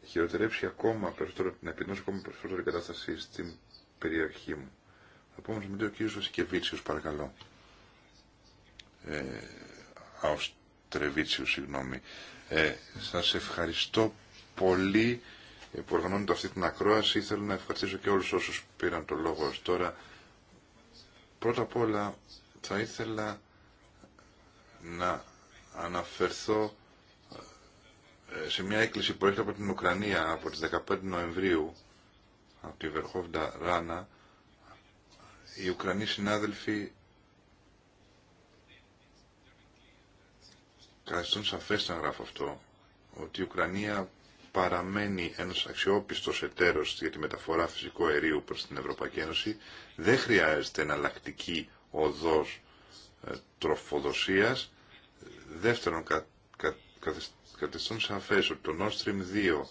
χειροτερέψει ακόμα περισσότερο, να επιδεινώσει ακόμα περισσότερο την κατάσταση στην περιοχή μου. Επόμενος με ο κύριος Βασικεβίτσιος, παρακαλώ. Ε, Αουστρεβίτσιος, συγγνώμη. Ε, σας ευχαριστώ πολύ ε, που οργανώνετε αυτή την ακρόαση. Θέλω να ευχαριστήσω και όλους όσους πήραν το λόγο ως τώρα. Πρώτα απ' όλα θα ήθελα να αναφερθώ ε, σε μια έκκληση που έρχεται από την Ουκρανία από τις 15 Νοεμβρίου από τη Βερχόβντα Ράνα οι Ουκρανοί συνάδελφοι καθιστούν σαφές να γράφω αυτό ότι η Ουκρανία παραμένει ένας αξιόπιστος εταίρος για τη μεταφορά φυσικού αερίου προς την Ευρωπαϊκή Ένωση δεν χρειάζεται εναλλακτική οδός ε, τροφοδοσίας. Δεύτερον, κα, κα, ότι το Nord Stream 2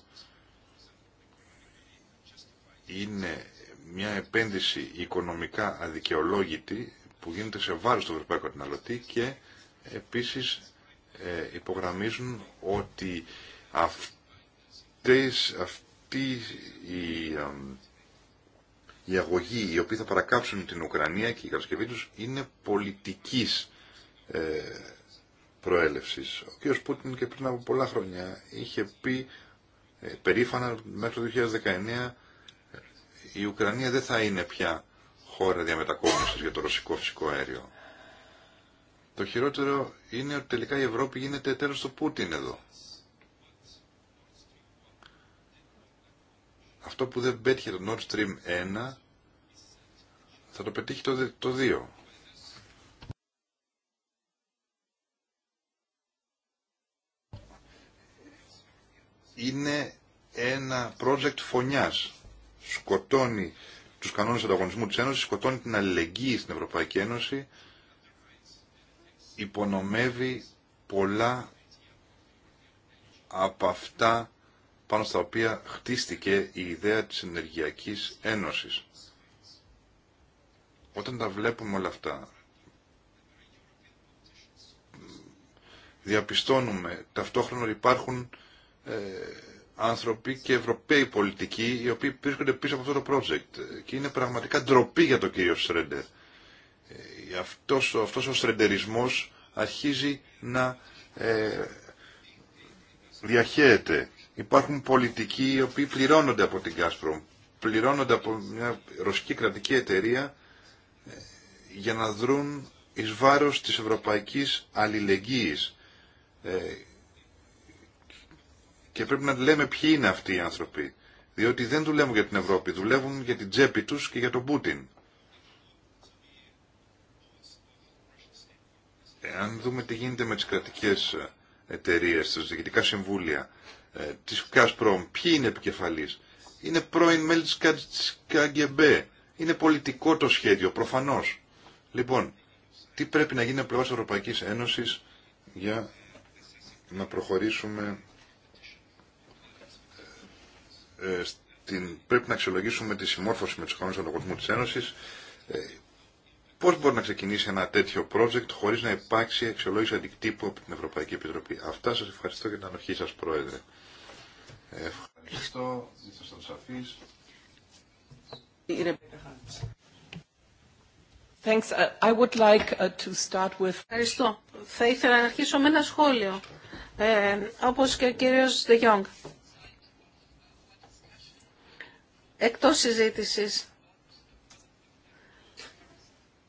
είναι μια επένδυση οικονομικά αδικαιολόγητη που γίνεται σε βάρος του ευρωπαϊκού καταναλωτή και επίσης ε, υπογραμμίζουν ότι αυτές, αυτή η, οι αγωγοί οι οποίοι θα παρακάψουν την Ουκρανία και η κατασκευή του είναι πολιτικής ε, προέλευσης. Ο κ. Πούτιν και πριν από πολλά χρόνια είχε πει ε, περήφανα μέχρι το 2019 ε, η Ουκρανία δεν θα είναι πια χώρα διαμετακόμιση για το ρωσικό φυσικό αέριο. Το χειρότερο είναι ότι τελικά η Ευρώπη γίνεται εταίρος του Πούτιν εδώ. αυτό που δεν πέτυχε το Nord Stream 1 θα το πετύχει το, το 2. Είναι ένα project φωνιάς. Σκοτώνει τους κανόνες ανταγωνισμού της Ένωσης, σκοτώνει την αλληλεγγύη στην Ευρωπαϊκή Ένωση, υπονομεύει πολλά από αυτά πάνω στα οποία χτίστηκε η ιδέα της Ενεργειακής Ένωσης. Όταν τα βλέπουμε όλα αυτά, διαπιστώνουμε ταυτόχρονα ότι υπάρχουν ε, άνθρωποι και Ευρωπαίοι πολιτικοί οι οποίοι βρίσκονται πίσω από αυτό το project και είναι πραγματικά ντροπή για τον κύριο Σρέντερ. Ε, αυτός, αυτός ο στρέντερισμός αρχίζει να ε, διαχέεται. Υπάρχουν πολιτικοί οι οποίοι πληρώνονται από την Κάσπρο. πληρώνονται από μια ρωσική κρατική εταιρεία ε, για να δρουν εις βάρος της ευρωπαϊκής αλληλεγγύης. Ε, και πρέπει να λέμε ποιοι είναι αυτοί οι άνθρωποι. Διότι δεν δουλεύουν για την Ευρώπη, δουλεύουν για την τσέπη τους και για τον Πούτιν. Ε, αν δούμε τι γίνεται με τις κρατικές εταιρείες, τα διοικητικά συμβούλια, ε, της Κάσπρομ, ποιοι είναι επικεφαλής. Είναι πρώην μέλη της ΚΑΓΕΜΠΕ. Είναι πολιτικό το σχέδιο, προφανώς. Λοιπόν, τι πρέπει να γίνει από πλευράς Ευρωπαϊκής Ένωσης για να προχωρήσουμε ε, στην, πρέπει να αξιολογήσουμε τη συμμόρφωση με τους κανόνες ανταγωνισμού της Ένωσης. Ε, πώς μπορεί να ξεκινήσει ένα τέτοιο project χωρίς να υπάρξει αξιολόγηση αντικτύπου από την Ευρωπαϊκή Επιτροπή. Αυτά σας ευχαριστώ για την ανοχή σας, Πρόεδρε. Ευχαριστώ. Ήσασταν σαφείς. Thanks. I would like uh, to start with... Ευχαριστώ. Θα ήθελα να αρχίσω με ένα σχόλιο, ε, όπως και ο κύριος De Jong. Εκτός συζήτησης,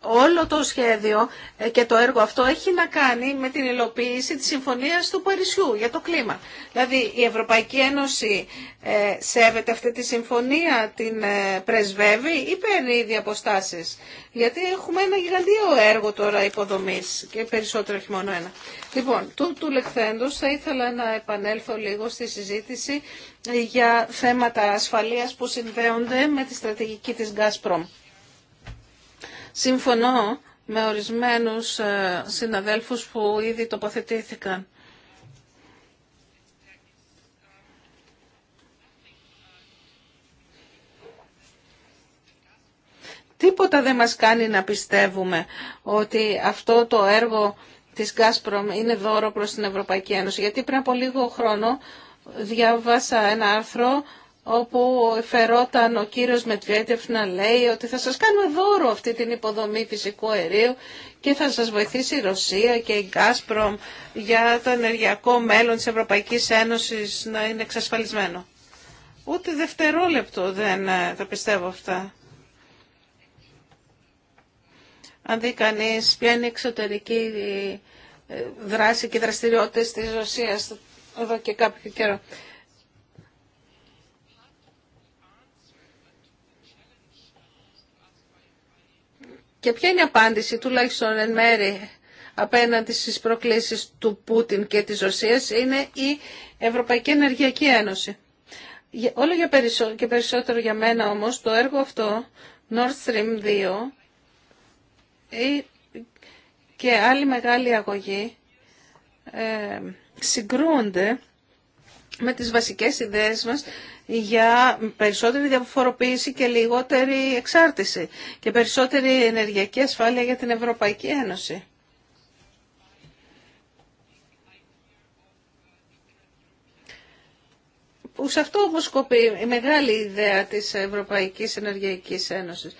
όλο το σχέδιο ε, και το έργο αυτό έχει να κάνει με την υλοποίηση της Συμφωνίας του Παρισιού για το κλίμα. Δηλαδή η Ευρωπαϊκή Ένωση ε, σέβεται αυτή τη συμφωνία, την ε, πρεσβεύει ή παίρνει ήδη αποστάσεις. Γιατί έχουμε ένα γιγαντίο έργο τώρα υποδομής και περισσότερο όχι μόνο ένα. Λοιπόν, του, του λεχθέντος θα ήθελα να επανέλθω λίγο στη συζήτηση για θέματα ασφαλείας που συνδέονται με τη στρατηγική της Gazprom. Συμφωνώ με ορισμένους ε, συναδέλφους που ήδη τοποθετήθηκαν. Τίποτα δεν μας κάνει να πιστεύουμε ότι αυτό το έργο της Gazprom είναι δώρο προς την Ευρωπαϊκή Ένωση. Γιατί πριν από λίγο χρόνο διάβασα ένα άρθρο όπου φερόταν ο κύριος Μετβιέτεφ να λέει ότι θα σας κάνουμε δώρο αυτή την υποδομή φυσικού αερίου και θα σας βοηθήσει η Ρωσία και η Γκάσπρομ για το ενεργειακό μέλλον της Ευρωπαϊκής Ένωσης να είναι εξασφαλισμένο. Ούτε δευτερόλεπτο δεν θα ε, πιστεύω αυτά. Αν δει κανεί ποια είναι η εξωτερική ε, δράση και δραστηριότητες της Ρωσίας εδώ και κάποιο καιρό. Και ποια είναι η απάντηση, τουλάχιστον εν μέρη, απέναντι στις προκλήσεις του Πούτιν και της Ρωσίας, είναι η Ευρωπαϊκή Ενεργειακή Ένωση. Όλο για και περισσότερο για μένα όμως, το έργο αυτό, Nord Stream 2 και άλλη μεγάλη αγωγή, ε, συγκρούονται με τις βασικές ιδέες μας για περισσότερη διαφοροποίηση και λιγότερη εξάρτηση και περισσότερη ενεργειακή ασφάλεια για την Ευρωπαϊκή Ένωση. σε αυτό αποσκοπεί η μεγάλη ιδέα της Ευρωπαϊκής Ενεργειακής Ένωσης.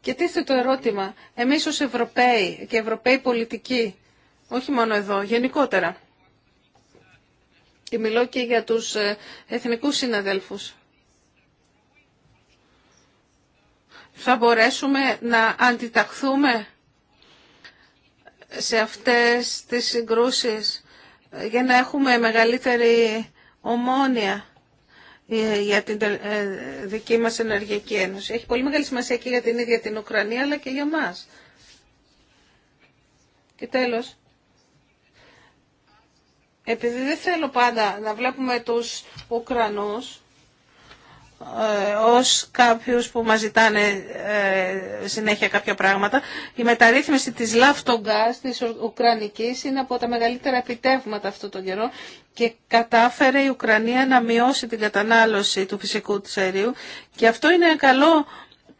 Και τίθεται το ερώτημα, εμείς ως Ευρωπαίοι και Ευρωπαίοι πολιτικοί, όχι μόνο εδώ, γενικότερα, και μιλώ και για τους ε, εθνικούς συναδέλφους. Θα μπορέσουμε να αντιταχθούμε σε αυτές τις συγκρούσεις ε, για να έχουμε μεγαλύτερη ομόνοια ε, για την δική μας ενεργειακή ένωση. Έχει πολύ μεγάλη σημασία και για την ίδια την Ουκρανία αλλά και για μας. Και τέλος, επειδή δεν θέλω πάντα να βλέπουμε τους Ουκρανούς ε, ως κάποιους που μας ζητάνε ε, συνέχεια κάποια πράγματα. Η μεταρρύθμιση της Λαφτογκάς, της Ουκρανικής, είναι από τα μεγαλύτερα επιτεύγματα αυτό τον καιρό και κατάφερε η Ουκρανία να μειώσει την κατανάλωση του φυσικού της αερίου και αυτό είναι καλό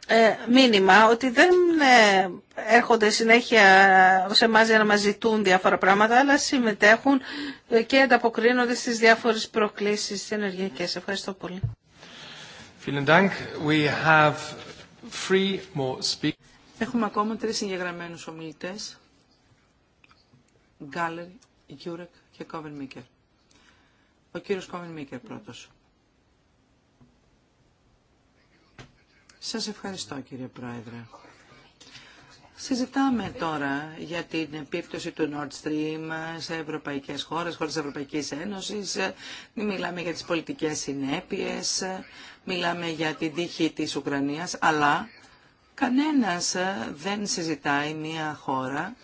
ε, μήνυμα ότι δεν ε, έρχονται συνέχεια σε εμά για να μας ζητούν διάφορα πράγματα, αλλά συμμετέχουν και ανταποκρίνονται στις διάφορες προκλήσεις ενεργειακέ. Ευχαριστώ πολύ. Έχουμε ακόμα τρεις εγγεγραμμένους ομιλητές. Γκάλερ, Γιούρεκ και Κόβεν Μίκερ. Ο κύριος Κόβεν Μίκερ πρώτος. Σας ευχαριστώ κύριε Πρόεδρε. Συζητάμε τώρα για την επίπτωση του Nord Stream σε ευρωπαϊκές χώρες, χώρες Ευρωπαϊκής Ένωσης. Μιλάμε για τις πολιτικές συνέπειες, μιλάμε για την τύχη της Ουκρανίας, αλλά κανένας δεν συζητάει μια χώρα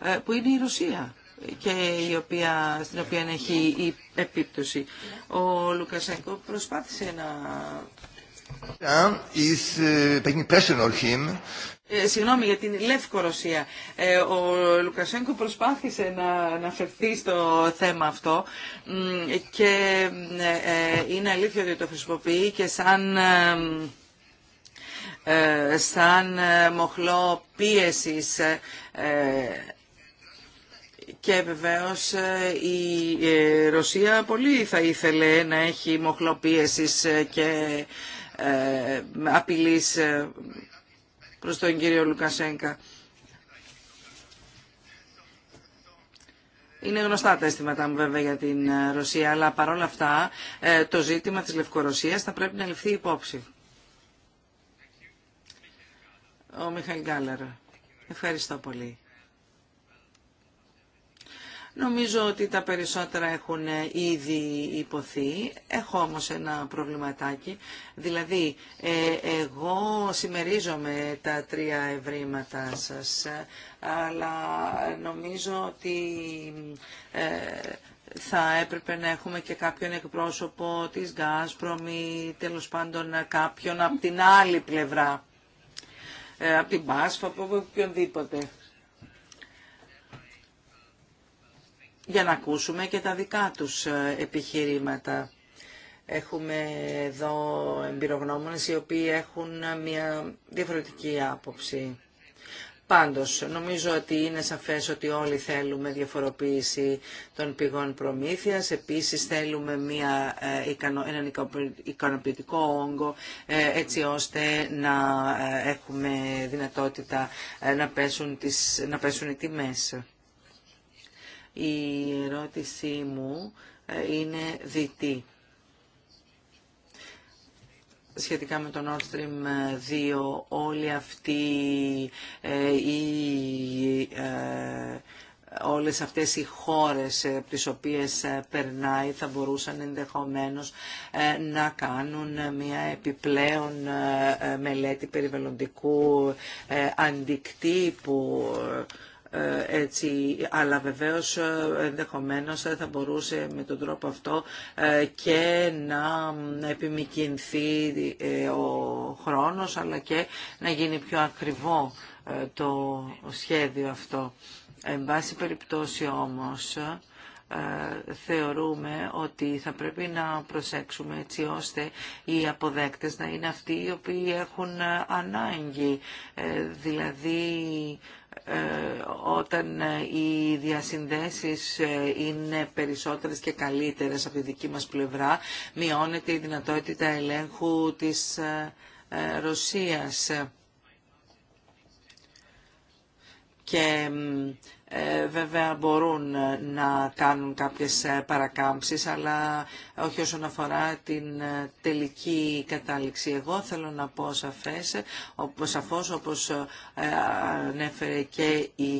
ε, που είναι η Ρωσία και η οποία, στην οποία έχει η επίπτωση. Ο Λουκασέγκο προσπάθησε να Eh, ε, συγγνώμη για την Ρωσία. Ε, ο Λουκασέγκο προσπάθησε να αναφερθεί στο θέμα αυτό και ε, ε, είναι αλήθεια ότι το χρησιμοποιεί και σαν σαν μοχλό πίεσης και βεβαίως η Ρωσία πολύ θα ήθελε να έχει μοχλοπίεσης και ε, απειλής ε, προς τον κύριο Λουκασένκα. Είναι γνωστά τα αισθήματά μου βέβαια για την ε, Ρωσία, αλλά παρόλα αυτά το ζήτημα της Λευκορωσίας θα πρέπει να ληφθεί υπόψη. Ο Μιχαήλ Γκάλερ. Ευχαριστώ πολύ. Νομίζω ότι τα περισσότερα έχουν ήδη υποθεί. Έχω όμως ένα προβληματάκι. Δηλαδή, ε, εγώ συμμερίζομαι τα τρία ευρήματα σας, αλλά νομίζω ότι ε, θα έπρεπε να έχουμε και κάποιον εκπρόσωπο της Γκάσπρομ ή τέλος πάντων κάποιον από την άλλη πλευρά, ε, από την Πάσφα, από οποιονδήποτε. για να ακούσουμε και τα δικά τους ε, επιχειρήματα. Έχουμε εδώ εμπειρογνώμονες οι οποίοι έχουν μια διαφορετική άποψη. Πάντως, νομίζω ότι είναι σαφές ότι όλοι θέλουμε διαφοροποίηση των πηγών προμήθειας. Επίσης, θέλουμε μια, ε, έναν ικανοποιητικό όγκο, ε, έτσι ώστε να έχουμε δυνατότητα να πέσουν, τις, να πέσουν οι τιμές. Η ερώτησή μου ε, είναι διτή σχετικά με τον Nord Stream 2 ε, όλη αυτή ε, η όλες αυτές οι χώρες από τις οποίες περνάει θα μπορούσαν ενδεχομένως να κάνουν μια επιπλέον μελέτη περιβαλλοντικού αντικτύπου ε, αλλά βεβαίως ε, ενδεχομένως ε, θα μπορούσε με τον τρόπο αυτό και να επιμηκυνθεί ο χρόνος αλλά και να γίνει πιο ακριβό το σχέδιο αυτό. Εν πάση περιπτώσει όμως θεωρούμε ότι θα πρέπει να προσέξουμε έτσι ώστε οι αποδέκτες να είναι αυτοί οι οποίοι έχουν ανάγκη. Δηλαδή ε, όταν ε, οι διασυνδέσεις ε, είναι περισσότερες και καλύτερες από τη δική μας πλευρά, μειώνεται η δυνατότητα ελέγχου της Ρωσίας. Και ε, βέβαια μπορούν ε, να κάνουν κάποιες ε, παρακάμψεις, αλλά όχι όσον αφορά την τελική κατάληξη. Εγώ θέλω να πω σαφές, όπως, σαφώς, όπως ανέφερε και η,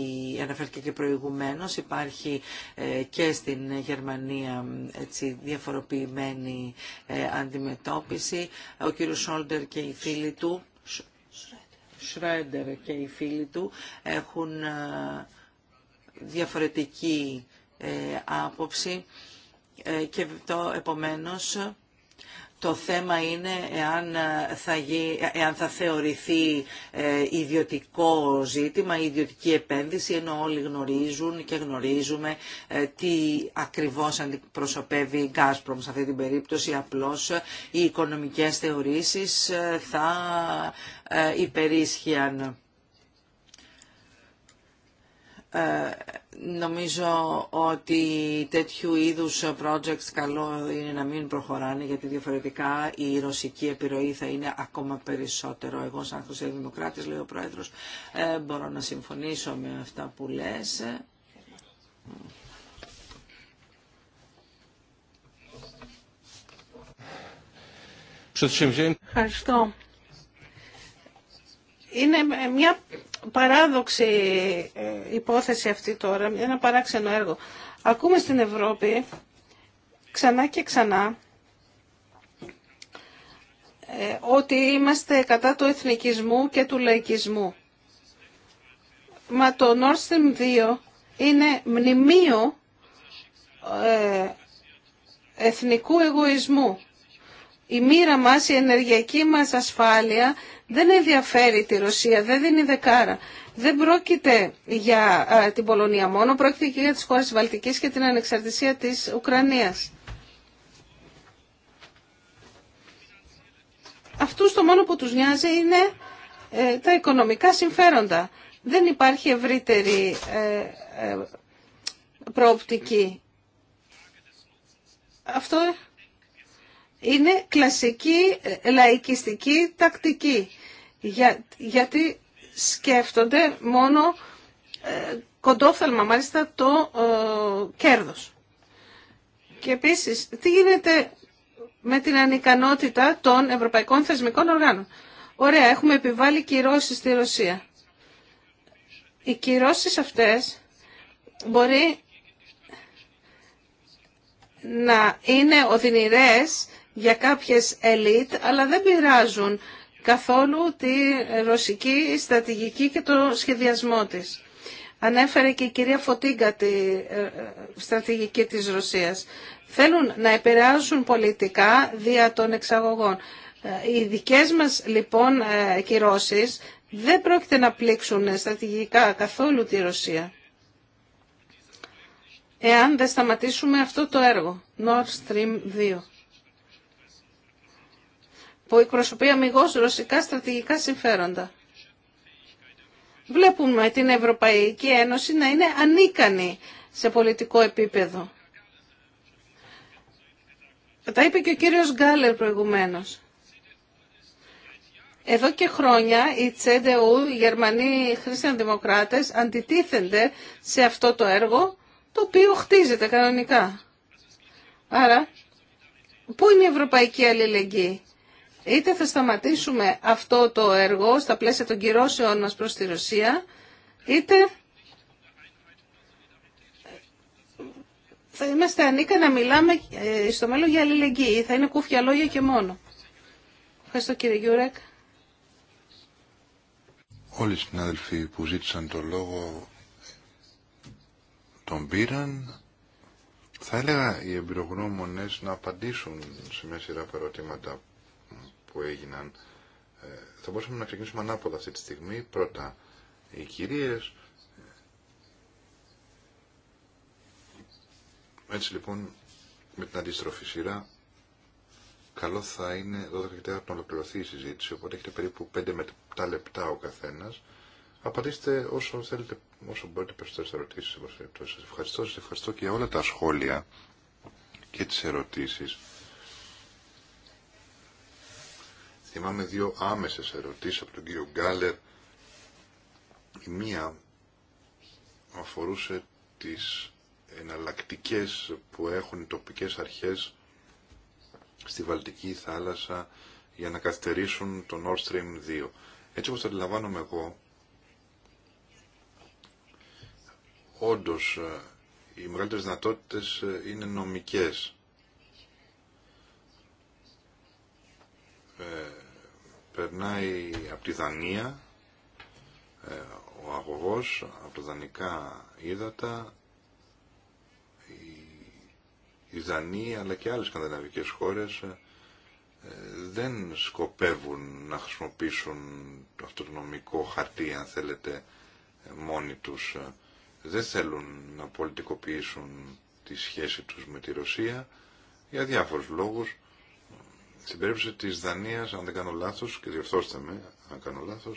αναφέρθηκε και προηγουμένως, υπάρχει και στην Γερμανία έτσι, διαφοροποιημένη αντιμετώπιση. Ο κύριος Σόλτερ και οι φίλοι του, Σρέντερ και οι φίλοι του έχουν διαφορετική ε, άποψη ε, και το επομένως το θέμα είναι εάν θα, εάν θα θεωρηθεί ε, ιδιωτικό ζήτημα, ιδιωτική επένδυση, ενώ όλοι γνωρίζουν και γνωρίζουμε τι ακριβώς αντιπροσωπεύει η Gazprom. Σε αυτή την περίπτωση απλώς οι οικονομικές θεωρήσεις θα υπερίσχυαν. Ε, νομίζω ότι τέτοιου είδους projects καλό είναι να μην προχωράνε γιατί διαφορετικά η ρωσική επιρροή θα είναι ακόμα περισσότερο. Εγώ σαν δημοκράτη, λέει ο Πρόεδρος, ε, μπορώ να συμφωνήσω με αυτά που λες. Ευχαριστώ. Είναι μια παράδοξη ε, υπόθεση αυτή τώρα, ένα παράξενο έργο. Ακούμε στην Ευρώπη ξανά και ξανά ε, ότι είμαστε κατά του εθνικισμού και του λαϊκισμού. Μα το Nord Stream 2 είναι μνημείο ε, εθνικού εγωισμού η μοίρα μας, η ενεργειακή μας ασφάλεια δεν ενδιαφέρει τη Ρωσία, δεν δίνει δεκάρα. Δεν πρόκειται για την Πολωνία μόνο, πρόκειται και για τις χώρες της Βαλτικής και την ανεξαρτησία της Ουκρανίας. Αυτούς το μόνο που τους νοιάζει είναι ε, τα οικονομικά συμφέροντα. Δεν υπάρχει ευρύτερη ε, ε, προοπτική. Αυτό είναι κλασική ε, λαϊκιστική τακτική. γιατί σκέφτονται μόνο ε, κοντόφθαλμα μάλιστα το ε, κέρδος. Και επίσης, τι γίνεται με την ανικανότητα των ευρωπαϊκών θεσμικών οργάνων. Ωραία, έχουμε επιβάλει κυρώσεις στη Ρωσία. Οι κυρώσεις αυτές μπορεί να είναι οδυνηρές για κάποιες ελίτ, αλλά δεν πειράζουν καθόλου τη ρωσική στρατηγική και το σχεδιασμό της. Ανέφερε και η κυρία Φωτίγκα τη ε, στρατηγική της Ρωσίας. Θέλουν να επηρεάζουν πολιτικά δια των εξαγωγών. Ε, οι δικές μας λοιπόν ε, κυρώσεις δεν πρόκειται να πλήξουν στρατηγικά καθόλου τη Ρωσία. Εάν δεν σταματήσουμε αυτό το έργο, Nord Stream 2 που εκπροσωπεί αμυγό ρωσικά στρατηγικά συμφέροντα. Βλέπουμε την Ευρωπαϊκή Ένωση να είναι ανίκανη σε πολιτικό επίπεδο. Τα είπε και ο κύριος Γκάλερ προηγουμένως. Εδώ και χρόνια οι Τσέντεου, οι Γερμανοί χριστιανοδημοκράτες, αντιτίθενται σε αυτό το έργο, το οποίο χτίζεται κανονικά. Άρα, πού είναι η ευρωπαϊκή αλληλεγγύη είτε θα σταματήσουμε αυτό το έργο στα πλαίσια των κυρώσεων μας προς τη Ρωσία, είτε θα είμαστε ανήκα να μιλάμε ε, στο μέλλον για αλληλεγγύη. Θα είναι κούφια λόγια και μόνο. Ευχαριστώ κύριε Γιούρεκ. Όλοι οι συνάδελφοι που ζήτησαν το λόγο τον πήραν. Θα έλεγα οι εμπειρογνώμονες να απαντήσουν σε μια σειρά που έγιναν. Ε, θα μπορούσαμε να ξεκινήσουμε ανάποδα αυτή τη στιγμή. Πρώτα οι κυρίες. Ε, έτσι λοιπόν με την αντίστροφη σειρά καλό θα είναι 12 και να ολοκληρωθεί η συζήτηση οπότε έχετε περίπου 5 με 7 λεπτά ο καθένας. Απαντήστε όσο θέλετε, όσο μπορείτε περισσότερε ερωτήσει Σα ευχαριστώ, σα ευχαριστώ και για όλα τα σχόλια και τι ερωτήσει. θυμάμαι δύο άμεσες ερωτήσεις από τον κύριο Γκάλερ. Η μία αφορούσε τις εναλλακτικές που έχουν οι τοπικές αρχές στη Βαλτική θάλασσα για να καθυστερήσουν τον Nord Stream 2. Έτσι όπως το αντιλαμβάνομαι εγώ, όντως ε, οι μεγαλύτερες δυνατότητες ε, είναι νομικές. Ε, περνάει από τη Δανία ε, ο αγωγός από τα δανεικά ύδατα η Δανείοι αλλά και άλλες σκανδιναβικές χώρες ε, δεν σκοπεύουν να χρησιμοποιήσουν το αυτονομικό χαρτί αν θέλετε μόνοι τους δεν θέλουν να πολιτικοποιήσουν τη σχέση τους με τη Ρωσία για διάφορους λόγους στην περίπτωση της Δανίας, αν δεν κάνω λάθο και διορθώστε με, αν κάνω λάθο.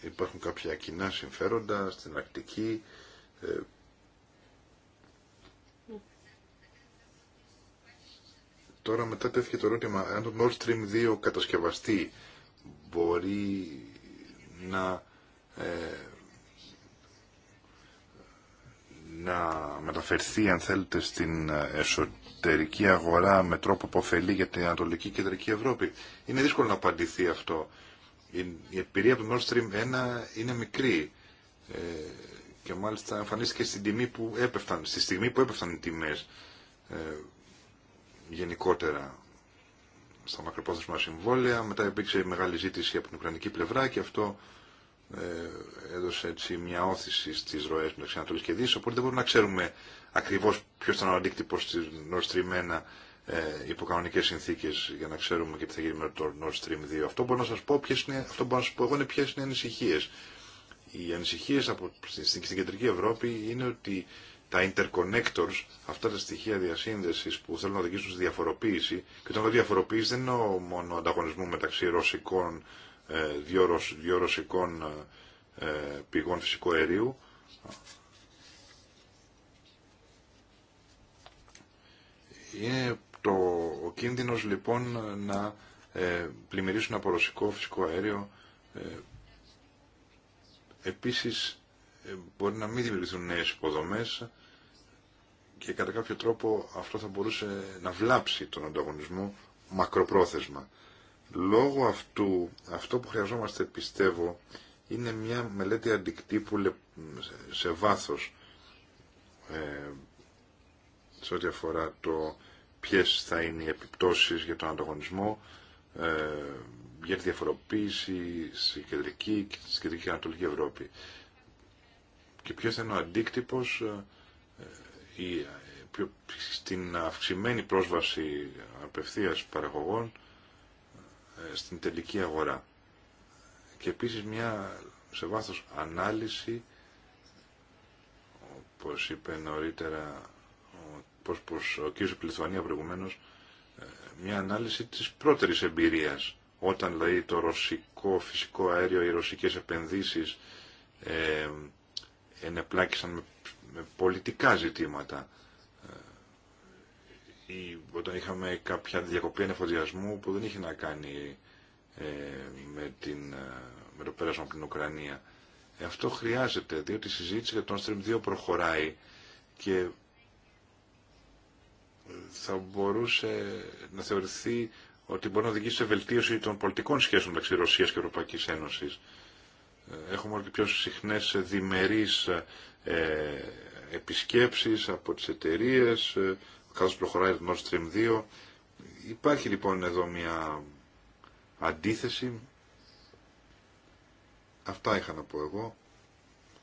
υπάρχουν κάποια κοινά συμφέροντα στην Αρκτική. Ε, τώρα μετά τέθηκε το ερώτημα, αν το Nord Stream 2 κατασκευαστεί, μπορεί να... Ε, να μεταφερθεί αν θέλετε στην, ε, εσωτερική εσωτερική αγορά με τρόπο που ωφελεί για την Ανατολική Κεντρική Ευρώπη. Είναι δύσκολο να απαντηθεί αυτό. Η εμπειρία του το Nord Stream 1 είναι μικρή ε, και μάλιστα εμφανίστηκε στην τιμή που έπεφταν, στη στιγμή που έπεφταν οι τιμές ε, γενικότερα στα μακροπρόθεσμα συμβόλαια. Μετά υπήρξε μεγάλη ζήτηση από την Ουκρανική πλευρά και αυτό ε, έδωσε έτσι μια όθηση στις ροές μεταξύ Ανατολής και Δύσης, οπότε δεν μπορούμε να ξέρουμε ακριβώς ποιος ήταν ο αντίκτυπος της Nord Stream 1 ε, υπό κανονικές συνθήκες για να ξέρουμε και τι θα γίνει με το Nord Stream 2. Αυτό μπορώ να σας πω, ποιες είναι, αυτό μπορώ να σας πω εγώ είναι ποιες είναι οι ανησυχίες. Οι ανησυχίες από, στην, στην κεντρική Ευρώπη είναι ότι τα interconnectors, αυτά τα στοιχεία διασύνδεσης που θέλουν να οδηγήσουν στη διαφοροποίηση, και όταν το διαφοροποίηση δεν ο μόνο ανταγωνισμό μεταξύ ρωσικών, ε, δύο, ρωσικών ε, ε, πηγών φυσικού αερίου, Είναι το, ο κίνδυνος λοιπόν να ε, πλημμυρίσουν από ρωσικό φυσικό αέριο. Ε, επίσης ε, μπορεί να μην δημιουργηθούν νέες υποδομές και κατά κάποιο τρόπο αυτό θα μπορούσε να βλάψει τον ανταγωνισμό μακροπρόθεσμα. Λόγω αυτού, αυτό που χρειαζόμαστε πιστεύω είναι μια μελέτη αντικτύπου σε βάθος ε, σε ό,τι αφορά το ποιες θα είναι οι επιπτώσεις για τον ανταγωνισμό, ε, για τη διαφοροποίηση στην κεντρική και στη κεντρική ανατολική Ευρώπη. Και ποιος θα είναι ο αντίκτυπος ε, ε, στην αυξημένη πρόσβαση απευθείας παραγωγών στην τελική αγορά. Και επίσης μια σε βάθος ανάλυση, όπως είπε νωρίτερα πως πως ο κ. Πληθουανία προηγουμένως, ε, μια ανάλυση της πρώτερης εμπειρίας. Όταν δηλαδή το ρωσικό φυσικό αέριο, οι ρωσικές επενδύσεις ε, ενεπλάκησαν με, πολιτικά ζητήματα. Ε, ή όταν είχαμε κάποια διακοπή ανεφοδιασμού που δεν είχε να κάνει ε, με, την, με το πέρασμα από την Ουκρανία. Αυτό χρειάζεται, διότι η συζήτηση για τον Stream 2 προχωράει και θα μπορούσε να θεωρηθεί ότι μπορεί να οδηγήσει σε βελτίωση των πολιτικών σχέσεων μεταξύ Ρωσία και Ευρωπαϊκής Ένωσης. Ε, έχουμε όλο και πιο συχνές διμερεί ε, επισκέψεις από τις εταιρείε, ε, προχωράει το Nord Stream 2. Υπάρχει λοιπόν εδώ μια αντίθεση. Αυτά είχα να πω εγώ.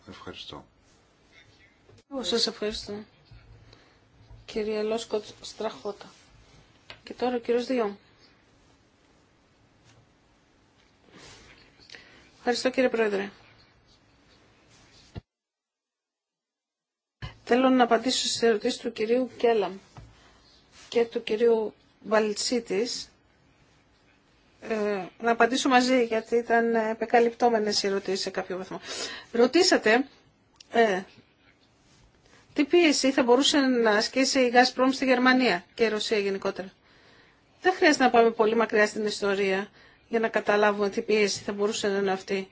Ευχαριστώ. Εγώ σας ευχαριστώ. Κύριε Λόσκοτ Στραχώτα. Και τώρα ο κύριος Διόν. Ευχαριστώ κύριε Πρόεδρε. Θέλω να απαντήσω στις ερωτήσεις του κυρίου Κέλαμ και του κυρίου Βαλτσίτης. Ε, να απαντήσω μαζί γιατί ήταν επεκαλυπτόμενες οι ερωτήσεις σε κάποιο βαθμό. Ρωτήσατε ε, τι πίεση θα μπορούσε να ασκήσει η Γκάσπρομ στη Γερμανία και η Ρωσία γενικότερα. Δεν χρειάζεται να πάμε πολύ μακριά στην ιστορία για να καταλάβουμε τι πίεση θα μπορούσε να είναι αυτή.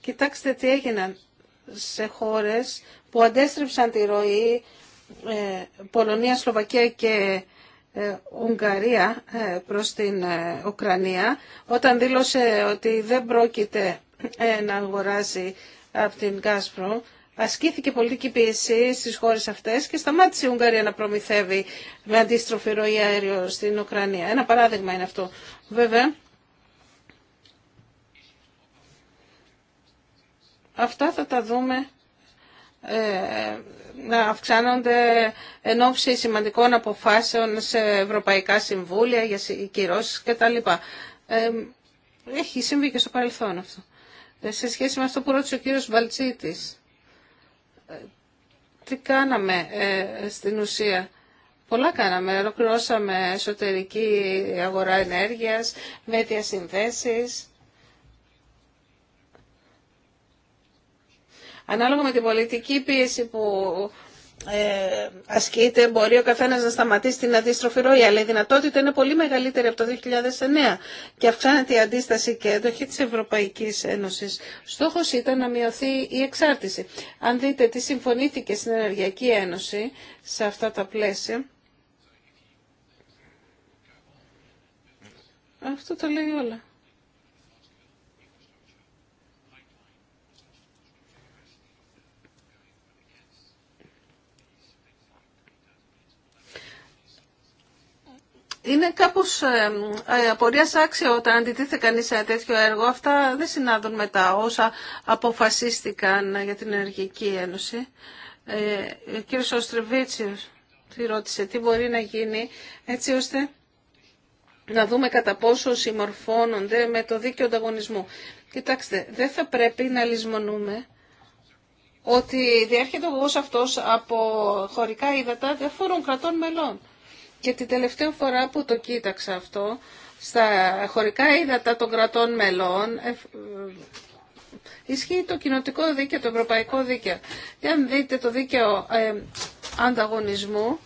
Κοιτάξτε τι έγιναν σε χώρες που αντέστρεψαν τη ροή ε, Πολωνία, Σλοβακία και ε, Ουγγαρία ε, προς την Ουκρανία όταν δήλωσε ότι δεν πρόκειται να αγοράσει από την Gazprom ασκήθηκε πολιτική πίεση στις χώρες αυτές και σταμάτησε η Ουγγαρία να προμηθεύει με αντίστροφη ροή αέριο στην Ουκρανία. Ένα παράδειγμα είναι αυτό. Βέβαια, αυτά θα τα δούμε ε, να αυξάνονται εν ώψη σημαντικών αποφάσεων σε ευρωπαϊκά συμβούλια για κυρώσει κτλ. Ε, έχει συμβεί και στο παρελθόν αυτό. Ε, σε σχέση με αυτό που ρώτησε ο κύριος Βαλτσίτης τι κάναμε ε, στην ουσία. Πολλά κάναμε. Ολοκληρώσαμε εσωτερική αγορά ενέργειας με συνθέσεις, Ανάλογα με την πολιτική πίεση που ε, ασκείται, μπορεί ο καθένα να σταματήσει την αντίστροφη ροή, αλλά η δυνατότητα είναι πολύ μεγαλύτερη από το 2009 και αυξάνεται η αντίσταση και έντοχη τη Ευρωπαϊκή Ένωση. Στόχο ήταν να μειωθεί η εξάρτηση. Αν δείτε τι συμφωνήθηκε στην Ενεργειακή Ένωση σε αυτά τα πλαίσια. Αυτό το λέει όλα. Είναι κάπω ε, ε απορίας άξια όταν αντιτίθεται κανείς σε ένα τέτοιο έργο. Αυτά δεν συνάδουν με τα όσα αποφασίστηκαν για την Ενεργική Ένωση. Ε, ο κ. Οστρεβίτσιος τη ρώτησε τι μπορεί να γίνει έτσι ώστε να δούμε κατά πόσο συμμορφώνονται με το δίκαιο ανταγωνισμού. Κοιτάξτε, δεν θα πρέπει να λησμονούμε ότι διέρχεται ο γογός αυτός από χωρικά ύδατα διαφόρων κρατών μελών. Και την τελευταία φορά που το κοίταξα αυτό, στα χωρικά ύδατα των κρατών μελών, ε, ε, ισχύει το κοινοτικό δίκαιο, το ευρωπαϊκό δίκαιο. Και αν δείτε το δίκαιο ε, ανταγωνισμού,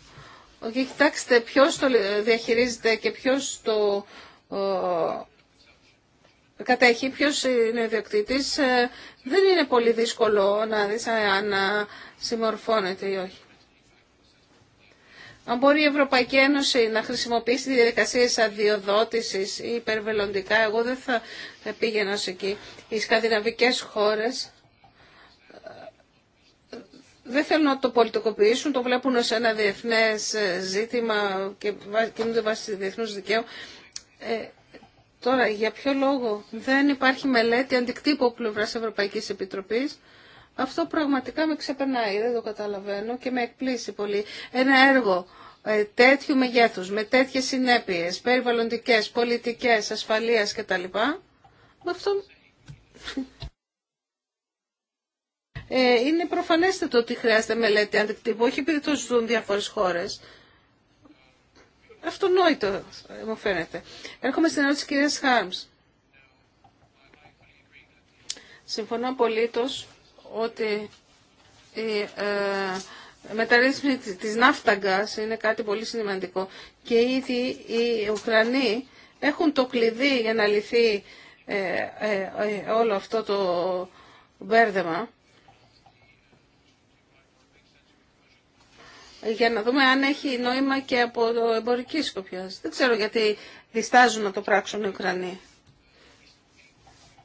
και κοιτάξτε ποιος το διαχειρίζεται και ποιος το ε, κατέχει, ποιος είναι ο ιδιοκτήτης, ε, δεν είναι πολύ δύσκολο να δεις αν συμμορφώνεται ή όχι. Αν μπορεί η Ευρωπαϊκή Ένωση να χρησιμοποιήσει διαδικασίες αδειοδότησης ή υπερβελοντικά, εγώ δεν θα πήγαινα σε εκεί. Οι σκανδιναβικές χώρες ε, δεν θέλουν να το πολιτικοποιήσουν, το βλέπουν ως ένα διεθνές ε, ζήτημα και κινούνται βάσει διεθνούς δικαίου. Ε, τώρα, για ποιο λόγο δεν υπάρχει μελέτη αντικτύπου πλευράς Ευρωπαϊκής Επιτροπής αυτό πραγματικά με ξεπερνάει, δεν το καταλαβαίνω και με εκπλήσει πολύ. Ένα έργο ε, τέτοιου μεγέθους, με τέτοιες συνέπειες, περιβαλλοντικές, πολιτικές, ασφαλείας κτλ. Με αυτό... Ε, είναι προφανέστατο ότι χρειάζεται μελέτη αντικτύπου, όχι επειδή το ζουν διάφορες χώρες. Αυτονόητο, ε, μου φαίνεται. Έρχομαι στην ερώτηση της κυρίας Χάρμς. Συμφωνώ απολύτως ότι η ε, μεταρρύθμιση της ναύταγκας είναι κάτι πολύ σημαντικό και ήδη οι Ουκρανοί έχουν το κλειδί για να λυθεί ε, ε, όλο αυτό το μπέρδεμα. για να δούμε αν έχει νόημα και από το εμπορική σκοπιά. Δεν ξέρω γιατί διστάζουν να το πράξουν οι Ουκρανοί.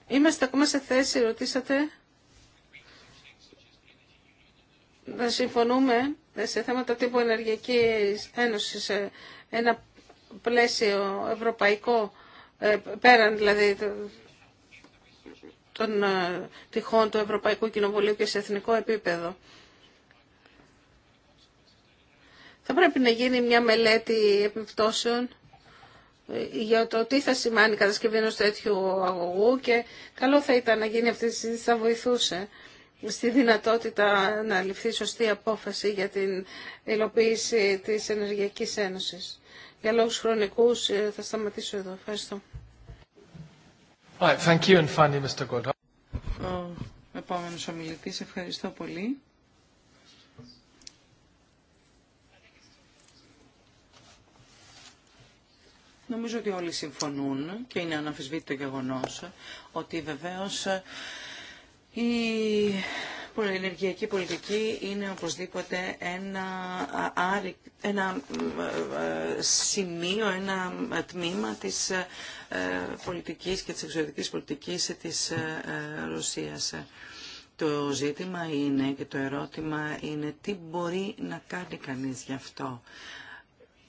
Είμαστε ακόμα σε θέση, ρωτήσατε, να συμφωνούμε σε θέματα τύπου Ένωση σε ένα πλαίσιο ευρωπαϊκό ε, πέραν δηλαδή των ε, τυχών του Ευρωπαϊκού Κοινοβουλίου και σε εθνικό επίπεδο. Θα πρέπει να γίνει μια μελέτη επιπτώσεων ε, για το τι θα σημάνει η κατασκευή ενός τέτοιου αγωγού και καλό θα ήταν να γίνει αυτή η συζήτηση, θα βοηθούσε στη δυνατότητα να ληφθεί σωστή απόφαση για την υλοποίηση της Ενεργειακής Ένωσης. Για λόγους χρονικούς ε, θα σταματήσω εδώ. Ευχαριστώ. Ο επόμενος ομιλητής, ευχαριστώ πολύ. Νομίζω ότι όλοι συμφωνούν και είναι αναμφισβήτητο γεγονός ότι βεβαίως η ενεργειακή πολιτική είναι οπωσδήποτε ένα, ένα ε, ε, σημείο, ένα τμήμα της ε, πολιτικής και της εξωτερικής πολιτικής της Ρωσίας. Το ζήτημα είναι και το ερώτημα είναι τι μπορεί να κάνει κανείς γι' αυτό.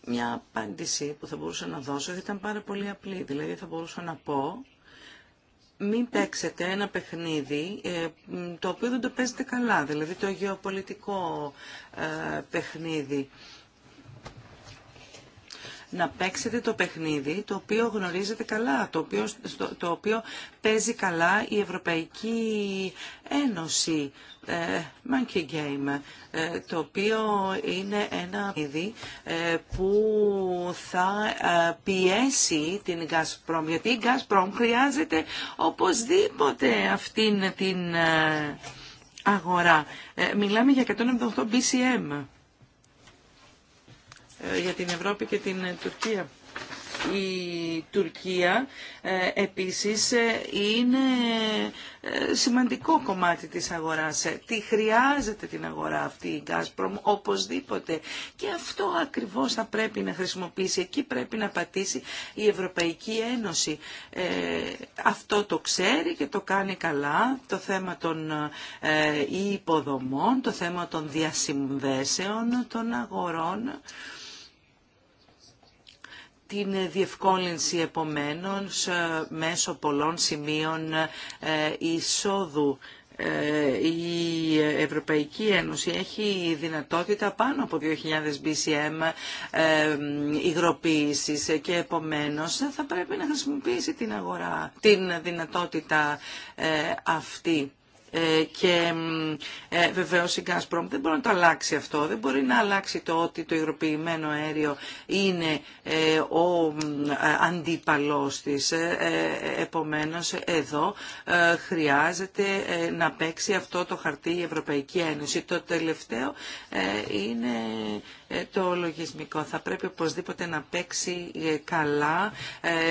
Μια απάντηση που θα μπορούσα να δώσω ήταν πάρα πολύ απλή. Δηλαδή θα μπορούσα να πω μην παίξετε ένα παιχνίδι ε, το οποίο δεν το παίζετε καλά, δηλαδή το γεωπολιτικό ε, παιχνίδι να παίξετε το παιχνίδι το οποίο γνωρίζετε καλά, το οποίο, το οποίο παίζει καλά η Ευρωπαϊκή Ένωση. Ε, Monkey Game, ε, το οποίο είναι ένα παιχνίδι ε, που θα πιέσει την Gazprom, γιατί η Gazprom χρειάζεται οπωσδήποτε αυτήν την αγορά. Μιλάμε για 178 BCM. Ε, για την Ευρώπη και την Τουρκία. Η Τουρκία ε, επίσης ε, είναι σημαντικό κομμάτι της αγοράς. Τι χρειάζεται την αγορά αυτή η Gazprom οπωσδήποτε. Και αυτό ακριβώς θα πρέπει να χρησιμοποιήσει. Εκεί πρέπει να πατήσει η Ευρωπαϊκή Ένωση. αυτό το ξέρει και το κάνει καλά. Το θέμα των υποδομών, το θέμα των διασυμβέσεων των αγορών την διευκόλυνση επομένων μέσω πολλών σημείων ε, εισόδου ε, η Ευρωπαϊκή Ένωση έχει δυνατότητα πάνω από 2.000 BCM ε, υγροποίησης και επομένως θα πρέπει να χρησιμοποιήσει την αγορά, την δυνατότητα αυτή. Ε, και ε, βεβαίως η Gazprom δεν μπορεί να το αλλάξει αυτό. Δεν μπορεί να αλλάξει το ότι το υγροποιημένο αέριο είναι ε, ο αντίπαλός της. Επομένω, εδώ χρειάζεται να παίξει αυτό το χαρτί η Ευρωπαϊκή Ένωση. Το τελευταίο είναι ε, το λογισμικό. Θα πρέπει οπωσδήποτε να, παίξει ε, καλά,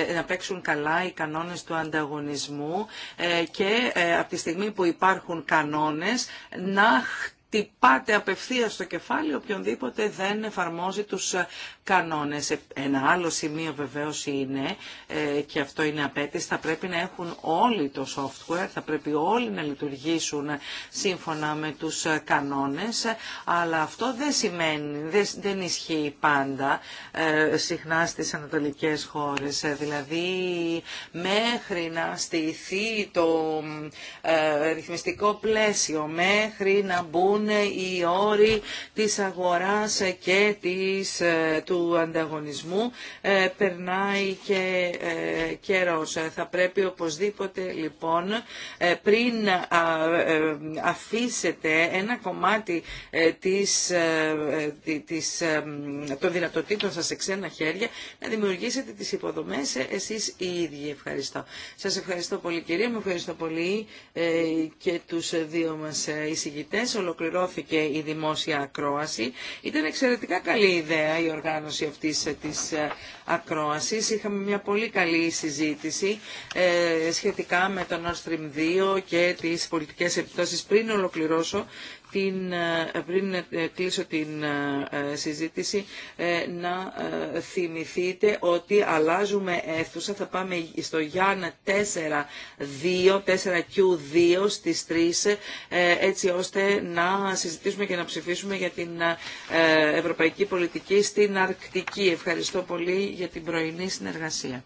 ε, να παίξουν καλά οι κανόνες του ανταγωνισμού και από τη στιγμή που υπάρχουν κανόνες να χτυπήσουν τυπάτε απευθεία στο κεφάλι οποιονδήποτε δεν εφαρμόζει τους ε, κανόνες. Ε, ένα άλλο σημείο βεβαίως είναι, ε, και αυτό είναι απέτηση, θα πρέπει να έχουν όλοι το software, θα πρέπει όλοι να λειτουργήσουν σύμφωνα με τους κανόνες, αλλά αυτό δεν σημαίνει, δεν ισχύει πάντα συχνά στις ανατολικές χώρες. Δηλαδή μέχρι να στηθεί το ρυθμιστικό πλαίσιο, μέχρι να μπουν οι όροι της αγοράς και της, ε, του ανταγωνισμού. Ε, περνάει και ε, καιρός. Θα πρέπει οπωσδήποτε λοιπόν πριν αφήσετε ένα κομμάτι της, της, των δυνατοτήτων σας σε ξένα χέρια να δημιουργήσετε τις υποδομές εσείς οι ίδιοι. Ευχαριστώ. Σας ευχαριστώ πολύ κυρία μου, ευχαριστώ πολύ και τους δύο μας εισηγητές. Ολοκληρώ ολοκληρώθηκε η δημόσια ακρόαση. Ήταν εξαιρετικά καλή ιδέα η οργάνωση αυτής ε, της ε, ακρόασης. Είχαμε μια πολύ καλή συζήτηση ε, σχετικά με τον Nord Stream 2 και τις πολιτικές επιπτώσει Πριν ολοκληρώσω, την, πριν ε, ε, κλείσω την ε, συζήτηση να θυμηθείτε ότι αλλάζουμε αίθουσα. Θα πάμε στο Γιάννα 4-2, 4Q2 στις 3 έτσι ώστε να συζητήσουμε και να ψηφίσουμε για την ευρωπαϊκή πολιτική στην Αρκτική. Ευχαριστώ πολύ για την πρωινή συνεργασία.